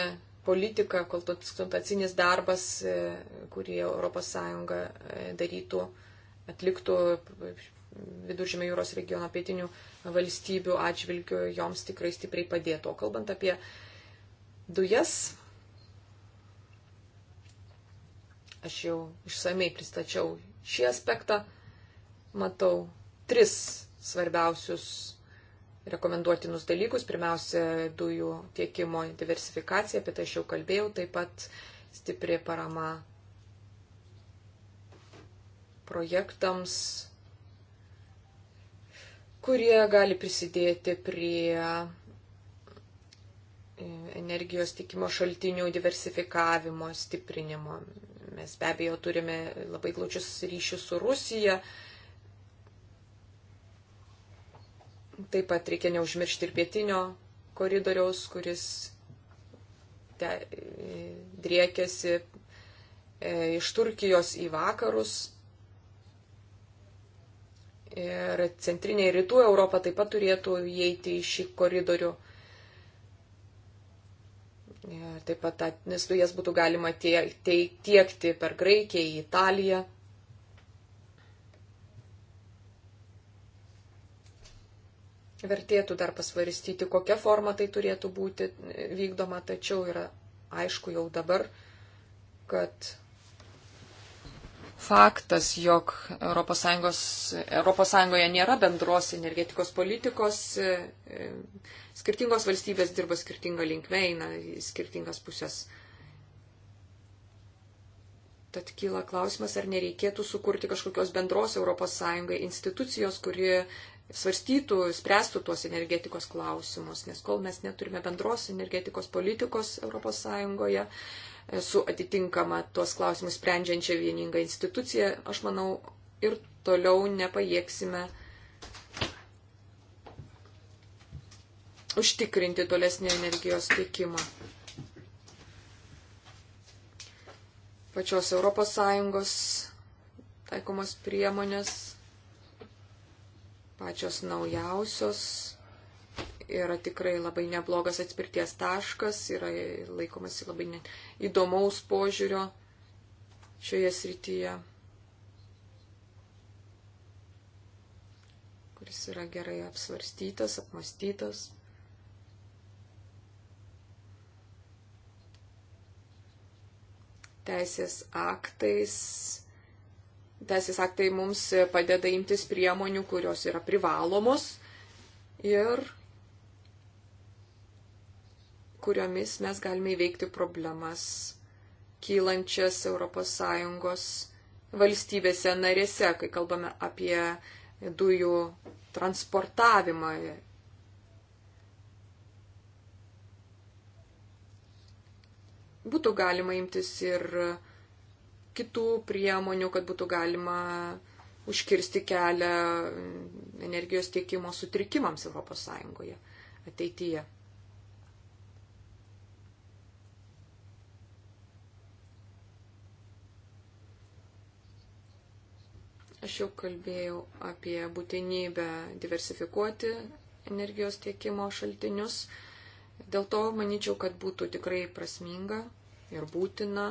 politika, konsultacinis darbas, kurį ES darytų, atliktų viduržėmio jūros regiono pietinių valstybių atžvilgių joms tikrai stipriai padėtų. O kalbant apie dujas, aš jau išsamei pristačiau šį aspektą. Matau tris svarbiausius rekomenduotinus dalykus. Pirmiausia, dujų tiekimo diversifikacija, apie tai aš jau kalbėjau, taip pat stipri parama projektams kurie gali prisidėti prie e, energijos tikimo šaltinių diversifikavimo, stiprinimo. Mes be abejo turime labai glaučius ryšius su Rusija. Taip pat reikia neužmiršti ir pietinio koridoriaus, kuris te, e, driekiasi e, iš Turkijos į vakarus. Ir centrinė ir rytų Europa taip pat turėtų įeiti į šį koridorių. Ir taip pat nes dujas būtų galima tiek, tiek, tiekti per Graikiją į Italiją. Vertėtų dar pasvarstyti, kokia forma tai turėtų būti vykdoma, tačiau yra aišku jau dabar, kad faktas, jog ES, ES nėra bendros energetikos politikos, e, e, skirtingos valstybės dirba skirtingą linkmę, eina į skirtingas pusės. Tad kyla klausimas, ar nereikėtų sukurti kažkokios bendros ES institucijos, kuri svarstytų, spręstų tuos energetikos klausimus, nes kol mes neturime bendros energetikos politikos ES, su atitinkama tuos klausimus sprendžiančia vieninga institucija, aš manau, ir toliau nepajėgsime užtikrinti tolesnį energijos teikimą. Pačios ES taikomos priemonės, pačios naujausios yra tikrai labai neblogas atspirties taškas, yra laikomasi labai įdomaus požiūrio šioje srityje, kuris yra gerai apsvarstytas, apmastytas. Teisės aktais teisės aktai mums padeda imtis priemonių, kurios yra privalomos ir kuriomis mes galime įveikti problemas kylančias ES valstybėse narėse, kai kalbame apie dujų transportavimą. Būtų galima imtis ir kitų priemonių, kad būtų galima užkirsti kelią energijos tiekimo sutrikimams ES ateityje. Aš jau kalbėjau apie būtinybę diversifikuoti energijos tiekimo šaltinius. Dėl to manyčiau, kad būtų tikrai prasminga ir būtina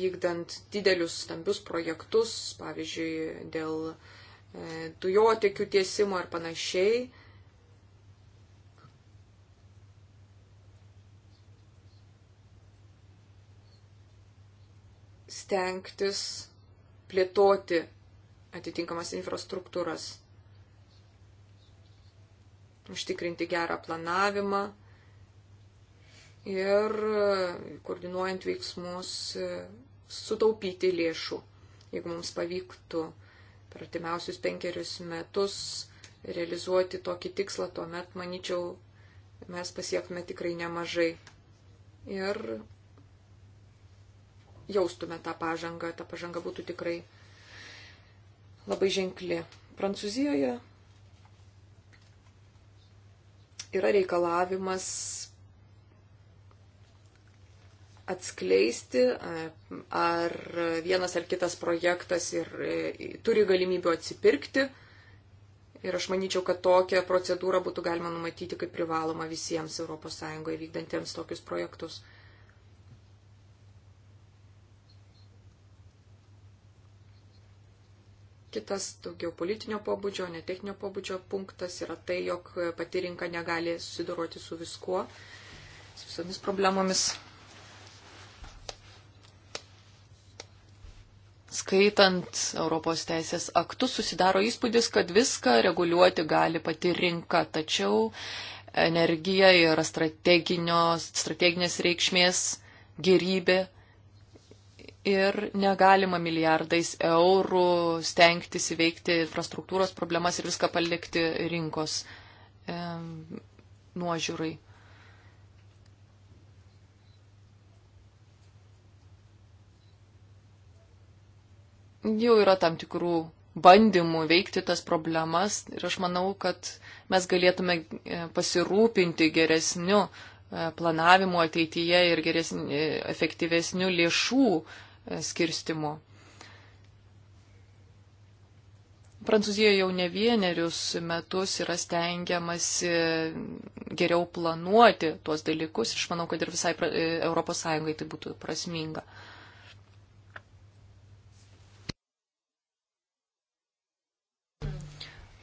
vykdant didelius stambius projektus, pavyzdžiui, dėl e, dujotekių tiesimo ir panašiai, stengtis plėtoti atitinkamas infrastruktūras, užtikrinti gerą planavimą ir koordinuojant veiksmus e, sutaupyti lėšų, jeigu mums pavyktų per artimiausius penkerius metus realizuoti tokį tikslą, tuomet, manyčiau, mes pasiektume tikrai nemažai. Ir jaustume tą pažangą, ta pažanga būtų tikrai labai ženkli. Prancūzijoje yra reikalavimas atskleisti, ar vienas ar kitas projektas ir e, turi galimybių atsipirkti. Ir aš manyčiau, kad tokią procedūrą būtų galima numatyti kaip privaloma visiems ES vykdantiems tokius projektus. Kitas daugiau politinio pobūdžio, netechninio pobūdžio punktas yra tai, jog pati rinka negali susidoroti su viskuo, su visomis problemomis. Skaitant Europos teisės aktus susidaro įspūdis, kad viską reguliuoti gali pati rinka, tačiau energija yra strateginės reikšmės gerybė ir negalima milijardais eurų stengtis įveikti infrastruktūros problemas ir viską palikti rinkos e, nuožiūrai. Jau yra tam tikrų bandymų veikti tas problemas ir aš manau, kad mes galėtume e, pasirūpinti geresniu e, planavimu ateityje ir geresniu, e, efektyvesniu lėšų skirstimu. Prancūzijoje jau ne vienerius metus yra stengiamasi geriau planuoti tuos dalykus. Aš manau, kad ir visai ES tai būtų prasminga.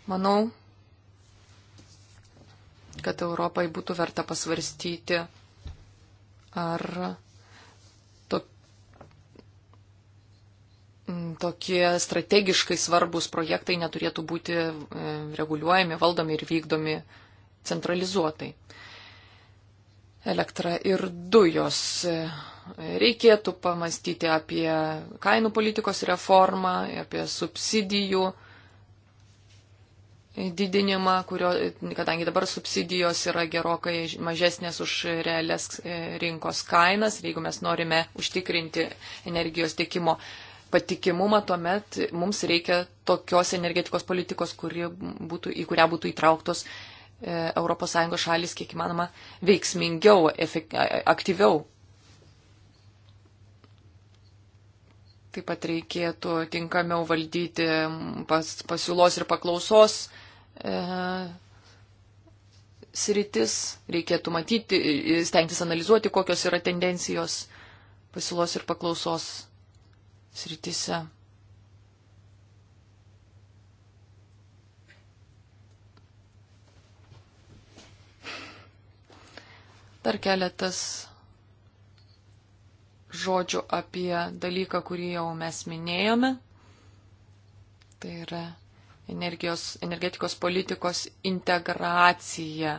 Manau, kad Europai būtų verta pasvarstyti, ar Mm, tokie strategiškai svarbus projektai neturėtų būti e, reguliuojami, valdomi ir vykdomi centralizuotai. Elektra ir dujos. E, reikėtų pamastyti apie kainų politikos reformą, apie subsidijų didinimą, kurio, kadangi dabar subsidijos yra gerokai mažesnės už realias e, rinkos kainas, jeigu mes norime užtikrinti energijos tiekimo patikimumą, tuomet mums reikia tokios energetikos politikos, būtų, į kurią būtų įtrauktos ES šalis kiek įmanoma veiksmingiau, efekt, aktyviau. Taip pat reikėtų tinkamiau valdyti pas, pasiūlos ir paklausos e, sritis, reikėtų matyti, stengtis analizuoti, kokios yra tendencijos pasiūlos ir paklausos sritise. Dar keletas žodžių apie dalyką, kurį jau mes minėjome. Tai yra energijos, energetikos politikos integracija,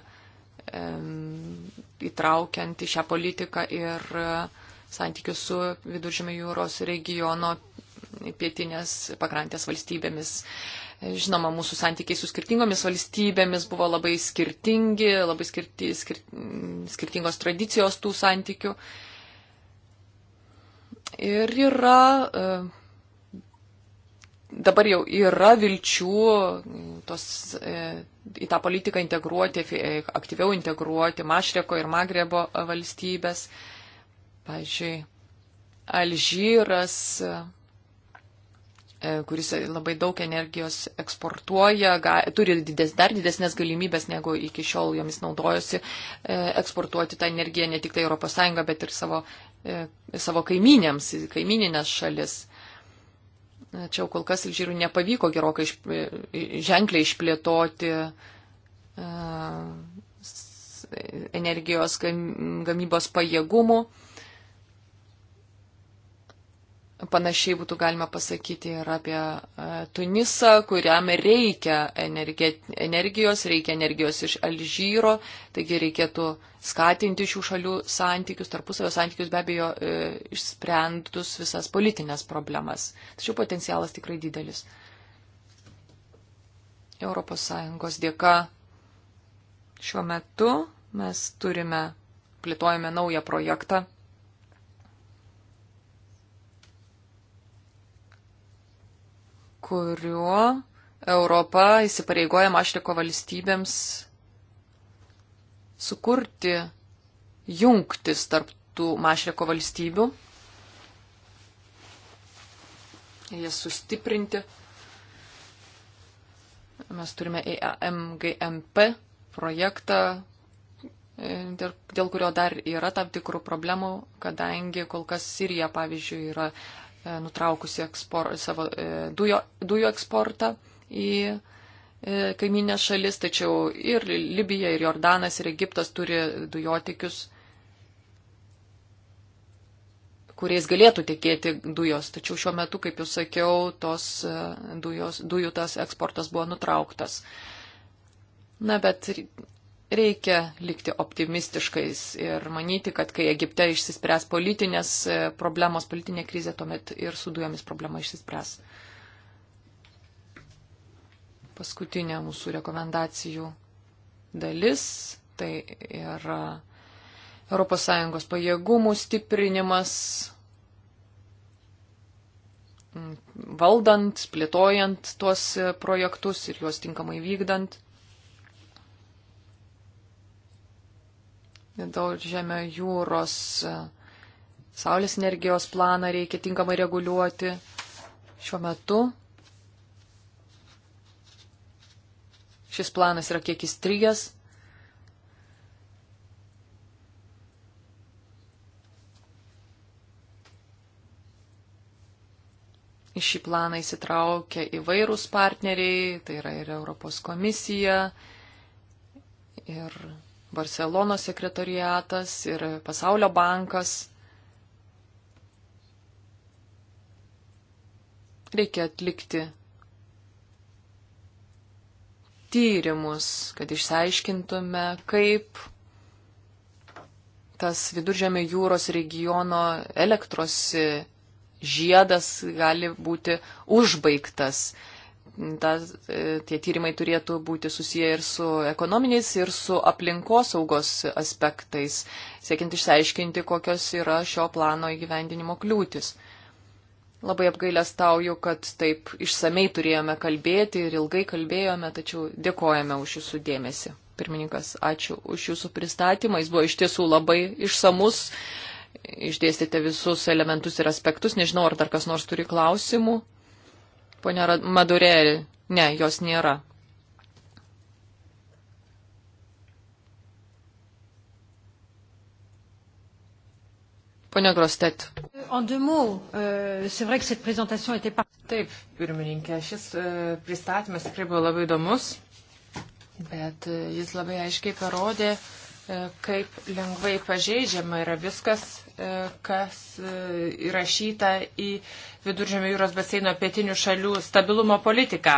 įtraukiant į šią politiką ir uh, santykius su viduržėmio jūros regiono pietinės pakrantės valstybėmis. Žinoma, mūsų santykiai su skirtingomis valstybėmis buvo labai skirtingi, labai skirti, skir, skirtingos tradicijos tų santykių. Ir yra, e, dabar jau yra vilčių tos, e, į tą politiką integruoti, e, aktyviau integruoti Mašreko ir Magrebo valstybės. Pavyzdžiui, Alžyras, e, kuris labai daug energijos eksportuoja, ga, turi dides, dar didesnės galimybės, negu iki šiol jomis naudojosi, e, eksportuoti tą energiją ne tik tai ES, bet ir savo, e, savo kaiminėms, kaimininės šalis. Čia kol kas Alžyrų nepavyko gerokai iš, ženkliai išplėtoti energijos gamybos pajėgumų. Panašiai būtų galima pasakyti ir apie e, Tunisą, kuriam reikia energijos, reikia energijos iš Alžyro, taigi reikėtų skatinti šių šalių santykius, tarpusavio santykius be abejo e, išsprendus visas politinės problemas. Tačiau potencialas tikrai didelis. ES dėka šiuo metu mes turime, plėtojame naują projektą kuriuo Europa įsipareigoja Mašriko valstybėms sukurti jungtis tarp tų Mašriko valstybių, jas sustiprinti. Mes turime EAMGMP projektą, e, dėl kurio dar yra tam tikrų problemų, kadangi kol kas Sirija, pavyzdžiui, yra E, nutraukusi ekspor, savo e, dujo, dujo eksportą į e, kaiminės šalis, tačiau ir Libija, ir Jordanas, ir Egiptas turi dujotikius, kuriais galėtų tekėti dujos. Tačiau šiuo metu, kaip jau sakiau, tos dujos, dujų tas eksportas buvo nutrauktas. Na, bet reikia likti optimistiškais ir manyti, kad kai Egipte išsispręs politinės e, problemos, politinė krizė, tuomet ir su dujomis problema išsispręs. Paskutinė mūsų rekomendacijų dalis tai yra ES pajėgumų stiprinimas, valdant, plėtojant tuos e, projektus ir juos tinkamai vykdant. viduržėmio jūros e, saulės energijos planą reikia tinkamai reguliuoti šiuo metu. Šis planas yra kiek įstrigęs. Į šį planą įsitraukia įvairūs partneriai, tai yra ir Europos komisija, ir Barcelonos sekretariatas ir Pasaulio bankas. Reikia atlikti tyrimus, kad išsiaiškintume, kaip tas viduržėmio jūros regiono elektros žiedas gali būti užbaigtas tas, e, tie tyrimai turėtų būti susiję ir su ekonominiais, ir su aplinkosaugos aspektais, siekiant išsiaiškinti, kokios yra šio plano įgyvendinimo kliūtis. Labai apgailestauju, kad taip išsamei turėjome kalbėti ir ilgai kalbėjome, tačiau dėkojame už jūsų dėmesį. Pirmininkas, ačiū už jūsų pristatymą, jis buvo iš tiesų labai išsamus išdėstėte visus elementus ir aspektus. Nežinau, ar dar kas nors turi klausimų. Pone Madurėlį, ne, jos nėra. Pone Grostet. Euh, Taip, pirmininkė, šis e, pristatymas tikrai buvo labai įdomus, bet e, jis labai aiškiai parodė, e, kaip lengvai pažeidžiama yra viskas E, kas e, įrašyta į Viduržėmio jūros baseino pietinių šalių stabilumo politiką.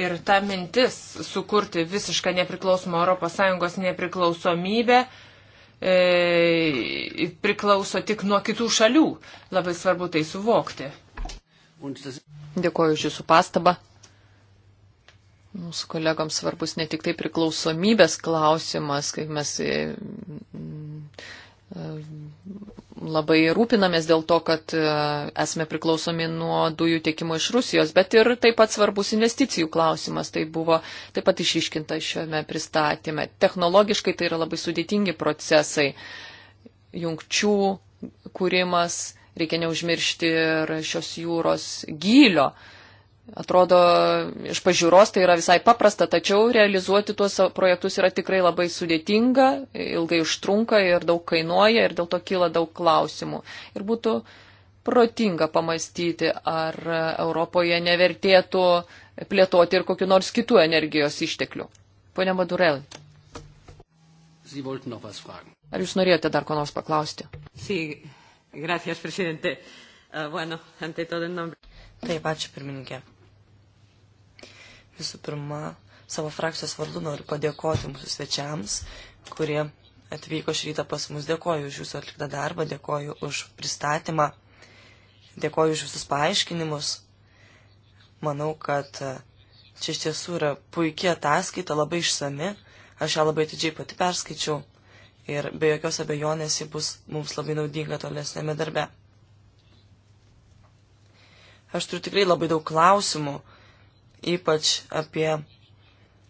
Ir ta mintis sukurti visišką nepriklausomą ES nepriklausomybę e, priklauso tik nuo kitų šalių. Labai svarbu tai suvokti. Dėkuoju už Jūsų pastabą. Mūsų kolegams svarbus ne tik tai priklausomybės klausimas, kaip mes e, labai rūpinamės dėl to, kad e, esame priklausomi nuo dujų tiekimo iš Rusijos, bet ir taip pat svarbus investicijų klausimas. Tai buvo taip pat išiškinta šiame pristatyme. Technologiškai tai yra labai sudėtingi procesai. Jungčių kūrimas, reikia neužmiršti ir šios jūros gylio. Uh, Atrodo, iš pažiūros tai yra visai paprasta, tačiau realizuoti tuos projektus yra tikrai labai sudėtinga, ilgai užtrunka ir daug kainuoja ir dėl to kyla daug klausimų. Ir būtų protinga pamastyti, ar Europoje nevertėtų plėtoti ir kokiu nors kitų energijos išteklių. Pone Madurel. Ar jūs norėjote dar ko nors paklausti? Sí, gracias, presidente. Uh, bueno, ante todo en nombre. Taip, ačiū pirmininkė. Visų pirma, savo frakcijos vardu noriu padėkoti mūsų svečiams, kurie atvyko šį rytą pas mus. Dėkoju už jūsų atliktą darbą, dėkoju už pristatymą, dėkoju už visus paaiškinimus. Manau, kad čia iš tiesų yra puikia ataskaita, labai išsami. Aš ją labai atidžiai pati perskaičiau ir be jokios abejonės ji bus mums labai naudinga tolesnėme darbe. Aš turiu tikrai labai daug klausimų ypač apie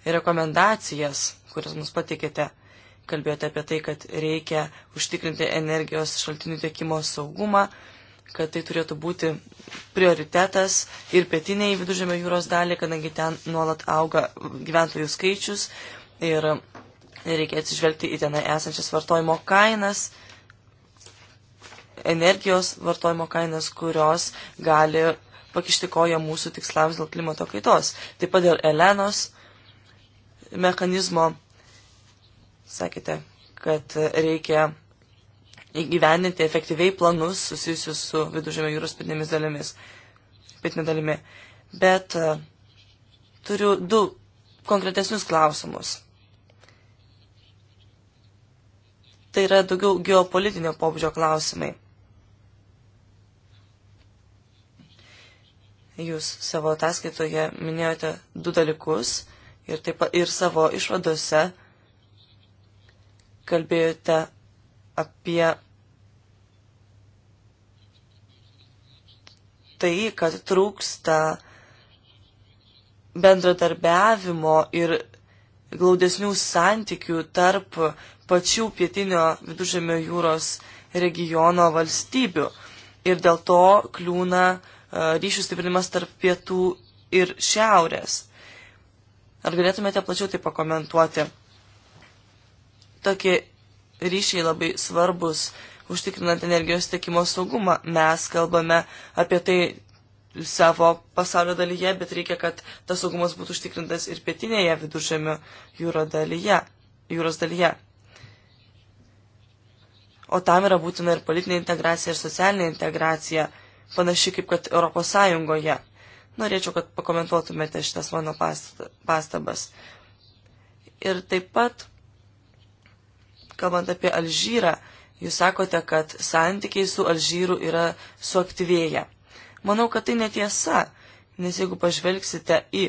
rekomendacijas, kurias mums patikėte. Kalbėjote apie tai, kad reikia užtikrinti energijos šaltinių tiekimo saugumą, kad tai turėtų būti prioritetas ir pietiniai viduržėmio jūros dalį, kadangi ten nuolat auga gyventojų skaičius ir reikia atsižvelgti į tenai esančias vartojimo kainas energijos vartojimo kainas, kurios gali pakišti koją mūsų tikslams dėl klimato kaitos. Taip pat dėl Elenos mechanizmo sakėte, kad reikia įgyvendinti efektyviai planus susijusius su viduržėmio jūros pietinėmis dalimis. Pietinė dalimi. Bet uh, turiu du konkretesnius klausimus. Tai yra daugiau geopolitinio pobūdžio klausimai. Jūs savo ataskaitoje minėjote du dalykus ir, taip, ir savo išvadose kalbėjote apie tai, kad trūksta bendradarbiavimo ir glaudesnių santykių tarp pačių pietinio viduržėmio jūros regiono valstybių. Ir dėl to kliūna E, ryšių stiprinimas tarp pietų ir šiaurės. Ar galėtumėte plačiau tai pakomentuoti? Tokie ryšiai labai svarbus, užtikrinant energijos tiekimo saugumą. Mes kalbame apie tai savo pasaulio dalyje, bet reikia, kad tas saugumas būtų užtikrintas ir pietinėje viduržėmio jūro dalyje, jūros dalyje. O tam yra būtina ir politinė integracija, ir socialinė integracija panaši kaip kad Europos Sąjungoje. Norėčiau, kad pakomentuotumėte šitas mano pastabas. Ir taip pat, kalbant apie Alžyrą, jūs sakote, kad santykiai su Alžyru yra suaktyvėję. Manau, kad tai netiesa, nes jeigu pažvelgsite į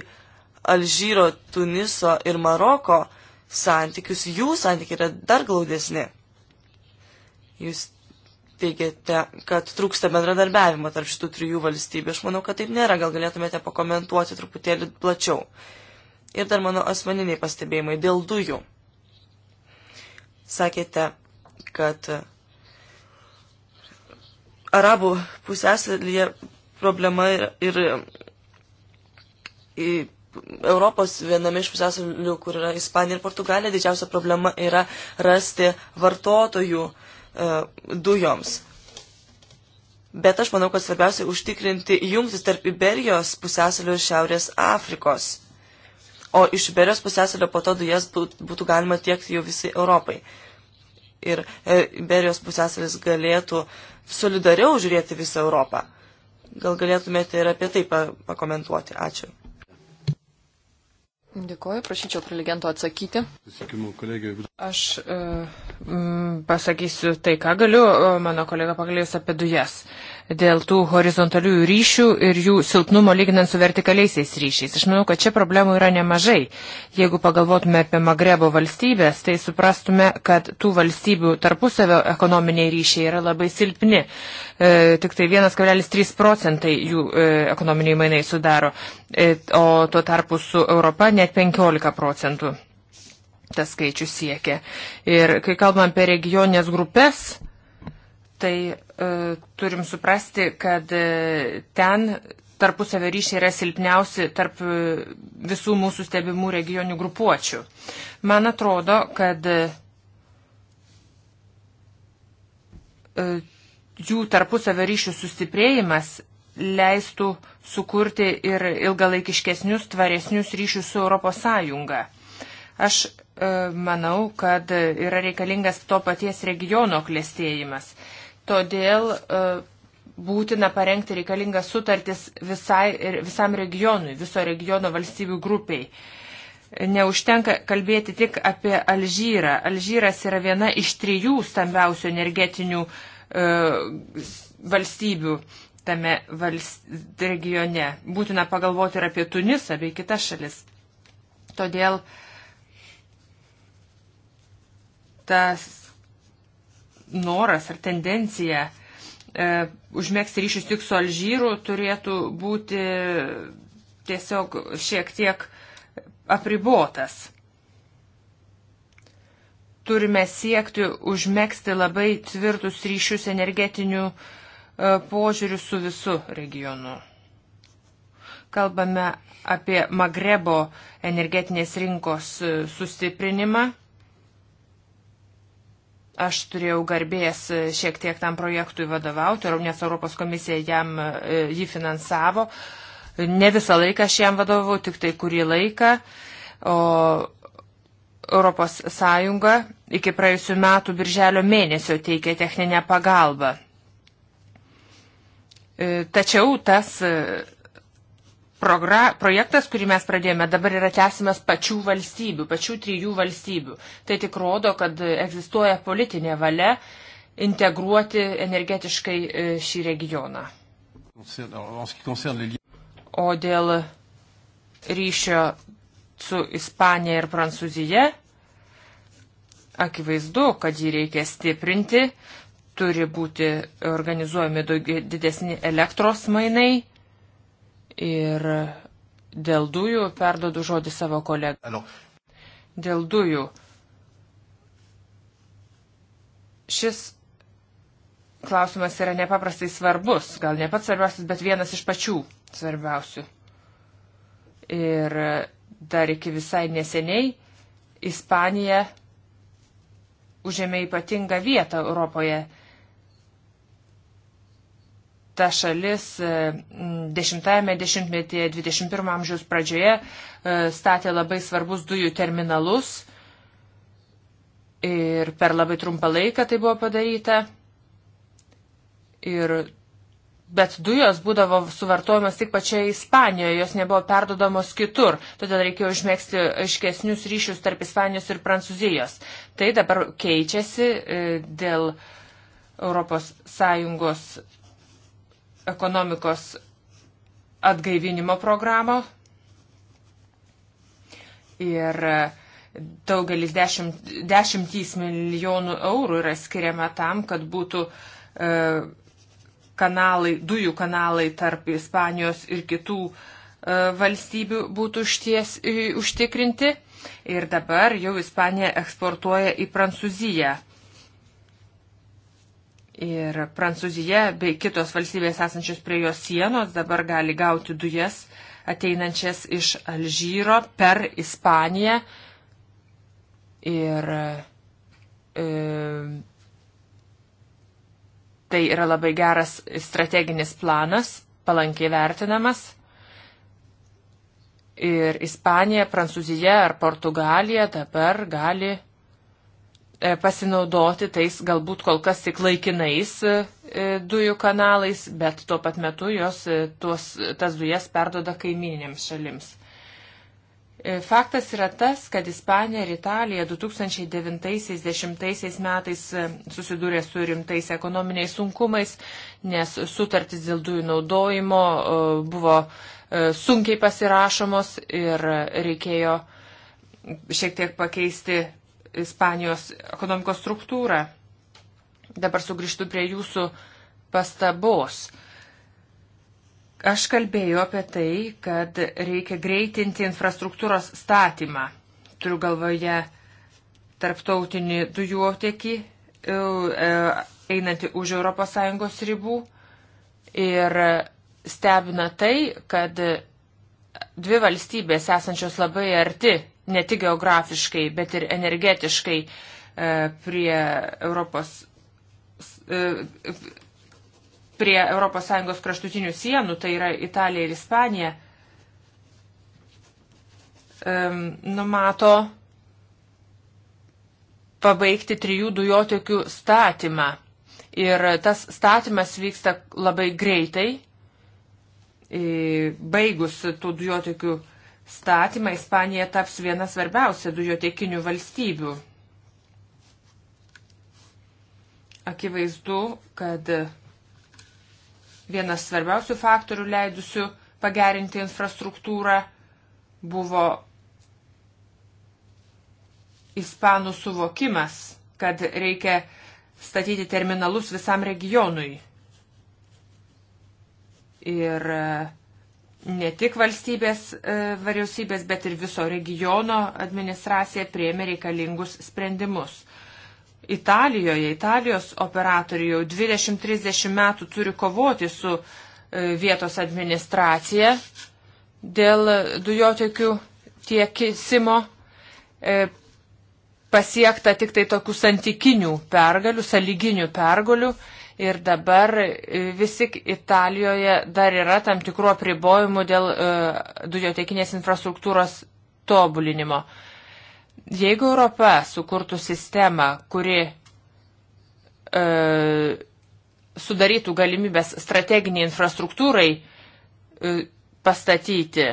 Alžyro, Tuniso ir Maroko santykius, jų santykiai yra dar glaudesni. Jūs teigiate, kad trūksta bendradarbiavimo tarp šitų trijų valstybių. Aš manau, kad taip nėra. Gal galėtumėte pakomentuoti truputėlį plačiau. Ir dar mano asmeniniai pastebėjimai dėl dujų. Sakėte, kad arabų pusėsalyje problema ir, ir, ir Europos viename iš pusėsalių, kur yra Ispanija ir Portugalija, didžiausia problema yra rasti vartotojų uh, E, dujoms. Bet aš manau, kad svarbiausia užtikrinti jungtis tarp Iberijos pusėsalio ir Šiaurės Afrikos. O iš Iberijos pusėsalio po to dujas būtų galima tiekti jau visai Europai. Ir e, Iberijos pusėsalis galėtų solidariau žiūrėti visą Europą. Gal galėtumėte ir apie tai pakomentuoti. Ačiū. Dėkuoju, prašyčiau prelegento atsakyti. Aš e, pasakysiu tai, ką galiu, mano kolega pakalbėjus apie dujas. E, dėl tų horizontalių ryšių ir jų silpnumo lyginant su vertikaliaisiais ryšiais. Aš manau, kad čia problemų yra nemažai. Jeigu pagalvotume apie Magrebo valstybės, tai suprastume, kad tų valstybių tarpusavio ekonominiai ryšiai yra labai silpni. E, tik tai 1,3 procentai jų e, ekonominiai mainai sudaro, e, o tuo tarpu su Europa net 15 procentų tas skaičius siekia. Ir kai kalbam apie regioninės grupės, tai e, turim suprasti, kad e, ten tarpusavio ryšiai yra silpniausi tarp e, visų mūsų stebimų regionių grupuočių. Man atrodo, kad e, jų tarpusavio ryšių sustiprėjimas leistų sukurti ir ilgalaikiškesnius, tvaresnius ryšius su ES. Aš e, manau, kad yra reikalingas to paties regiono klėstėjimas. E, Todėl e, būtina parengti reikalingas sutartis visai, visam regionui, viso regiono valstybių grupiai. Neužtenka kalbėti tik apie Alžyrą. Alžyras yra viena iš trijų stambiausių energetinių e, valstybių tame valst... regione. Būtina pagalvoti ir apie Tunisą bei kitas šalis. Todėl tas noras ar tendencija e, užmėgsti ryšius tik su Alžyru turėtų būti tiesiog šiek tiek apribotas. Turime siekti užmėgsti labai tvirtus ryšius energetinių e, požiūrių su visu regionu. Kalbame apie Magrebo energetinės rinkos e, sustiprinimą Aš turėjau garbės e, šiek tiek tam projektui vadovauti, nes Europos komisija jam e, jį finansavo. Ne visą laiką aš jam vadovau, tik tai kurį laiką. O Europos Sąjunga iki praėjusių metų birželio mėnesio teikė techninę pagalbą. E, tačiau tas progra, projektas, kurį mes pradėjome, dabar yra tęsimas pačių valstybių, pačių trijų valstybių. Tai tik rodo, kad egzistuoja politinė valia integruoti energetiškai e, šį regioną. O dėl ryšio su Ispanija ir Prancūzija, akivaizdu, kad jį reikia stiprinti, turi būti organizuojami daug didesni elektros mainai Ir dėl dujų perdodu žodį savo kolegą. Dėl dujų. Šis klausimas yra nepaprastai svarbus, gal ne pats svarbiausias, bet vienas iš pačių svarbiausių. Ir dar iki visai neseniai Ispanija užėmė ypatingą vietą Europoje ta šalis 10-ame e, dešimtmetyje, 21 amžiaus pradžioje e, statė labai svarbus dujų terminalus ir per labai trumpą laiką tai buvo padaryta. Ir, bet dujos būdavo suvartojamos tik pačioje Ispanijoje, jos nebuvo perdodamos kitur, todėl reikėjo užmėgsti aiškesnius ryšius tarp Ispanijos ir Prancūzijos. Tai dabar keičiasi e, dėl Europos Sąjungos ekonomikos atgaivinimo programą. Ir daugelis dešimt, dešimtys milijonų eurų yra skiriama tam, kad būtų e, kanalai, dujų kanalai tarp Ispanijos ir kitų e, valstybių būtų šties, e, užtikrinti. Ir dabar jau Ispanija eksportuoja į Prancūziją Ir Prancūzija bei kitos valstybės esančios prie jos sienos dabar gali gauti dujas ateinančias iš Alžyro per Ispaniją. Ir e, tai yra labai geras strateginis planas, palankiai vertinamas. Ir Ispanija, Prancūzija ar Portugalija dabar gali E, pasinaudoti tais galbūt kol kas tik laikinais e, e, dujų kanalais, bet tuo pat metu jos tuos, tas dujas perdoda kaimininėms šalims. Faktas yra tas, kad Ispanija ir Italija 2009-2010 metais susidūrė su rimtais ekonominiais sunkumais, nes sutartis dėl dujų naudojimo buvo sunkiai pasirašomos ir reikėjo šiek tiek pakeisti Ispanijos ekonomikos struktūrą. Dabar sugrįžtu prie jūsų pastabos. Aš kalbėjau apie tai, kad reikia greitinti infrastruktūros statymą. Turiu galvoje tarptautinį dujuotekį e, e, einantį už ES ribų. Ir stebina tai, kad dvi valstybės esančios labai arti ne tik geografiškai, bet ir energetiškai e, prie Europos, e, prie Europos Sąjungos kraštutinių sienų, tai yra Italija ir Ispanija, numato pabaigti trijų dujotekių statymą. Ir tas statymas vyksta labai greitai, baigus tų dujotekių statymą Ispanija taps viena svarbiausia dujo tiekinių valstybių. Akivaizdu, kad vienas svarbiausių faktorių leidusių pagerinti infrastruktūrą buvo ispanų suvokimas, kad reikia statyti terminalus visam regionui. Ir uh, ne tik valstybės e, vyriausybės, bet ir viso regiono administracija prieėmė reikalingus sprendimus. Italijoje, Italijos operatoriai jau 20-30 metų turi kovoti su e, vietos administracija dėl dujotekių tiekisimo. E, pasiekta tik tai tokių santykinių pergalių, saliginių pergalių ir dabar e, visi Italijoje dar yra tam tikruo pribojimu dėl e, dujotiekinės infrastruktūros tobulinimo. Jeigu Europa sukurtų sistemą, kuri e, sudarytų galimybės strateginiai infrastruktūrai e, pastatyti,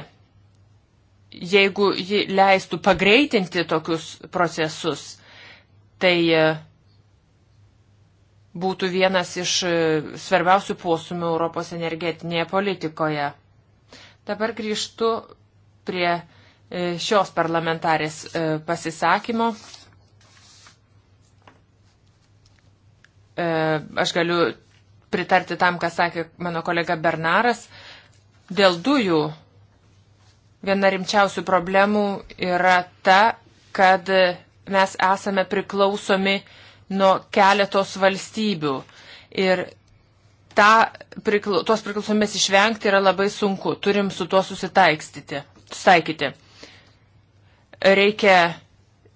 jeigu ji leistų pagreitinti tokius procesus, tai e, būtų vienas iš e, svarbiausių posūmių Europos energetinėje politikoje. Dabar grįžtu prie e, šios parlamentarės e, pasisakymo. Aš galiu pritarti tam, ką sakė mano kolega Bernaras. Dėl dujų viena rimčiausių problemų yra ta, kad mes esame priklausomi uh, nuo keletos valstybių. Ir ta, priklu, tos priklausomės išvengti yra labai sunku. Turim su tuo susitaikstyti. Susitaikyti. Reikia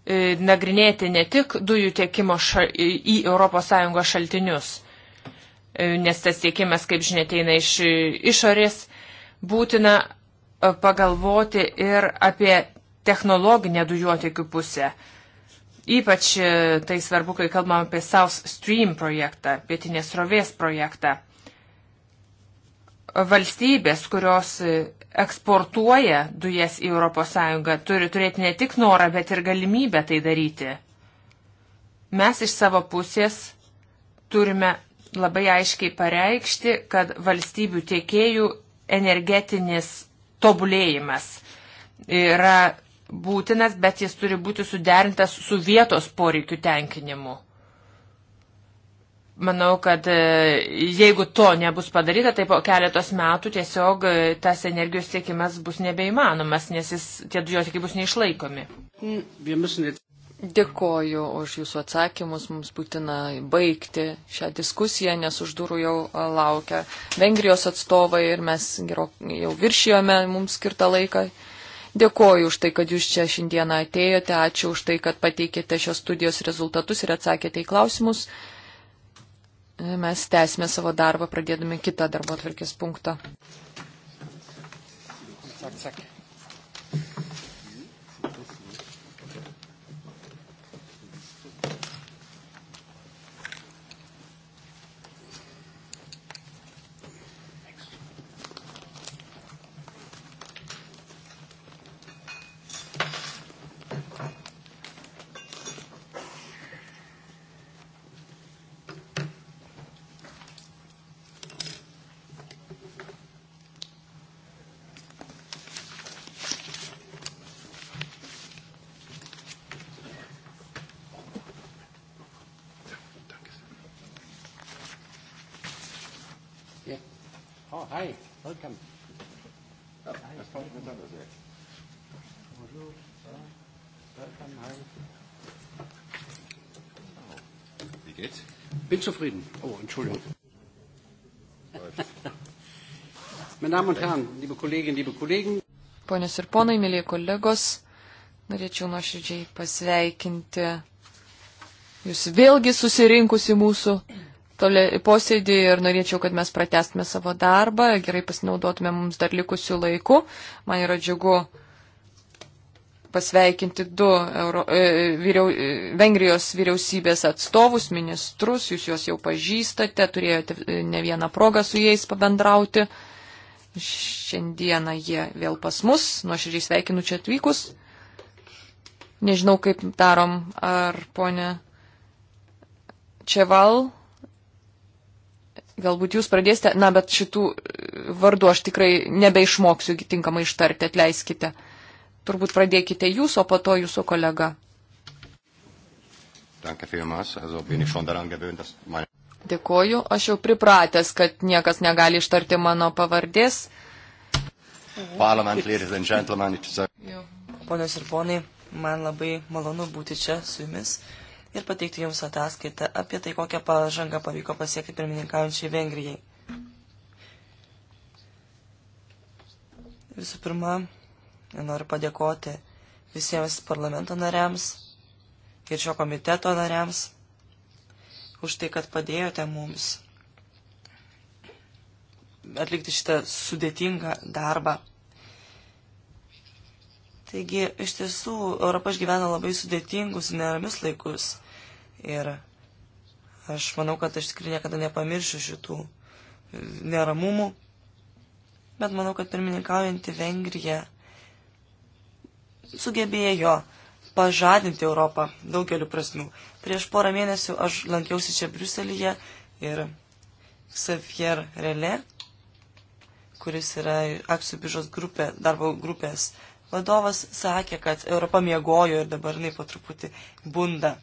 e, nagrinėti ne tik dujų tiekimo ša, į ES šaltinius, e, nes tas tiekimas, kaip žinia, eina iš išorės. Būtina e, pagalvoti ir apie technologinę dujotiekių pusę. E, Ypač e, tai svarbu, kai kalbam apie South Stream projektą, pietinės rovės projektą. Valstybės, kurios e, eksportuoja dujas į ES, turi turėti ne tik norą, bet ir galimybę tai daryti. Mes iš savo pusės turime labai aiškiai pareikšti, kad valstybių tiekėjų energetinis tobulėjimas yra būtinas, bet jis turi būti suderintas su vietos poreikių tenkinimu. Manau, kad e, jeigu to nebus padaryta, tai po keletos metų tiesiog e, tas energijos tiekimas bus nebeįmanomas, nes jis, tie dujotiekiai bus neišlaikomi. Dėkoju už Jūsų atsakymus. Mums būtina baigti šią diskusiją, nes už durų jau e, laukia Vengrijos atstovai ir mes jau viršijome mums skirtą laiką. Dėkoju už tai, kad jūs čia šiandieną atėjote, ačiū už tai, kad pateikėte šios studijos rezultatus ir atsakėte į klausimus. Mes tęsime savo darbą, pradėdami kitą darbo atvarkės punktą. Sak, sak. bin zufrieden. Oh, Entschuldigung. Meine Damen und Herren, liebe Kolleginnen, liebe Kollegen. Ponios ir ponai, mėlyje kolegos, norėčiau nuoširdžiai pasveikinti jūs vėlgi susirinkusi mūsų posėdį ir norėčiau, kad mes pratestume savo darbą, gerai pasinaudotume mums dar likusių laikų. Man yra džiugu pasveikinti du Euro, e, vyriau, e, Vengrijos vyriausybės atstovus, ministrus, jūs juos jau pažįstate, turėjote e, ne vieną progą su jais pabendrauti. Šiandieną jie vėl pas mus, nuoširdžiai sveikinu čia atvykus. Nežinau, kaip darom, ar ponė Čeval, galbūt jūs pradėsite, na, bet šitų e, vardų aš tikrai nebeišmoksiu tinkamai ištarti, atleiskite turbūt pradėkite jūs, o po to jūsų kolega. Dėkoju, aš jau pripratęs, kad niekas negali ištarti mano pavardės. Ponios ir ponai, man labai malonu būti čia su jumis ir pateikti jums ataskaitą apie tai, kokią pažangą pavyko pasiekti pirmininkaujančiai Vengrijai. Visų pirma, Noriu padėkoti visiems parlamento nariams ir šio komiteto nariams už tai, kad padėjote mums atlikti šitą sudėtingą darbą. Taigi, iš tiesų, Europa išgyvena labai sudėtingus, neramius laikus. Ir aš manau, kad aš tikrai niekada nepamiršiu šitų neramumų. Bet manau, kad pirmininkaujantį Vengriją sugebėjo pažadinti Europą daugeliu prasmių. Prieš porą mėnesių aš lankiausi čia Briuselyje ir Xavier Relė, kuris yra akcijų biržos grupė, darbo grupės vadovas, sakė, kad Europa miegojo ir dabar jinai po truputį bunda.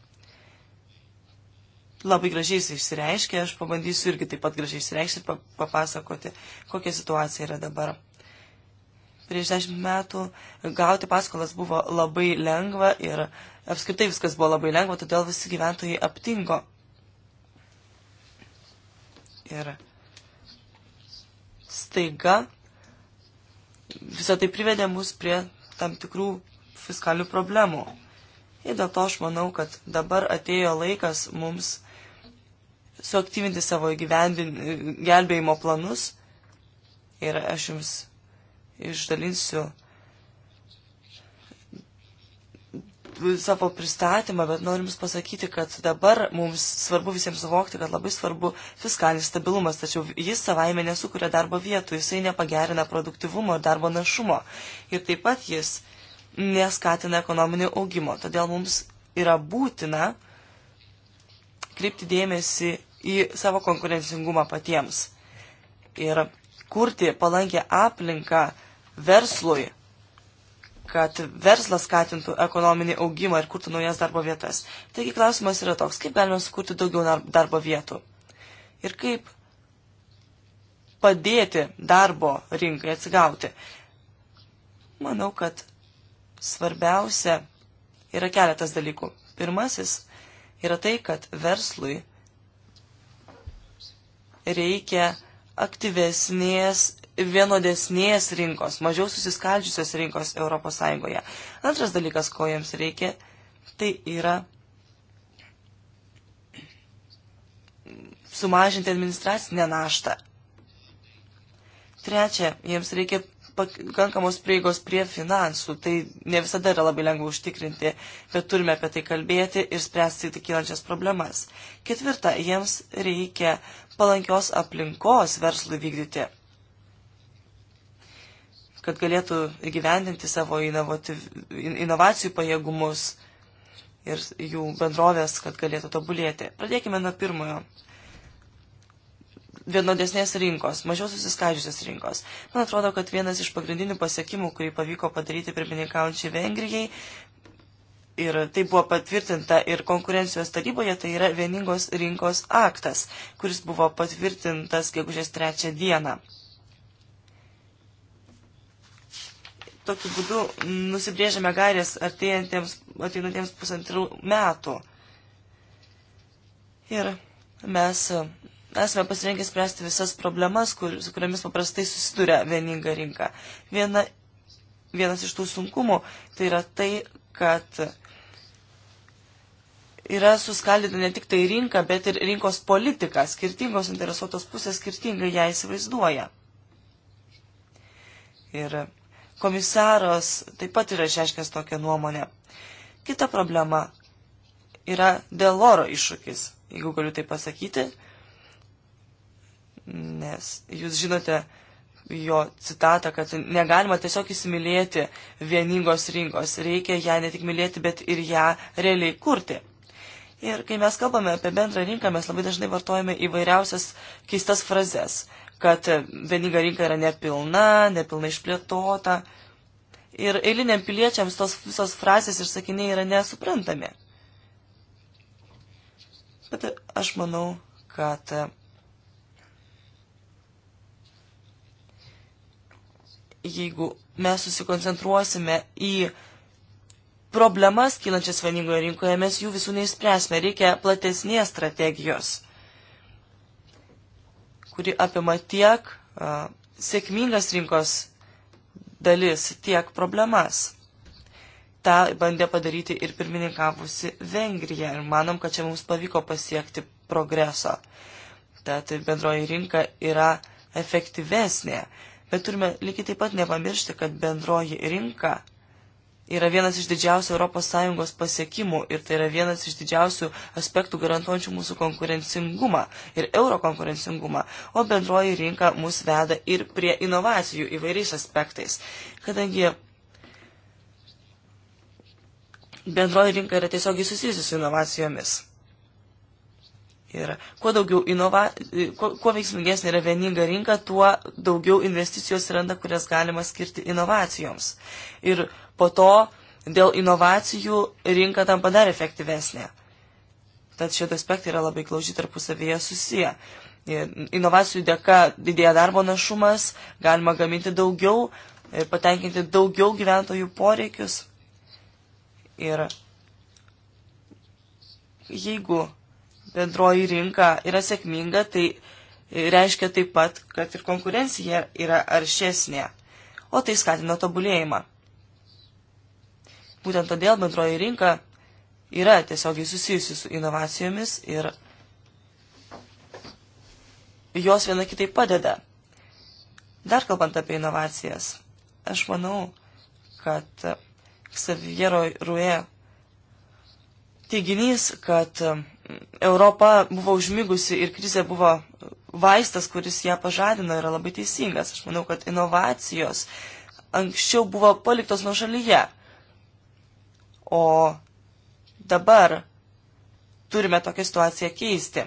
Labai gražiai jis išsireiškė, aš pabandysiu irgi taip pat gražiai išsireikšti ir papasakoti, kokia situacija yra dabar prieš dešimt metų gauti paskolas buvo labai lengva ir apskritai viskas buvo labai lengva, todėl visi gyventojai aptingo. Ir staiga visą tai privedė mus prie tam tikrų fiskalių problemų. Ir dėl to aš manau, kad dabar atėjo laikas mums suaktyvinti savo gelbėjimo planus. Ir aš jums išdalinsiu savo pristatymą, bet norim jums pasakyti, kad dabar mums svarbu visiems suvokti, kad labai svarbu fiskalinis stabilumas, tačiau jis savaime nesukuria darbo vietų, jisai nepagerina produktivumo ir darbo našumo. Ir taip pat jis neskatina ekonominio augimo. Todėl mums yra būtina kreipti dėmesį į savo konkurencingumą patiems ir kurti palankę aplinką verslui, kad verslas skatintų ekonominį augimą ir kurtų naujas darbo vietas. Taigi klausimas yra toks, kaip galime sukurti daugiau darbo vietų ir kaip padėti darbo rinkai atsigauti. Manau, kad svarbiausia yra keletas dalykų. Pirmasis yra tai, kad verslui reikia aktyvesnės vienodesnės rinkos, mažiau susiskaldžiusios rinkos ES. Antras dalykas, ko jiems reikia, tai yra sumažinti administracinę naštą. Trečia, jiems reikia pakankamos prieigos prie finansų. Tai ne visada yra labai lengva užtikrinti, bet turime apie tai kalbėti ir spręsti tik kylančias problemas. Ketvirta, jiems reikia palankios aplinkos verslui vykdyti kad galėtų įgyvendinti savo inovacijų pajėgumus ir jų bendrovės, kad galėtų tobulėti. Pradėkime nuo pirmojo. Vienodesnės rinkos, mažiau susiskaidžiusios rinkos. Man atrodo, kad vienas iš pagrindinių pasiekimų, kurį pavyko padaryti pirmininkaujančiai Vengrijai, ir tai buvo patvirtinta ir konkurencijos taryboje, tai yra vieningos rinkos aktas, kuris buvo patvirtintas gegužės trečią dieną. tokiu būdu nusibrėžiame gairės ateinantiems pusantrų metų. Ir mes esame pasirengę spręsti visas problemas, kur, su kuriamis paprastai susiduria vieninga rinka. Viena, vienas iš tų sunkumų tai yra tai, kad yra suskaldyta ne tik tai rinka, bet ir rinkos politika. Skirtingos interesuotos pusės skirtingai ją įsivaizduoja. Ir Komisaros taip pat yra išreiškęs tokią nuomonę. Kita problema yra Deloro iššūkis, jeigu galiu tai pasakyti, nes jūs žinote jo citatą, kad negalima tiesiog įsimylėti vieningos rinkos, reikia ją ne tik mylėti, bet ir ją realiai kurti. Ir kai mes kalbame apie bendrą rinką, mes labai dažnai vartojame įvairiausias keistas frazes kad vieninga rinka yra nepilna, nepilna išplėtota. Ir eiliniam piliečiams tos visos frazės ir sakiniai yra nesuprantami. Bet aš manau, kad jeigu mes susikoncentruosime į problemas kylančias vieningoje rinkoje, mes jų visų neįspręsime. Reikia platesnės strategijos kuri apima tiek a, sėkmingas rinkos dalis, tiek problemas. Ta bandė padaryti ir pirmininkavusi Vengrija ir manom, kad čia mums pavyko pasiekti progreso. Tad bendroji rinka yra efektyvesnė, bet turime lygiai taip pat nepamiršti, kad bendroji rinka yra vienas iš didžiausių ES pasiekimų ir tai yra vienas iš didžiausių aspektų garantuojančių mūsų konkurencingumą ir euro konkurencingumą, o bendroji rinka mus veda ir prie inovacijų įvairiais aspektais. Kadangi bendroji rinka yra tiesiogiai susijusi su inovacijomis. Ir kuo, daugiau inova, kuo, kuo veiksmingesnė yra vieninga rinka, tuo daugiau investicijos randa, kurias galima skirti inovacijoms. Ir po to dėl inovacijų rinka tampa dar efektyvesnė. Tad šie aspektai yra labai glaužiai tarpusavyje susiję. Inovacijų dėka didėja darbo našumas, galima gaminti daugiau ir patenkinti daugiau gyventojų poreikius. Ir jeigu bendroji rinka yra sėkminga, tai reiškia taip pat, kad ir konkurencija yra aršesnė, o tai skatina tobulėjimą. Būtent todėl bendroji rinka yra tiesiogiai susijusi su inovacijomis ir jos viena kitai padeda. Dar kalbant apie inovacijas, aš manau, kad Xaviero Rue teiginys, kad Europa buvo užmigusi ir krizė buvo vaistas, kuris ją pažadino, yra labai teisingas. Aš manau, kad inovacijos anksčiau buvo paliktos nuo šalyje. O dabar turime tokią situaciją keisti.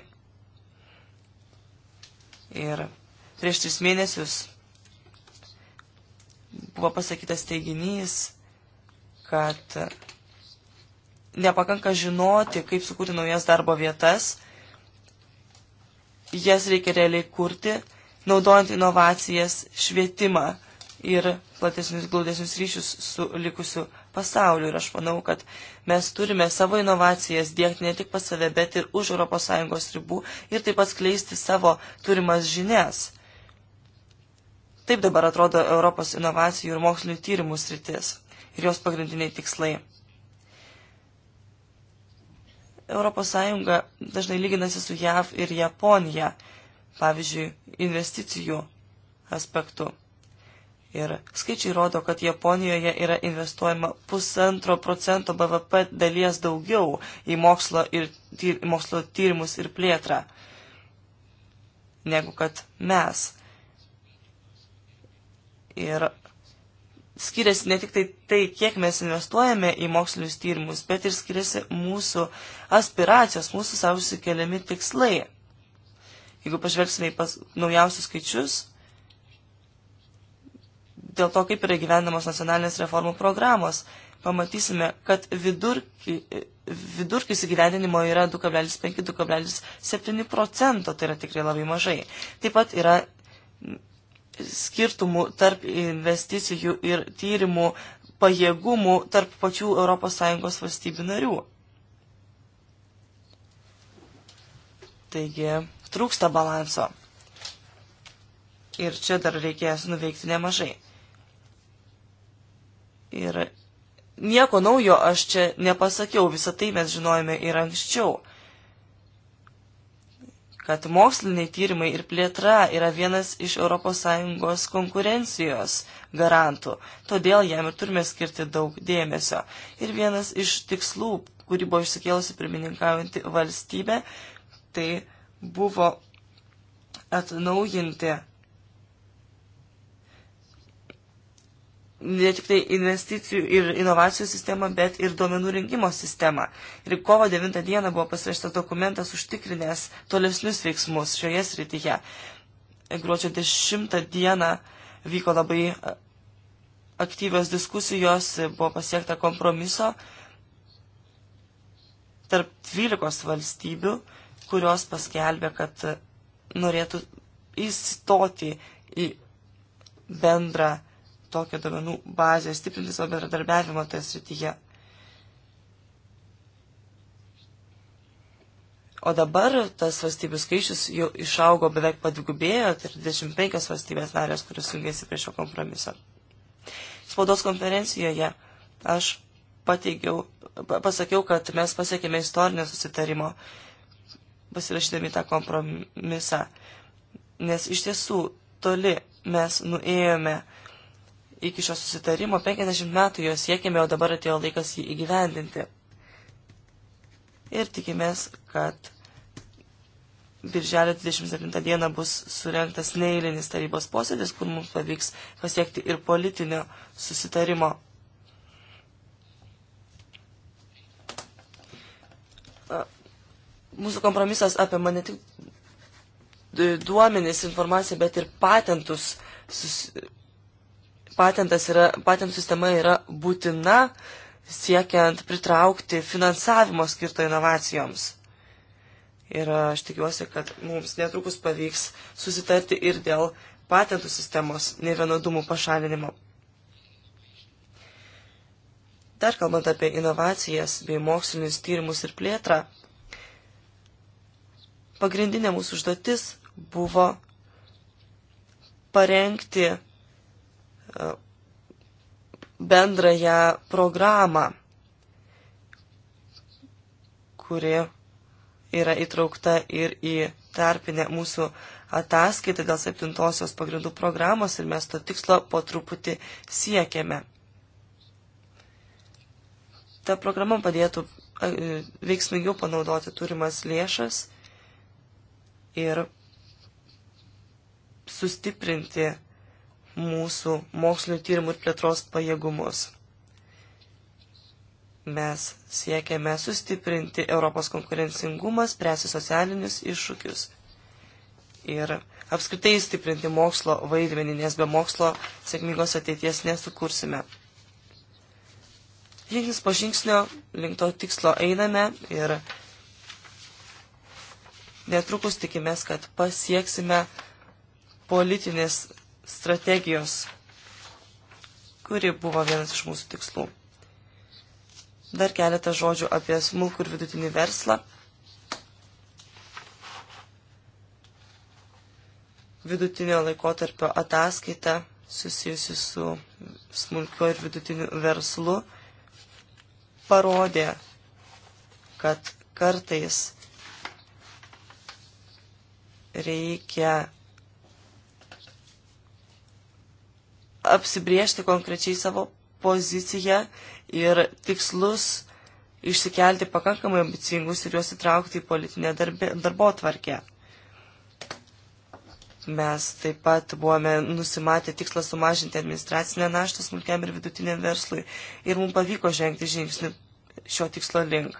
Ir prieš tris mėnesius buvo pasakytas teiginys, kad nepakanka žinoti, kaip sukurti naujas darbo vietas, jas reikia realiai kurti, naudojant inovacijas, švietimą ir platesnius glaudesnius ryšius su likusiu pasauliu. Ir aš manau, kad mes turime savo inovacijas dėkti ne tik pas save, bet ir už ES ribų ir taip pat skleisti savo turimas žinias. Taip dabar atrodo Europos inovacijų ir mokslinių tyrimų sritis ir jos pagrindiniai tikslai. ES dažnai lyginasi su JAV ir Japonija, pavyzdžiui, investicijų aspektu. Ir skaičiai rodo, kad Japonijoje yra investuojama pusantro procento BVP dalies daugiau į mokslo, ir, tyr, mokslo tyrimus ir plėtrą, negu kad mes. Ir skiriasi ne tik tai, tai kiek mes investuojame į mokslinius tyrimus, bet ir skiriasi mūsų aspiracijos, mūsų savo sikeliami tikslai. Jeigu pažvelgsime į pas, naujausius skaičius, dėl to, kaip yra gyvenamos nacionalinės reformų programos. Pamatysime, kad vidurki, vidurkis įgyvendinimo yra 2,5-2,7 procento, tai yra tikrai labai mažai. Taip pat yra skirtumų tarp investicijų ir tyrimų pajėgumų tarp pačių ES valstybių narių. Taigi, trūksta balanso. Ir čia dar reikės nuveikti nemažai. Ir nieko naujo aš čia nepasakiau, visą tai mes žinojome ir anksčiau, kad moksliniai tyrimai ir plėtra yra vienas iš ES konkurencijos garantų, todėl jam ir turime skirti daug dėmesio. Ir vienas iš tikslų, kurį buvo išsikėlusi pirmininkaujanti valstybė, tai buvo atnaujinti ne tik tai investicijų ir inovacijų sistemą, bet ir duomenų rinkimo sistemą. Ir kovo 9 dieną buvo pasirašytas dokumentas užtikrinęs tolesnius veiksmus šioje srityje. Gruodžio 10 dieną vyko labai e, aktyvios diskusijos, buvo pasiekta kompromiso tarp 12 valstybių, kurios paskelbė, kad e, norėtų įstoti į bendrą tokią domenų bazę, stiprinti savo bendradarbiavimą toje srityje. O dabar tas valstybių skaičius jau išaugo beveik padvigubėjo, tai 25 valstybės narės, kurios jungiasi prie šio kompromiso. Spaudos konferencijoje aš pateigiau, pasakiau, kad mes pasiekėme istorinio susitarimo, pasirašydami tą kompromisą. Nes iš tiesų toli mes nuėjome iki šio susitarimo 50 metų jo siekėme, o dabar atėjo laikas jį įgyvendinti. Ir tikimės, kad Birželio 27 dieną bus surinktas neįlinis tarybos posėdis, kur mums pavyks pasiekti ir politinio susitarimo. Mūsų kompromisas apima ne tik duomenis, informaciją, bet ir patentus patentas yra, patentų sistema yra būtina siekiant pritraukti finansavimo skirto inovacijoms. Ir e, aš tikiuosi, kad mums netrukus pavyks susitarti ir dėl patentų sistemos nevienodumų pašalinimo. Dar kalbant apie inovacijas bei mokslinius tyrimus ir plėtrą, pagrindinė mūsų užduotis buvo parengti bendrąją programą, kuri yra įtraukta ir į tarpinę mūsų ataskaitą dėl septintosios pagrindų programos ir mes to tikslo po truputį siekiame. Ta programa padėtų e, veiksmingiau panaudoti turimas lėšas ir sustiprinti mūsų mokslinio tyrimų ir plėtros pajėgumus. Mes siekiame sustiprinti Europos konkurencingumą, spręsti socialinius iššūkius ir apskritai stiprinti mokslo vaidmenį, nes be mokslo sėkmingos ateities nesukursime. Žingsnis po žingsnio link to tikslo einame ir netrukus tikimės, kad pasieksime politinės strategijos, kuri buvo vienas iš mūsų tikslų. Dar keletą žodžių apie smulkų ir vidutinį verslą. Vidutinio laikotarpio ataskaita susijusi su smulkiu ir vidutiniu verslu parodė, kad kartais reikia apsibriežti konkrečiai savo poziciją ir tikslus išsikelti pakankamai ambicingus ir juos įtraukti į politinę darbė, darbo tvarkę. Mes taip pat buvome nusimatę tikslą sumažinti administracinę naštą smulkiam ir vidutiniam verslui ir mums pavyko žengti žingsnį šio tikslo link.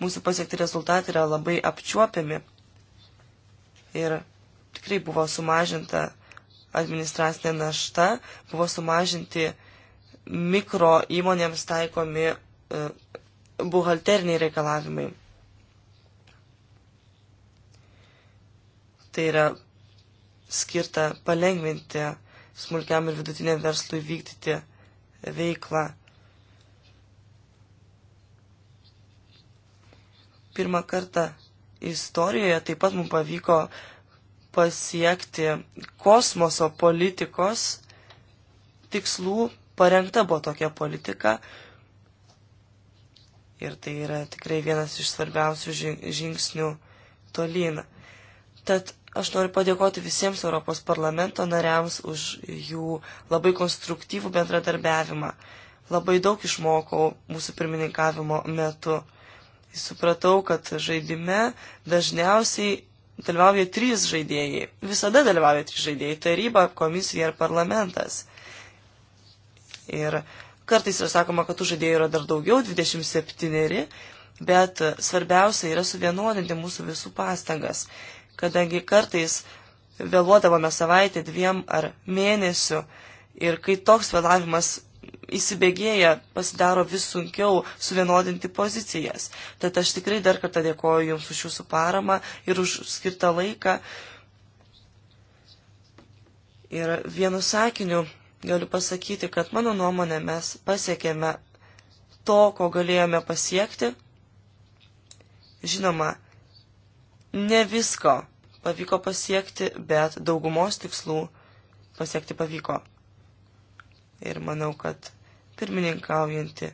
Mūsų pasiekti rezultatai yra labai apčiuopiami ir tikrai buvo sumažinta administracinė našta, buvo sumažinti mikro įmonėms taikomi e, buhalteriniai reikalavimai. Tai yra skirta palengvinti smulkiam ir vidutiniam verslui vykdyti veiklą. Pirmą kartą istorijoje taip pat mums pavyko pasiekti kosmoso politikos tikslų, parengta buvo tokia politika. Ir tai yra tikrai vienas iš svarbiausių žingsnių tolyn. Tad aš noriu padėkoti visiems Europos parlamento nariams už jų labai konstruktyvų bendradarbiavimą. Labai daug išmokau mūsų pirmininkavimo metu. Supratau, kad žaidime dažniausiai dalyvauja trys žaidėjai. Visada dalyvauja trys žaidėjai - taryba, komisija ir parlamentas. Ir kartais yra sakoma, kad tų žaidėjų yra dar daugiau - 27, bet svarbiausia yra suvienodinti mūsų visų pastangas, kadangi kartais vėluodavome savaitę, dviem ar mėnesiu ir kai toks vėlavimas įsibėgėja, pasidaro vis sunkiau suvienodinti pozicijas. Tad aš tikrai dar kartą dėkoju Jums už Jūsų paramą ir už skirtą laiką. Ir vienu sakiniu galiu pasakyti, kad mano nuomonė mes pasiekėme to, ko galėjome pasiekti. Žinoma, ne visko pavyko pasiekti, bet daugumos tikslų pasiekti pavyko. Ir manau, kad pirmininkaujanti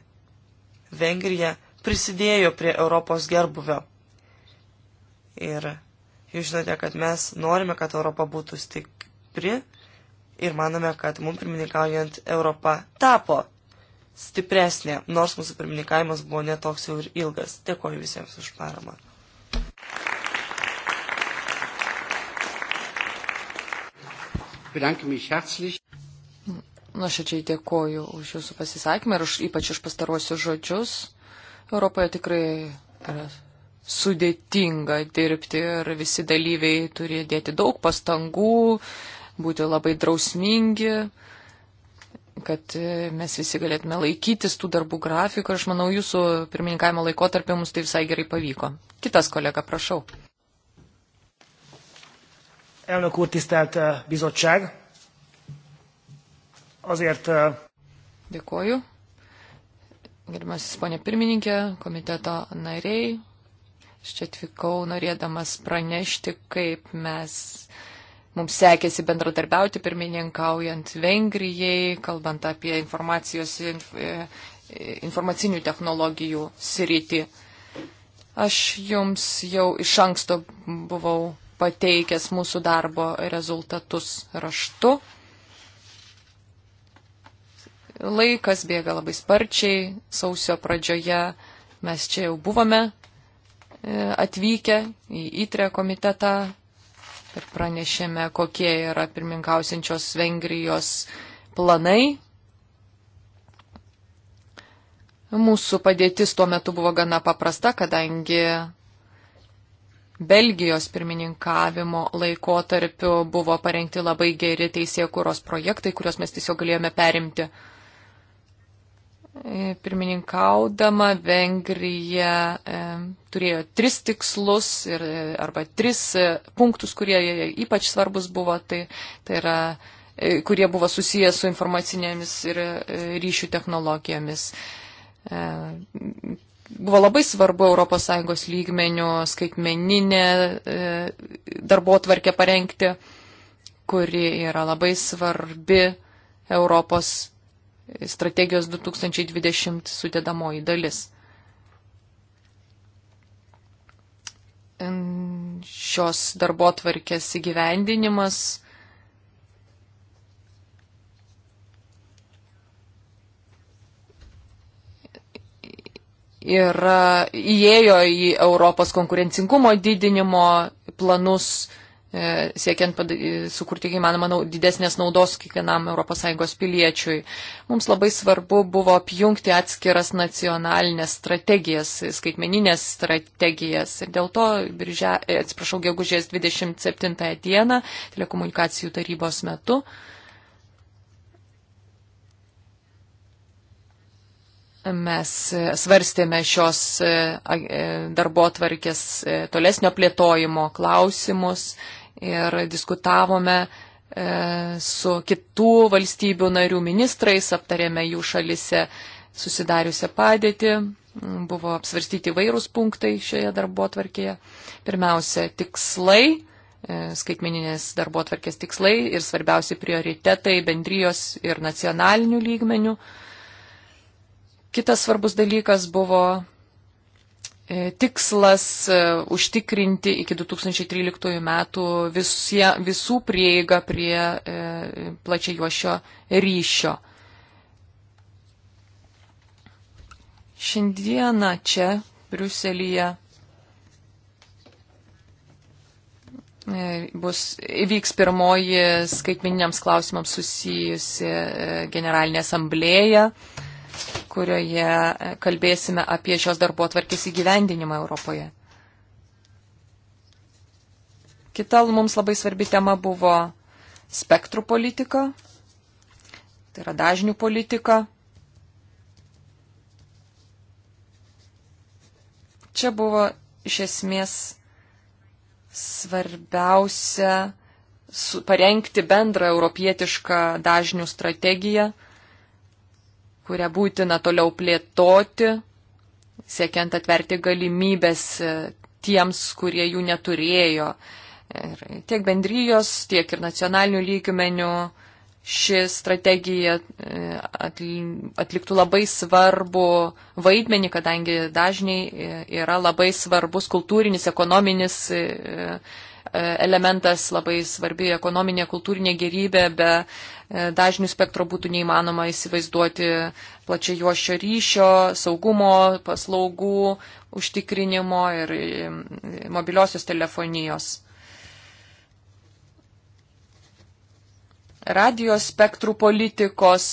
Vengrija prisidėjo prie Europos gerbuvio. Ir jūs žinote, kad mes norime, kad Europa būtų stipri ir manome, kad mums pirmininkaujant Europa tapo stipresnė, nors mūsų pirmininkavimas buvo netoks jau ir ilgas. Dėkoju visiems už paramą. Bedanke mich herzlich nuoširdžiai dėkoju už jūsų pasisakymą ir už, ypač už pastaruosius žodžius. Europoje tikrai yra sudėtinga dirbti ir visi dalyviai turi dėti daug pastangų, būti labai drausmingi, kad mes visi galėtume laikytis tų darbų grafikų ir aš manau, jūsų pirmininkavimo laikotarpė mums tai visai gerai pavyko. Kitas kolega, prašau. Elnök úr, tisztelt eh, bizottság! azért. Eh, Dėkuoju. Gerbiamasis ponė pirmininkė, komiteto nariai. Aš čia atvykau norėdamas pranešti, kaip mes mums sekėsi bendradarbiauti pirmininkaujant Vengrijai, kalbant apie informacijos, e, informacinių technologijų sritį. Aš jums jau iš anksto buvau pateikęs mūsų darbo rezultatus raštu. Laikas bėga labai sparčiai, sausio pradžioje mes čia jau buvome e, atvykę į įtrę komitetą ir pranešėme, kokie yra pirmininkausinčios Vengrijos planai. Mūsų padėtis tuo metu buvo gana paprasta, kadangi Belgijos pirmininkavimo laikotarpiu buvo parengti labai geri teisėkuros projektai, kuriuos mes tiesiog galėjome perimti. E, pirmininkaudama Vengrija e, turėjo tris tikslus ir, e, arba tris e, punktus, kurie ypač svarbus buvo, tai, tai yra, e, kurie buvo susijęs su informacinėmis ir e, ryšių technologijomis. E, buvo labai svarbu ES lygmenių skaitmeninė e, darbo tvarkė parengti, kuri yra labai svarbi Europos strategijos 2020 sudėdamoji dalis. Šios darbo tvarkės įgyvendinimas yra įėjo į Europos konkurencingumo didinimo planus E, siekiant e, sukurti, kaip manoma, didesnės naudos kiekvienam ES piliečiui. Mums labai svarbu buvo apjungti atskiras nacionalinės strategijas, skaitmeninės strategijas. Ir dėl to, biržia, e, atsiprašau, gegužės 27 dieną telekomunikacijų tarybos metu. mes svarstėme šios darbo tvarkės tolesnio plėtojimo klausimus ir diskutavome e, su kitų valstybių narių ministrais, aptarėme jų šalise susidariusią padėtį, buvo apsvarstyti vairūs punktai šioje darbo atvarkėje. Pirmiausia, tikslai, e, skaitmeninės darbo atvarkės tikslai ir svarbiausi prioritetai bendrijos ir nacionalinių lygmenių. Kitas svarbus dalykas buvo E, tikslas e, užtikrinti iki 2013 metų visie, visų prieigą prie e, plačiajuošio ryšio. Šiandieną čia, Briuselyje, bus, įvyks pirmoji skaitmininiams klausimams susijusi generalinė asamblėja kurioje e, kalbėsime apie šios darbo atvarkės įgyvendinimą Europoje. Kita mums labai svarbi tema buvo spektrų politika, tai yra dažnių politika. Čia buvo iš esmės svarbiausia su, parengti bendrą europietišką dažnių strategiją kurią būtina toliau plėtoti, siekiant atverti galimybės e, tiems, kurie jų neturėjo. Ir tiek bendrijos, tiek ir nacionalinių lygmenių ši strategija e, atliktų labai svarbu vaidmenį, kadangi dažniai e, yra labai svarbus kultūrinis, ekonominis E, elementas, labai svarbi ekonominė, kultūrinė gerybė, be e, dažnių spektro būtų neįmanoma įsivaizduoti plačiai juošio ryšio, saugumo, paslaugų, užtikrinimo ir e, mobiliosios telefonijos. Radijos spektrų politikos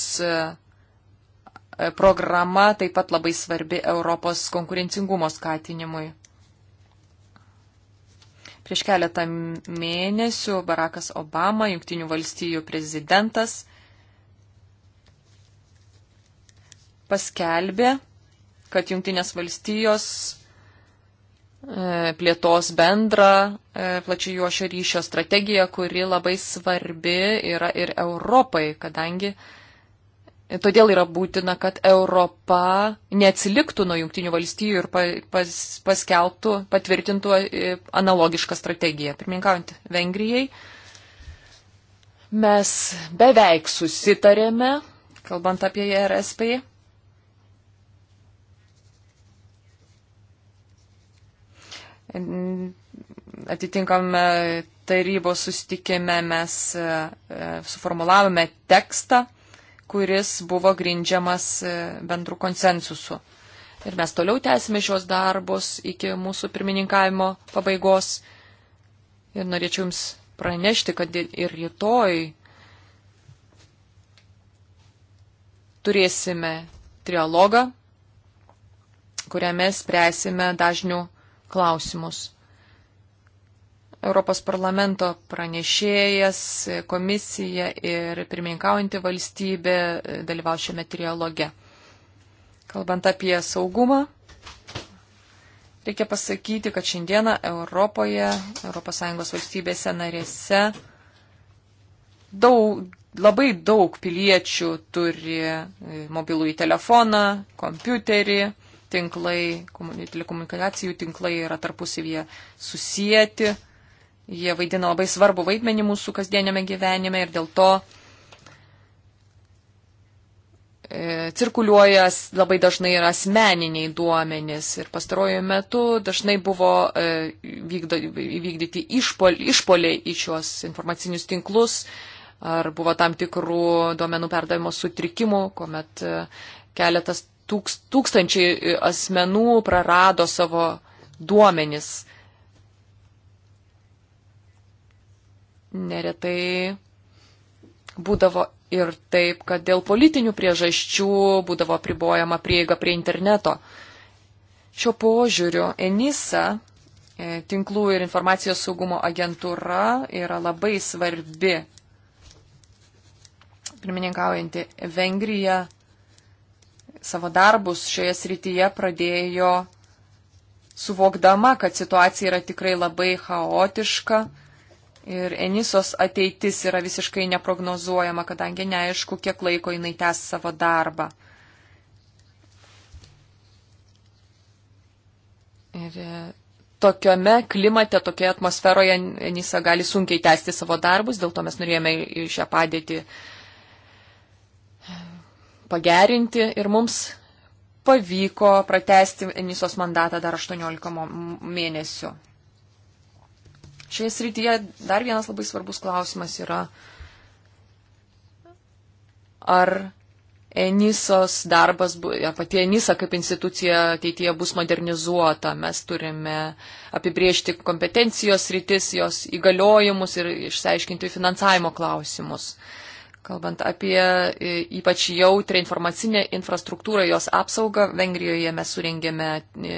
programa taip pat labai svarbi Europos konkurencingumo skatinimui. Prieš keletą mėnesių Barackas Obama, Junktinių valstijų prezidentas, paskelbė, kad Junktinės valstijos e, plėtos bendrą e, plačiajuošio ryšio strategiją, kuri labai svarbi yra ir Europai, kadangi Todėl yra būtina, kad Europa neatsiliktų nuo jungtinių valstybių ir pas, paskelbtų, patvirtintų e, analogišką strategiją. Pirminkaujant Vengrijai, mes beveik susitarėme, kalbant apie e RSP. Atitinkame tarybos sustikime mes e, suformulavome tekstą kuris buvo grindžiamas e, bendrų konsensusu. Ir mes toliau tęsime šios darbus iki mūsų pirmininkavimo pabaigos. Ir norėčiau Jums pranešti, kad ir rytoj turėsime trialogą, kuriame spręsime dažnių klausimus. Europos parlamento pranešėjas, komisija ir pirmininkaujantį valstybę e, dalyvau šiame trialoge. Kalbant apie saugumą, reikia pasakyti, kad šiandieną Europoje, ES valstybėse narėse daug, labai daug piliečių turi e, mobilųjį telefoną, kompiuterį, tinklai, telekomunikacijų tinklai yra tarpusavyje susijęti. Jie vaidina labai svarbu vaidmenį mūsų kasdienėme gyvenime ir dėl to e, cirkuliuoja labai dažnai yra asmeniniai duomenys ir pastarojų metu dažnai buvo e, vykdo, įvykdyti išpoliai išpolė į šios informacinius tinklus ar buvo tam tikrų duomenų perdavimo sutrikimų, kuomet e, keletas tūks, tūkstančiai asmenų prarado savo duomenis. neretai būdavo ir taip, kad dėl politinių priežasčių būdavo pribojama prieiga prie interneto. Šio požiūriu ENISA, e, tinklų ir informacijos saugumo agentūra, yra labai svarbi. Pirmininkaujanti Vengrija savo darbus šioje srityje pradėjo suvokdama, kad situacija yra tikrai labai chaotiška Ir Enisos ateitis yra visiškai neprognozuojama, kadangi neaišku, kiek laiko jinai tęs savo darbą. Ir e, tokiame klimate, tokioje atmosferoje Enisa gali sunkiai tęsti savo darbus, dėl to mes norėjome šią padėtį e, pagerinti ir mums pavyko pratesti Enisos mandatą dar 18 mėnesių. Šioje srityje dar vienas labai svarbus klausimas yra, ar Enisos darbas, pati Enisa kaip institucija ateityje bus modernizuota. Mes turime apibriežti kompetencijos rytis, jos įgaliojimus ir išsiaiškinti finansavimo klausimus. Uh, Kalbant apie e, ypač jautrę informacinę infrastruktūrą, jos apsaugą, Vengrijoje mes surengėme e,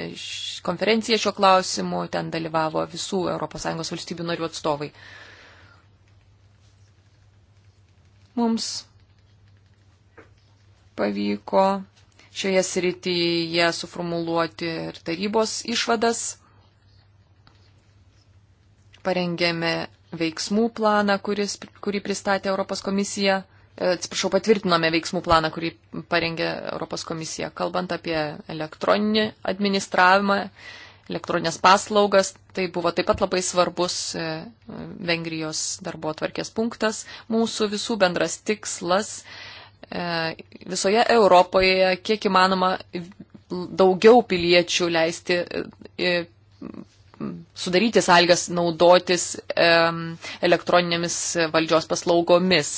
konferenciją šio klausimu, ten dalyvavo visų ES valstybių narių atstovai. Mums pavyko šioje srityje suformuluoti ir tarybos išvadas. Parengėme veiksmų planą, kuris, kurį pristatė Europos komisija. E, atsiprašau, patvirtinome veiksmų planą, kurį parengė Europos komisija. Kalbant apie elektroninį administravimą, elektroninės paslaugas, tai buvo taip pat labai svarbus e, Vengrijos darbo atvarkės punktas. Mūsų visų bendras tikslas e, visoje Europoje, kiek įmanoma, daugiau piliečių leisti sudaryti sąlygas naudotis elektroninėmis valdžios paslaugomis.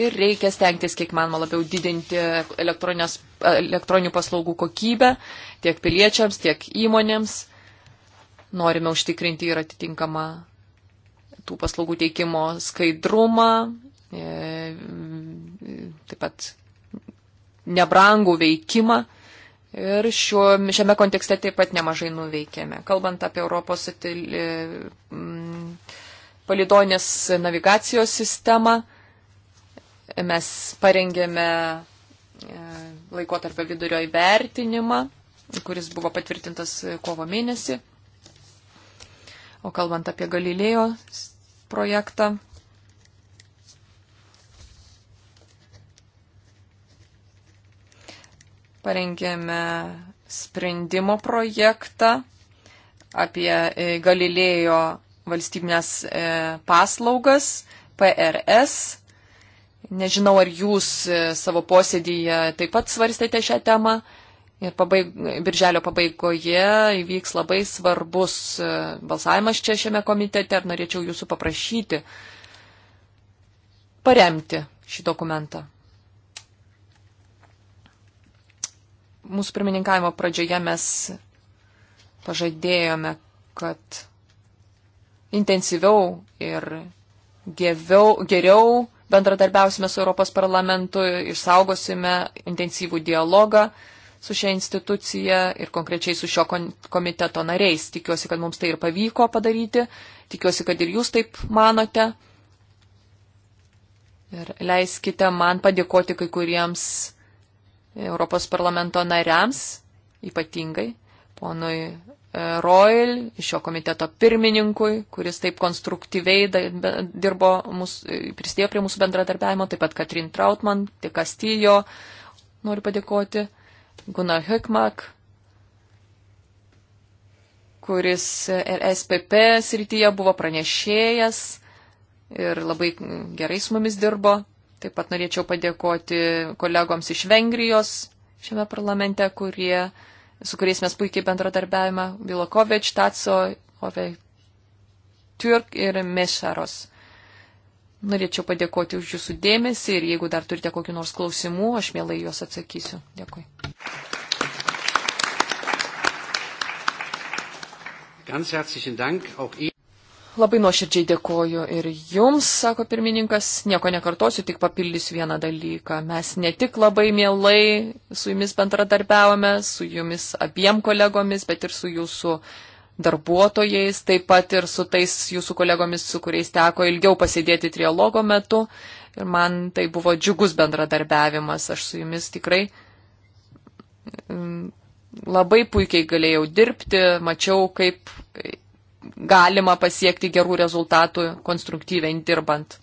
Ir reikia stengtis, kiek manoma, labiau didinti elektroninių paslaugų kokybę tiek piliečiams, tiek įmonėms. Norime užtikrinti ir atitinkamą tų paslaugų teikimo skaidrumą, e, taip pat nebrangų veikimą. Ir šiuo, šiame kontekste taip pat nemažai nuveikėme. Kalbant apie Europos e, palidoninės navigacijos sistemą, mes parengėme e, laikotarpio vidurio įvertinimą, kuris buvo patvirtintas kovo mėnesį. O kalbant apie Galilėjo projektą, parengėme sprendimo projektą apie e, Galilėjo valstybinės e, paslaugas, PRS. Nežinau, ar jūs e, savo posėdėje taip pat svarstėte šią temą. Ir pabaig... birželio pabaigoje įvyks labai svarbus balsavimas čia šiame komitete. Ar norėčiau jūsų paprašyti paremti šį dokumentą? Mūsų pirmininkavimo pradžioje mes pažadėjome, kad intensyviau ir gėviau, geriau bendradarbiausime su Europos parlamentu, išsaugosime intensyvų dialogą su šia institucija ir konkrečiai su šio komiteto nariais. Tikiuosi, kad mums tai ir pavyko padaryti, tikiuosi, kad ir jūs taip manote. Ir leiskite man padėkoti kai kuriems Europos parlamento nariams, ypatingai ponui e, Royal, šio komiteto pirmininkui, kuris taip konstruktyviai dirbo, mus, e, prisidėjo prie mūsų bendradarbiavimo, taip pat Katrin Trautman, tiek Castillo, noriu padėkoti, Gunnar Hökmak, kuris RSPP srityje buvo pranešėjas ir labai gerai su mumis dirbo. Taip pat norėčiau padėkoti kolegoms iš Vengrijos šiame parlamente, kurie, su kuriais mes puikiai bendradarbiavime, Bilokovič, Taco, Ove Turk ir Mešaros. Norėčiau padėkoti už jūsų dėmesį ir jeigu dar turite kokiu nors klausimų, aš mielai juos atsakysiu. Dėkui. Ganz herzlichen Dank auch Ihnen. Labai nuoširdžiai dėkoju ir jums, sako pirmininkas, nieko nekartosiu, tik papildysiu vieną dalyką. Mes ne tik labai mielai su jumis bendradarbiavome, su jumis abiem kolegomis, bet ir su jūsų darbuotojais, taip pat ir su tais jūsų kolegomis, su kuriais teko ilgiau pasėdėti trialogo metu. Ir man tai buvo džiugus bendradarbiavimas, aš su jumis tikrai mm, labai puikiai galėjau dirbti, mačiau, kaip galima pasiekti gerų rezultatų konstruktyviai dirbant.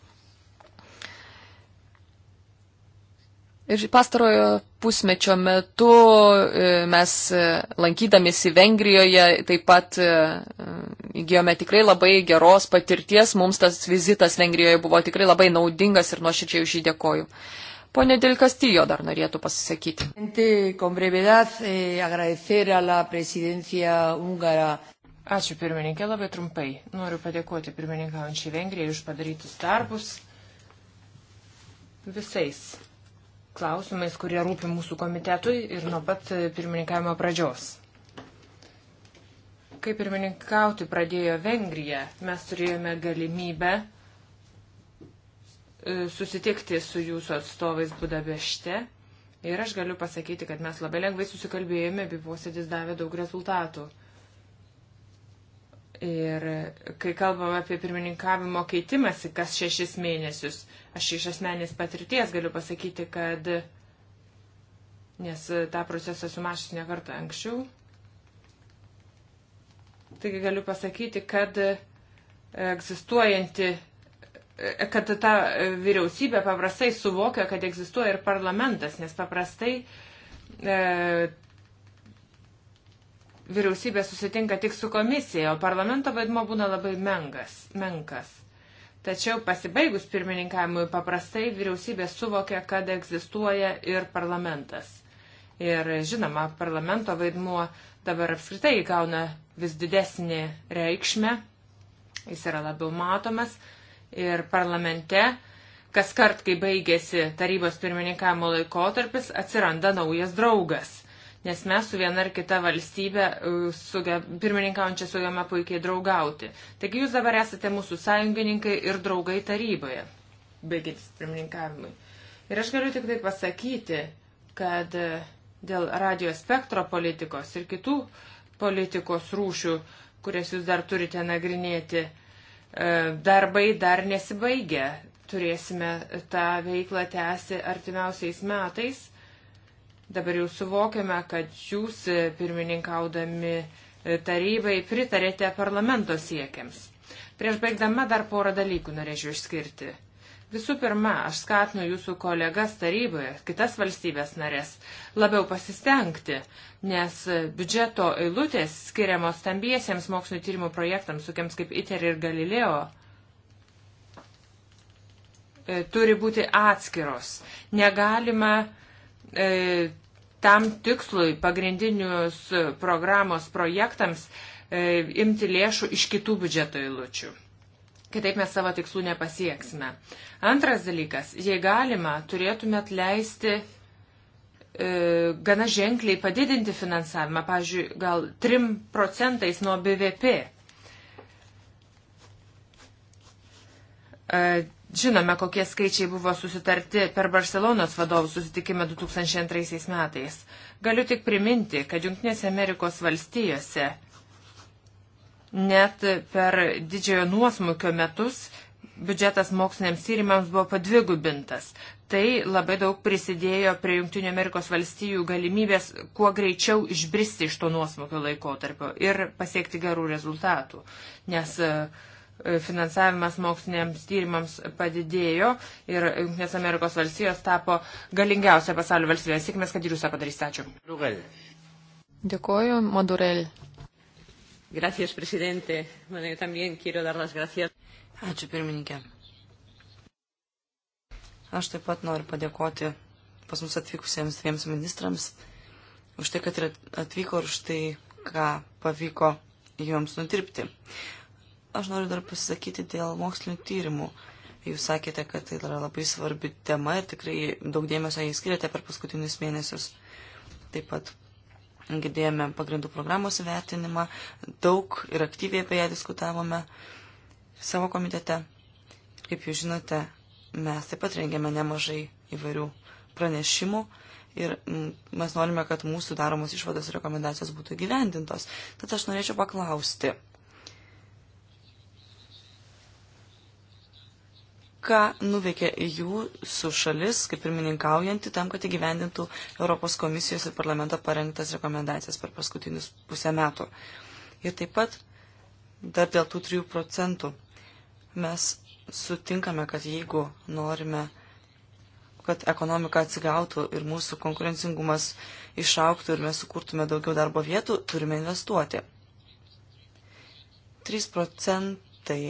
Ir pastarojo pusmečio metu e, mes e, lankydamėsi Vengrijoje taip pat e, įgyjome tikrai labai geros patirties. Mums tas vizitas Vengrijoje buvo tikrai labai naudingas ir nuoširdžiai už jį dėkoju. Pone Del Castillo dar norėtų pasisakyti. Ačiū pirmininkė, labai trumpai. Noriu padėkoti pirmininkaujančiai Vengrijai už padarytus darbus visais klausimais, kurie rūpi mūsų komitetui ir nuo pat pirmininkavimo pradžios. Kai pirmininkauti pradėjo Vengrija, mes turėjome galimybę e, susitikti su jūsų atstovais Budabešte ir aš galiu pasakyti, kad mes labai lengvai susikalbėjome, bei posėdis davė daug rezultatų. Ir kai kalbam apie pirmininkavimo keitimąsi kas šešis mėnesius, aš iš asmenės patirties galiu pasakyti, kad, nes tą procesą sumašęs ne kartą anksčiau, taigi galiu pasakyti, kad egzistuojanti, kad ta vyriausybė paprastai suvokia, kad egzistuoja ir parlamentas, nes paprastai e, vyriausybė susitinka tik su komisija, o parlamento vaidmo būna labai mengas, menkas. Tačiau pasibaigus pirmininkavimui paprastai vyriausybė suvokia, kad egzistuoja ir parlamentas. Ir žinoma, parlamento vaidmuo dabar apskritai gauna vis didesnį reikšmę, jis yra labiau matomas. Ir parlamente, kas kart, kai baigėsi tarybos pirmininkavimo laikotarpis, atsiranda naujas draugas nes mes su viena ar kita valstybė e, suge, pirmininkaujančia sugebame puikiai draugauti. Taigi jūs dabar esate mūsų sąjungininkai ir draugai taryboje, baigiantis pirmininkavimui. Ir aš galiu tik tai pasakyti, kad e, dėl radio spektro politikos ir kitų politikos rūšių, kurias jūs dar turite nagrinėti, e, darbai dar nesibaigia. Turėsime tą veiklą tęsti artimiausiais metais Dabar jau suvokiame, kad jūs e, pirmininkaudami e, tarybai pritarėte parlamento siekiams. Prieš baigdama dar porą dalykų norėčiau išskirti. Visų pirma, aš skatinu jūsų kolegas taryboje, kitas valstybės narės, labiau pasistengti, nes biudžeto eilutės skiriamos stambiesiems mokslinio tyrimų projektams, tokiems kaip ITER ir Galileo, e, turi būti atskiros. Negalima e, tam tikslui pagrindinius programos projektams e, imti lėšų iš kitų biudžeto eilučių. Kitaip mes savo tikslų nepasieksime. Antras dalykas, jei galima, turėtumėt leisti e, gana ženkliai padidinti finansavimą, pavyzdžiui, gal 3 procentais nuo BVP. E, Žinome, kokie skaičiai buvo susitarti per Barcelonos vadovų susitikimą 2002 metais. Galiu tik priminti, kad Junktinėse Amerikos valstijose net per didžiojo nuosmukio metus biudžetas moksliniams tyrimams buvo padvigubintas. Tai labai daug prisidėjo prie Junktinių Amerikos valstijų galimybės kuo greičiau išbristi iš to nuosmukio laikotarpio ir pasiekti gerų rezultatų. Nes uh, finansavimas moksliniams tyrimams padidėjo ir Junktinės Amerikos valstijos tapo galingiausia pasaulio valstybė. Sėkmės, kad ir jūs tą padarysite. Ačiū. Madurel. Dėkoju, Madurel. Gracias, presidente. Bueno, yo también quiero dar las gracias. Ačiū, pirmininkė. Aš taip pat noriu padėkoti pas mus atvykusiems dviems ministrams už tai, kad atvyko ir už tai, ką pavyko joms nutirpti. Aš noriu dar pasisakyti dėl mokslinių tyrimų. Jūs sakėte, kad tai yra labai svarbi tema ir tikrai daug dėmesio jį skiriate per paskutinius mėnesius. Taip pat girdėjome pagrindų programos vertinimą, daug ir aktyviai apie ją diskutavome savo komitete. Ir kaip jūs žinote, mes taip pat rengėme nemažai įvairių pranešimų ir mes norime, kad mūsų daromos išvados ir rekomendacijos būtų gyvendintos. Tad aš norėčiau paklausti, ką nuveikė jūsų šalis, kaip pirmininkaujanti, tam, kad įgyvendintų Europos komisijos ir parlamento parengtas rekomendacijas per paskutinius pusę metų. Ir taip pat dar dėl tų 3 procentų mes sutinkame, kad jeigu norime, kad ekonomika atsigautų ir mūsų konkurencingumas išauktų ir mes sukurtume daugiau darbo vietų, turime investuoti. 3 procentai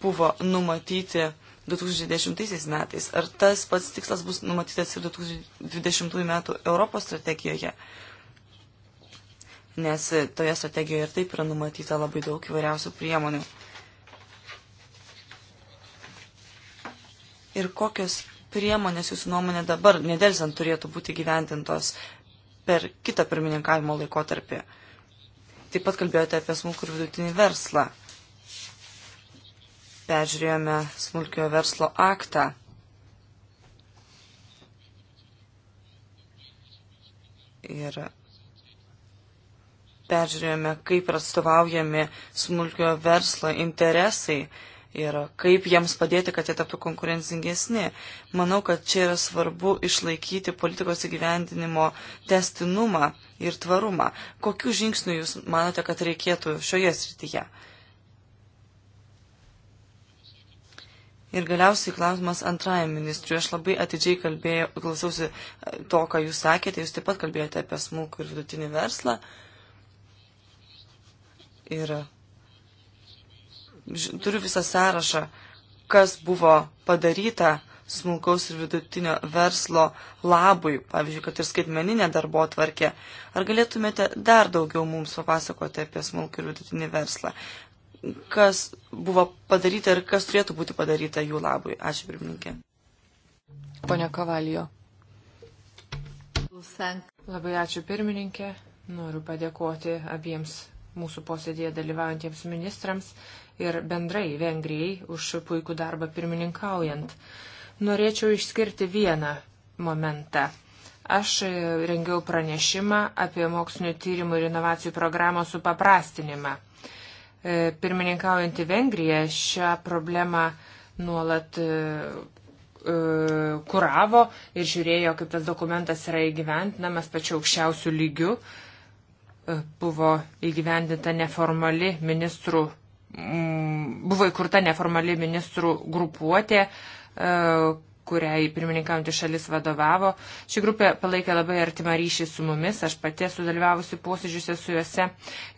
buvo numatyti 2010 metais. Ar tas pats tikslas bus numatytas ir 2020 metų Europos strategijoje? Nes toje strategijoje ir taip yra numatyta labai daug įvairiausių priemonių. Ir kokios priemonės jūsų nuomonė dabar, nedelsant, turėtų būti gyventintos per kitą pirmininkavimo laikotarpį? Taip pat kalbėjote apie smulkų ir vidutinį verslą peržiūrėjome smulkio verslo aktą. Ir peržiūrėjome, kaip atstovaujami smulkio verslo interesai ir kaip jiems padėti, kad jie taptų konkurencingesni. Manau, kad čia yra svarbu išlaikyti politikos įgyvendinimo testinumą ir tvarumą. Kokių žingsnių jūs manote, kad reikėtų šioje srityje? Ir galiausiai klausimas antrajam ministriui. Aš labai atidžiai kalbėjau, klausiausi e, to, ką jūs sakėte. Jūs taip pat kalbėjote apie smulkų ir vidutinį verslą. Ir e, turiu visą sąrašą, kas buvo padaryta smulkaus ir vidutinio verslo labui, pavyzdžiui, kad ir skaitmeninė darbo atvarkė. Ar galėtumėte dar daugiau mums papasakoti apie smulkų ir vidutinį verslą? kas buvo padaryta ir kas turėtų būti padaryta jų labui. Ačiū, pirmininkė. Pone Kavalijo. Labai ačiū, pirmininkė. Noriu padėkoti abiems mūsų posėdėje dalyvaujantiems ministrams ir bendrai Vengrijai už puikų darbą pirmininkaujant. Norėčiau išskirti vieną momentą. Aš rengiau pranešimą apie mokslinio tyrimų ir inovacijų programos supaprastinimą. E, Pirmininkaujantį Vengriją šią problemą nuolat e, e, kuravo ir žiūrėjo, kaip tas dokumentas yra įgyventinamas pačiu aukščiausiu lygiu. Buvo įgyvendinta neformali ministrų, buvo įkurta neformali ministrų grupuotė, kuriai pirmininkaujantį šalis vadovavo. Ši grupė palaikė labai artimą ryšį su mumis, aš pati esu dalyvavusi posėdžiuose su juose.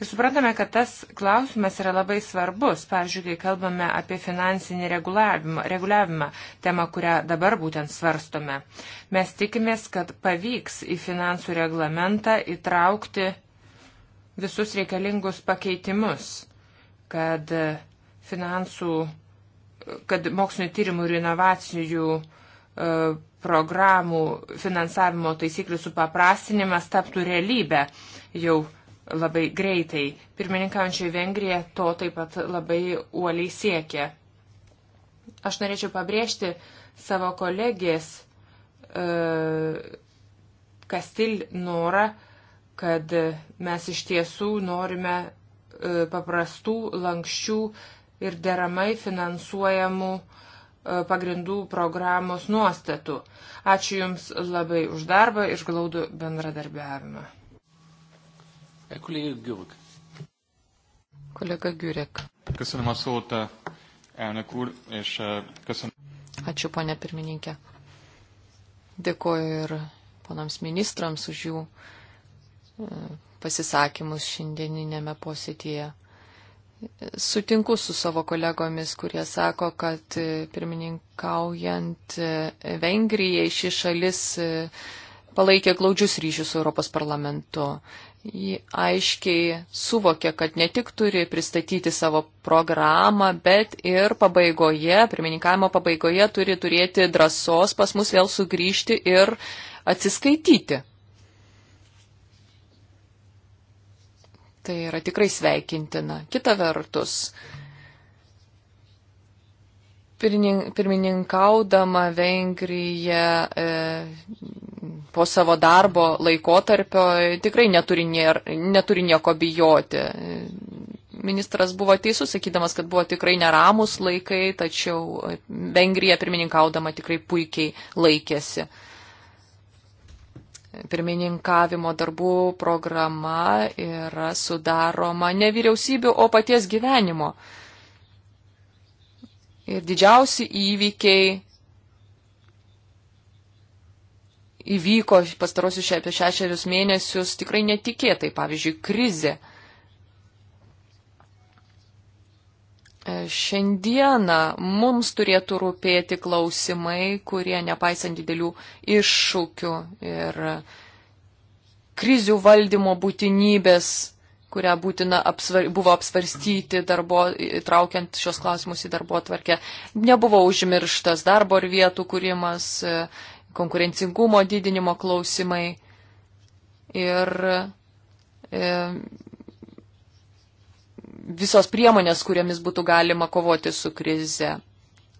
Ir suprantame, kad tas klausimas yra labai svarbus, pavyzdžiui, kai kalbame apie finansinį reguliavimą, reguliavimą temą, kurią dabar būtent svarstome. Mes tikimės, kad pavyks į finansų reglamentą įtraukti visus reikalingus pakeitimus, kad finansų kad mokslinio tyrimų ir inovacijų e, programų finansavimo taisyklių supaprastinimas taptų realybę jau labai greitai. Pirmininkaujančioji Vengrija to taip pat labai uoliai siekia. Aš norėčiau pabrėžti savo kolegės e, Kastil norą, kad mes iš tiesų norime e, paprastų, lankščių, e, ir deramai finansuojamų e, pagrindų programos nuostatų. Ačiū Jums labai už darbą ir glaudų bendradarbiavimą. E, Kolega Gyurek. Kolega Gyurek. Köszönöm a szót, e, elnök úr, és köszönöm. Ačiū, ponė pirmininkė. Dėkoju ir ponams ministrams už jų pasisakymus šiandieninėme posėdėje. Sutinku su savo kolegomis, kurie sako, kad e, pirmininkaujant e, Vengrijai ši šalis e, palaikė glaudžius ryšius su Europos parlamentu. Ji aiškiai suvokė, kad ne tik turi pristatyti savo programą, bet ir pabaigoje, pirmininkavimo pabaigoje turi turėti drąsos pas mus vėl sugrįžti ir atsiskaityti. Tai yra tikrai sveikintina. Kita vertus, pirmininkaudama Vengrija e, po savo darbo laikotarpio e, tikrai neturi, nėr, neturi nieko bijoti. Ministras buvo teisus, sakydamas, kad buvo tikrai neramus laikai, tačiau Vengrija pirmininkaudama tikrai puikiai laikėsi pirmininkavimo darbų programa yra sudaroma ne vyriausybių, o paties gyvenimo. Ir didžiausi įvykiai įvyko pastarosius apie šešerius mėnesius tikrai netikėtai, pavyzdžiui, krizė. E, šiandieną mums turėtų rūpėti klausimai, kurie, nepaisant didelių iššūkių ir krizių valdymo būtinybės, kurią būtina apsvar, buvo apsvarstyti, darbo, traukiant šios klausimus į darbo atvarkę, nebuvo užmirštas darbo ir vietų kūrimas, e, konkurencingumo didinimo klausimai. Ir e, visos priemonės, kuriamis būtų galima kovoti su krize.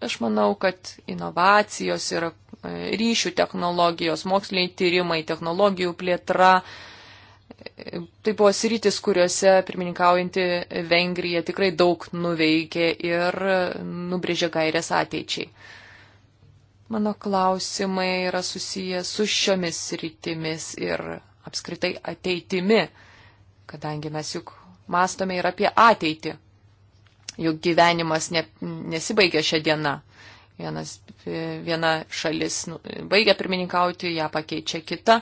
Aš manau, kad inovacijos ir e, ryšių technologijos, moksliniai tyrimai, technologijų plėtra, e, tai buvo sritis, kuriuose pirmininkaujanti Vengrija tikrai daug nuveikė ir nubrėžė gairias ateičiai. Mano klausimai yra susiję su šiomis sritimis ir apskritai ateitimi, kadangi mes juk mastome ir apie ateitį. Juk gyvenimas ne, nesibaigia šią dieną. Vienas, viena šalis nu, baigia pirmininkauti, ją pakeičia kita.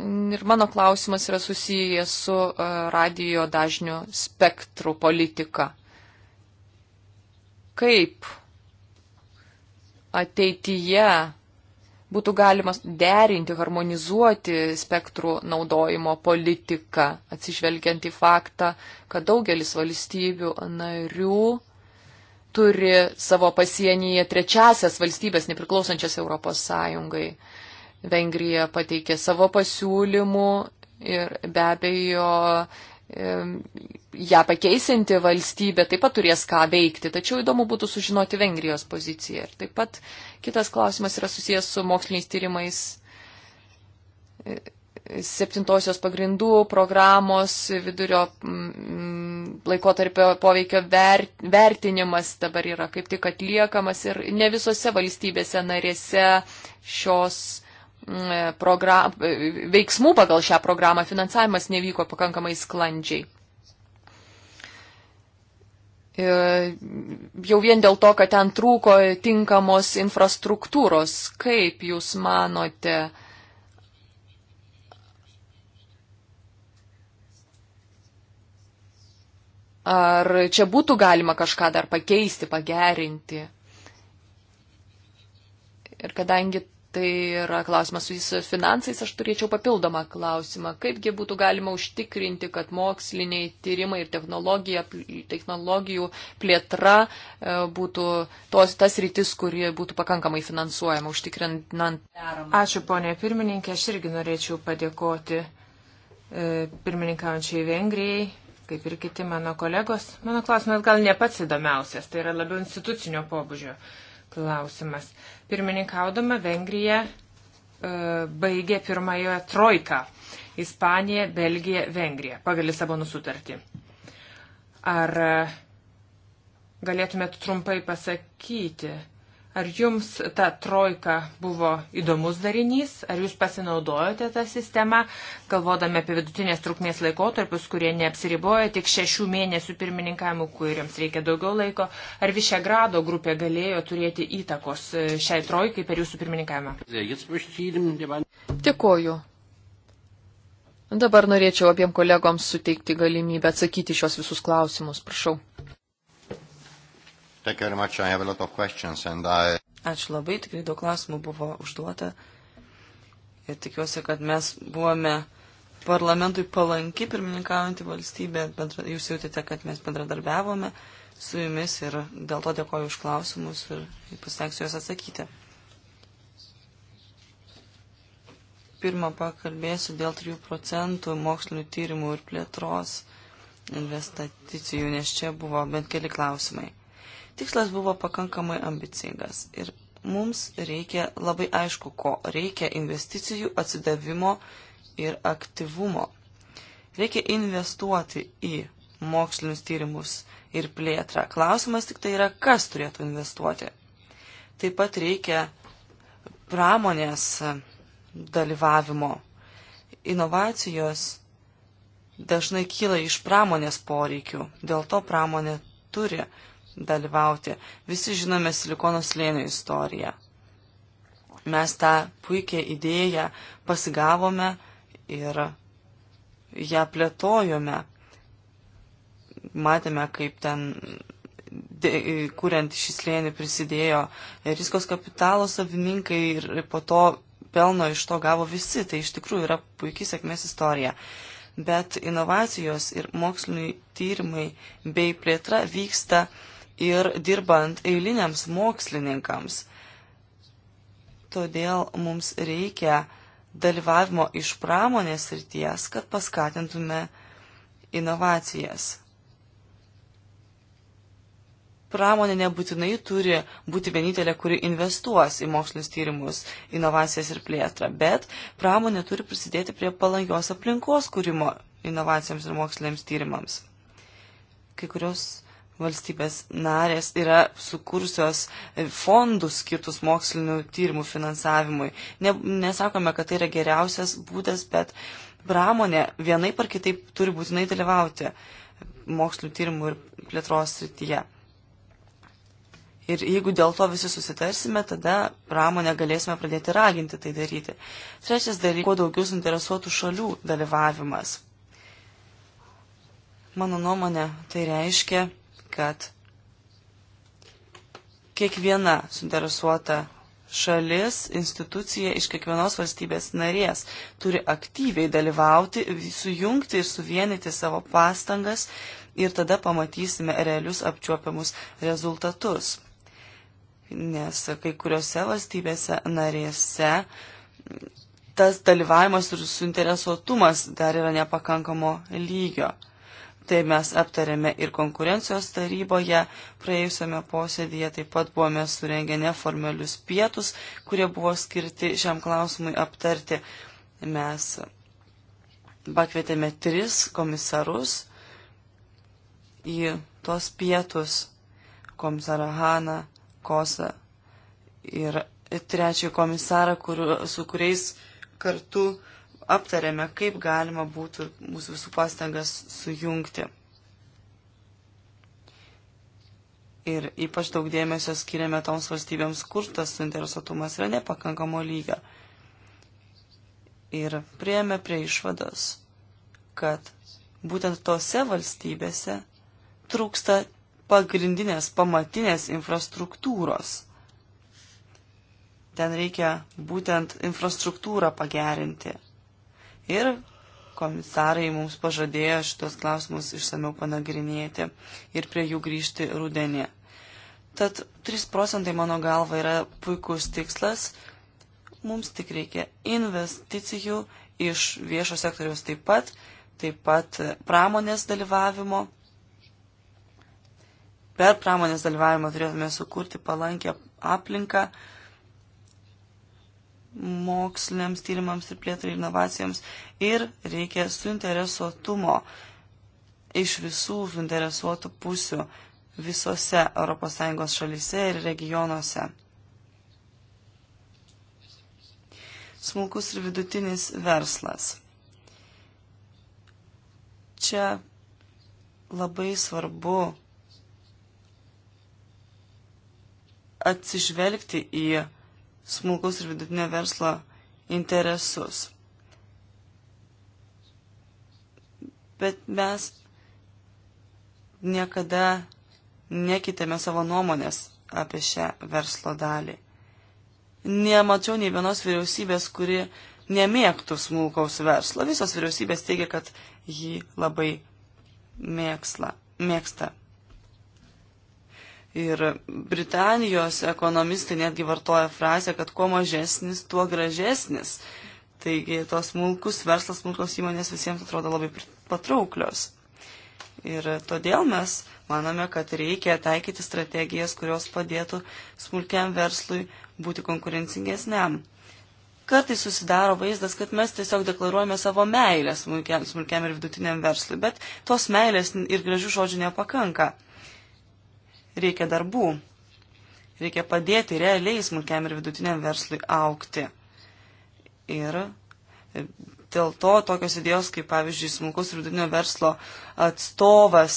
Ir mano klausimas yra susijęs su e, radio dažnių spektru politika. Kaip ateityje būtų galima derinti, harmonizuoti spektrų naudojimo politiką, atsižvelgiant į faktą, kad daugelis valstybių narių turi savo pasienyje trečiasias valstybės nepriklausančias Europos Sąjungai. Vengrija pateikė savo pasiūlymų ir be abejo ją pakeisinti valstybė taip pat turės ką veikti. Tačiau įdomu būtų sužinoti Vengrijos poziciją. Ir taip pat kitas klausimas yra susijęs su moksliniais tyrimais e, septintosios pagrindų programos vidurio mm, laikotarpio poveikio vertinimas dabar yra kaip tik atliekamas ir ne visose valstybėse narėse šios E, program, veiksmų pagal šią programą finansavimas nevyko pakankamai sklandžiai. E, jau vien dėl to, kad ten trūko tinkamos infrastruktūros, kaip jūs manote, ar čia būtų galima kažką dar pakeisti, pagerinti? Ir kadangi Tai yra klausimas susijęs su finansais. Aš turėčiau papildomą klausimą. Kaipgi būtų galima užtikrinti, kad moksliniai tyrimai ir technologijų plėtra e, būtų tos, tas rytis, kuri būtų pakankamai finansuojama, užtikrinant. Ačiū, ponė pirmininkė. Aš irgi norėčiau padėkoti e, pirmininkaujančiai Vengrijai, kaip ir kiti mano kolegos. Mano klausimas gal ne pats įdomiausias, tai yra labiau institucinio pobūdžio klausimas. Pirmininkaudama Vengrija e, baigė pirmąją trojką - Ispanija, Belgija, Vengrija pagal Lisabono sutartį. Ar e, galėtumėt trumpai pasakyti, Ar jums ta trojka buvo įdomus darinys, ar jūs pasinaudojote tą sistemą, galvodami apie vidutinės trukmės laikotarpius, kurie neapsiriboja tik šešių mėnesių pirmininkavimu, kuriems reikia daugiau laiko, ar Višegrado grupė galėjo turėti įtakos e, šiai trojkai per jūsų pirmininkavimą? Dėkoju. Dabar norėčiau abiem kolegoms suteikti galimybę atsakyti šios visus klausimus, prašau. Thank you very much. I have a lot of questions and I... Ačiū labai, tikrai daug klausimų buvo užduota. Ir tikiuosi, kad mes buvome parlamentui palanki pirmininkaujantį valstybę. Jūs jautėte, kad mes bendradarbiavome su jumis ir dėl to dėkoju už klausimus ir pasitengsiu juos atsakyti. Pirmą pakalbėsiu dėl 3 procentų mokslinių tyrimų ir plėtros investicijų, nes čia buvo bent keli klausimai. Tikslas buvo pakankamai ambicingas ir mums reikia labai aišku, ko reikia investicijų atsidavimo ir aktyvumo. Reikia investuoti į mokslinius tyrimus ir plėtrą. Klausimas tik tai yra, kas turėtų investuoti. Taip pat reikia pramonės dalyvavimo. Inovacijos dažnai kyla iš pramonės poreikių, dėl to pramonė turi dalyvauti. Visi žinome silikono slėnio istoriją. Mes tą puikią idėją pasigavome ir ją plėtojome. Matėme, kaip ten, de, kuriant šį slėnį, prisidėjo riskos kapitalo savininkai ir po to pelno iš to gavo visi. Tai iš tikrųjų yra puikiai sėkmės istorija bet inovacijos ir moksliniai tyrimai bei plėtra vyksta ir dirbant eiliniams mokslininkams. Todėl mums reikia dalyvavimo iš pramonės ryties, kad paskatintume inovacijas. Pramonė nebūtinai turi būti vienintelė, kuri investuos į mokslinius tyrimus, inovacijas ir plėtrą, bet pramonė turi prisidėti prie palankios aplinkos kūrimo inovacijams ir moksliniams tyrimams. Kai kurios valstybės narės yra sukūrusios fondus skirtus mokslinių tyrimų finansavimui. Ne, nesakome, kad tai yra geriausias būdas, bet pramonė vienai par kitaip turi būtinai dalyvauti mokslinių tyrimų ir plėtros srityje. Ir jeigu dėl to visi susitarsime, tada pramonę galėsime pradėti raginti tai daryti. Trečias dalykas - kuo daugiau suinteresuotų šalių dalyvavimas. Mano nuomonė, tai reiškia kad kiekviena suinteresuota šalis, institucija iš kiekvienos valstybės narės turi aktyviai dalyvauti, sujungti ir suvienyti savo pastangas ir tada pamatysime realius apčiuopiamus rezultatus. Nes kai kuriuose valstybėse narėse tas dalyvavimas ir suinteresuotumas dar yra nepakankamo lygio. Tai mes aptarėme ir konkurencijos taryboje, praėjusiame posėdėje taip pat buvome surengę neformalius pietus, kurie buvo skirti šiam klausimui aptarti. Mes pakvietėme tris komisarus į tos pietus - komisarą Haną, Kosą ir trečiąjį komisarą, kur, su kuriais kartu aptarėme, kaip galima būtų mūsų visų pastangas sujungti. Ir ypač daug dėmesio skiriame toms valstybėms, kur tas suinteresuotumas yra nepakankamo lygio. Ir prieėmė prie išvados, kad būtent tose valstybėse trūksta pagrindinės, pamatinės infrastruktūros. Ten reikia būtent infrastruktūrą pagerinti. Ir komisarai mums pažadėjo šitos klausimus išsameu panagrinėti ir prie jų grįžti rudenį. Tad 3 procentai mano galva yra puikus tikslas. Mums tik reikia investicijų iš viešo sektoriaus taip pat, taip pat pramonės dalyvavimo. Per pramonės dalyvavimą turėtume sukurti palankę aplinką, moksliams tyrimams ir plėtrai inovacijoms ir reikia suinteresuotumo iš visų suinteresuotų pusių visose ES šalyse ir regionuose. Smulkus ir vidutinis verslas. Čia labai svarbu atsižvelgti į smulkus ir vidutinio verslo interesus. Bet mes niekada nekitėme savo nuomonės apie šią verslo dalį. Nemačiau nei vienos vyriausybės, kuri nemėgtų smulkaus verslo. Visos vyriausybės teigia, kad jį labai mėgsla, mėgsta. Ir Britanijos ekonomistai netgi vartoja frazę, kad kuo mažesnis, tuo gražesnis. Taigi tos smulkus verslas, smulkos įmonės visiems atrodo labai patrauklios. Ir todėl mes manome, kad reikia taikyti strategijas, kurios padėtų smulkiam verslui būti konkurencingesniam. Kartais susidaro vaizdas, kad mes tiesiog deklaruojame savo meilę smulkiam, smulkiam ir vidutiniam verslui, bet tos meilės ir gražių žodžių nepakanka reikia darbų. Reikia padėti realiai smulkiam ir vidutiniam verslui aukti. Ir e, dėl to tokios idėjos, kaip pavyzdžiui, smulkus ir vidutinio verslo atstovas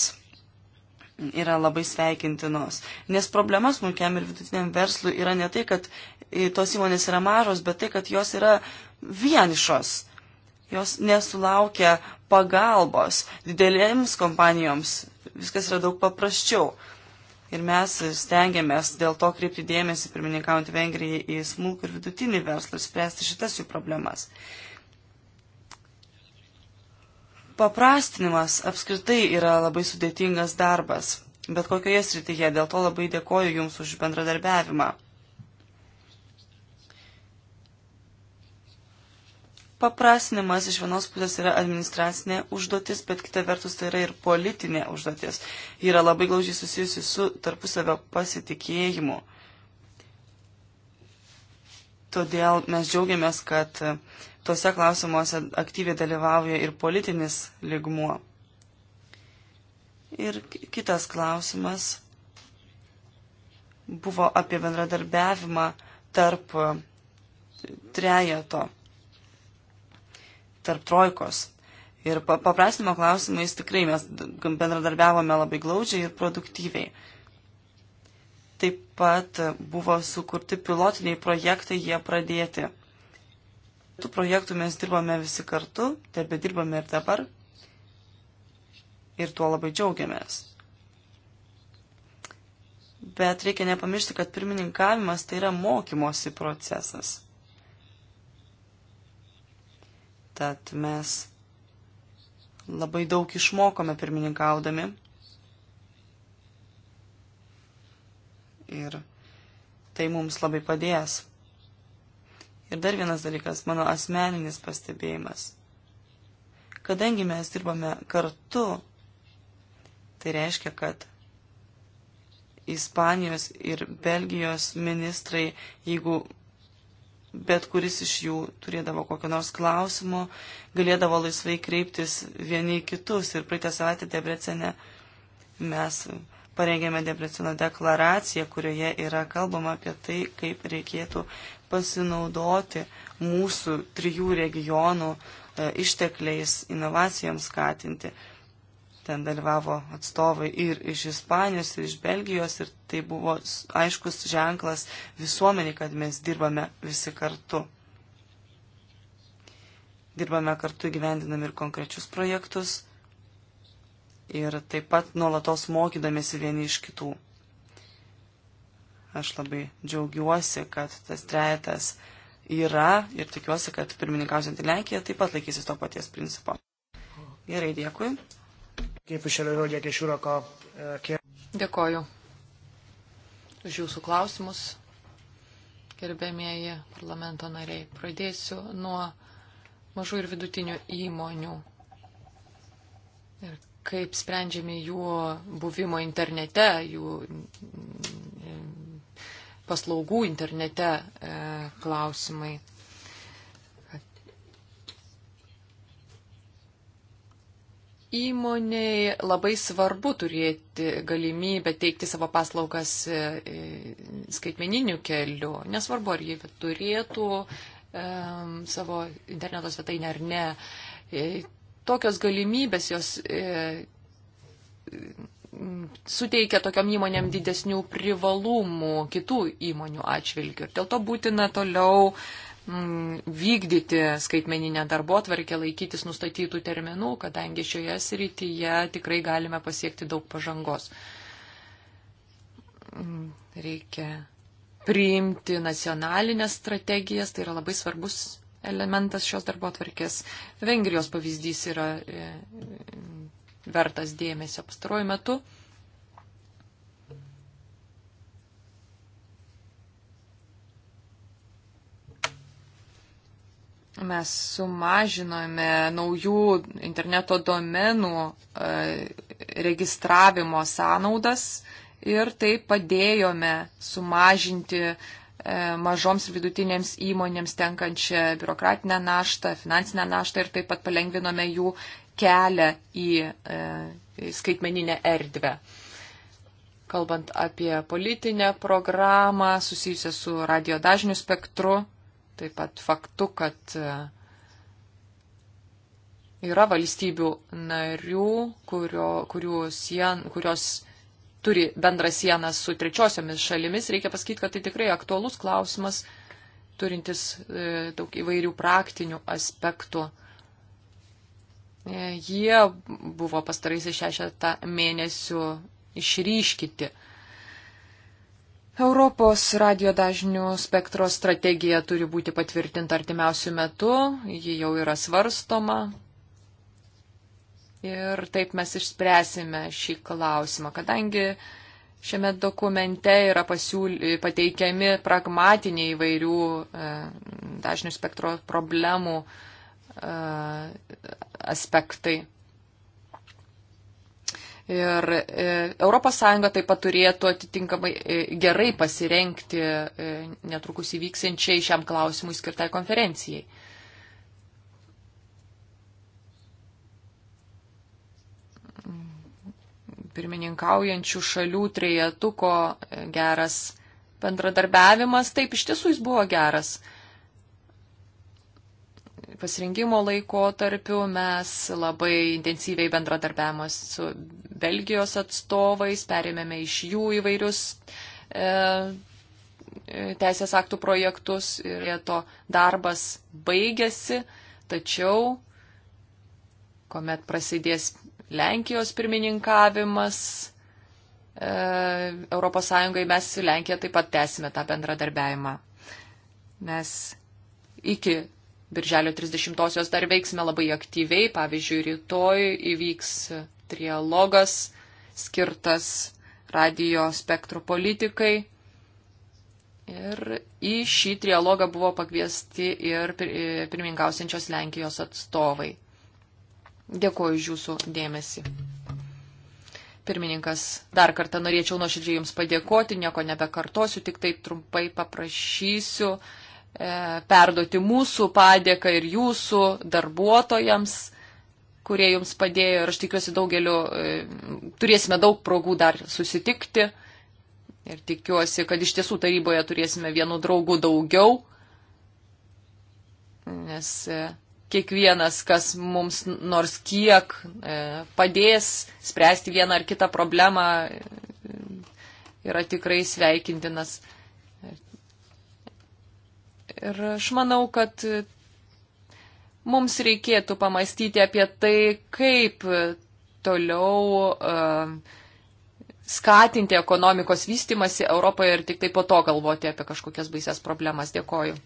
yra labai sveikintinos. Nes problema smulkiam ir vidutiniam verslui yra ne tai, kad tos įmonės yra mažos, bet tai, kad jos yra vienišos. Jos nesulaukia pagalbos didelėms kompanijoms. Viskas yra daug paprasčiau. Ir mes stengiamės dėl to kreipti dėmesį, pirmininkaujant Vengrijai, į smulkų ir vidutinį verslą ir spręsti šitas jų problemas. Paprastinimas apskritai yra labai sudėtingas darbas, bet kokioje srityje, dėl to labai dėkoju Jums už bendradarbiavimą. Paprasnimas iš vienos pusės yra administracinė užduotis, bet kita vertus tai yra ir politinė užduotis. Ji yra labai glaužiai susijusi su tarpusavio pasitikėjimu. Todėl mes džiaugiamės, kad tuose klausimuose aktyviai dalyvauja ir politinis ligmuo. Ir kitas klausimas buvo apie bendradarbiavimą tarp trejato tarp trojkos. Ir paprastinimo klausimais tikrai mes bendradarbiavome labai glaudžiai ir produktyviai. Taip pat buvo sukurti pilotiniai projektai, jie pradėti. Tų projektų mes dirbame visi kartu, tebe dirbame ir dabar. Ir tuo labai džiaugiamės. Bet reikia nepamiršti, kad pirmininkavimas tai yra mokymosi procesas. Tad mes labai daug išmokome pirmininkaudami. Ir tai mums labai padės. Ir dar vienas dalykas, mano asmeninis pastebėjimas. Kadangi mes dirbame kartu, tai reiškia, kad Ispanijos ir Belgijos ministrai, jeigu bet kuris iš jų turėdavo kokio nors klausimo, galėdavo laisvai kreiptis vieni į kitus. Ir praeitą savaitę Debrecene mes parengėme Debreceno deklaraciją, kurioje yra kalbama apie tai, kaip reikėtų pasinaudoti mūsų trijų regionų e, ištekliais inovacijoms skatinti. Ten dalyvavo atstovai ir iš Ispanijos, ir iš Belgijos, ir tai buvo aiškus ženklas visuomeniai, kad mes dirbame visi kartu. Dirbame kartu gyvendinami ir konkrečius projektus, ir taip pat nuolatos mokydamėsi vieni iš kitų. Aš labai džiaugiuosi, kad tas trejetas yra ir tikiuosi, kad pirmininkausianti Lenkija taip pat laikysis to paties principo. Gerai, dėkui. E, Dėkoju už Jūsų klausimus, gerbėmieji parlamento nariai. Pradėsiu nuo mažų ir vidutinių įmonių ir kaip sprendžiami jų buvimo internete, jų paslaugų internete e, klausimai. įmoniai labai svarbu turėti galimybę teikti savo paslaugas e, e, skaitmeniniu keliu. Nesvarbu, ar jie turėtų savo interneto svetainę ar ne. E, tokios galimybės jos suteikia tokiom įmonėm didesnių privalumų kitų įmonių atžvilgių. Ir dėl to būtina toliau Mm, vykdyti skaitmeninę darbo tvarkę, laikytis nustatytų terminų, kadangi šioje srityje tikrai galime pasiekti daug pažangos. Mm, reikia priimti nacionalinės strategijas, tai yra labai svarbus elementas šios darbo tvarkės. Vengrijos pavyzdys yra e, e, vertas dėmesio pastaruoju metu. mes sumažinome naujų interneto domenų e, registravimo sąnaudas ir tai padėjome sumažinti e, mažoms ir vidutinėms įmonėms tenkančią biurokratinę naštą, finansinę naštą ir taip pat palengvinome jų kelią į e, skaitmeninę erdvę kalbant apie politinę programą susijusią su radio dažnių spektru taip pat faktu, kad e, yra valstybių narių, kurio, kurių sien, kurios turi bendrą sieną su trečiosiomis šalimis. Reikia pasakyti, kad tai tikrai aktuolus klausimas, turintis e, daug įvairių praktinių aspektų. E, jie buvo pastaraisiais šešetą mėnesių išryškyti. Europos radio dažnių spektro strategija turi būti patvirtinta artimiausių metų, ji jau yra svarstoma. Ir taip mes išspręsime šį klausimą, kadangi šiame dokumente yra pasiūly, pateikiami pragmatiniai įvairių e, dažnių spektro problemų e, aspektai. Ir ES taip pat turėtų atitinkamai e, gerai pasirenkti e, netrukus įvyksiančiai šiam klausimui skirtai konferencijai. Pirmininkaujančių šalių trejetuko e, geras bendradarbiavimas, taip iš tiesų jis buvo geras pasirinkimo laikotarpiu mes labai intensyviai bendradarbiavome su Belgijos atstovais, perėmėme iš jų įvairius e, e teisės aktų projektus ir to darbas baigėsi, tačiau, kuomet prasidės Lenkijos pirmininkavimas, e, ES mes su Lenkija taip pat tęsime tą bendradarbiavimą. Mes iki Birželio 30-osios dar veiksime labai aktyviai. Pavyzdžiui, rytoj įvyks trialogas skirtas radio spektro politikai. Ir į šį trialogą buvo pakviesti ir pirmingausiančios Lenkijos atstovai. Dėkuoju už jūsų dėmesį. Pirmininkas, dar kartą norėčiau nuoširdžiai Jums padėkoti, nieko nebekartosiu, tik tai trumpai paprašysiu E, perduoti mūsų padėką ir jūsų darbuotojams, kurie jums padėjo ir aš tikiuosi daugeliu, e, turėsime daug progų dar susitikti ir tikiuosi, kad iš tiesų taryboje turėsime vienų draugų daugiau, nes e, kiekvienas, kas mums nors kiek padės spręsti vieną ar kitą problemą, yra tikrai sveikintinas. Ir aš manau, kad e, mums reikėtų pamastyti apie tai, kaip e, toliau uh, skatinti ekonomikos vystimasi Europoje ir tik tai po to galvoti apie kažkokias baises problemas. Dėkoju.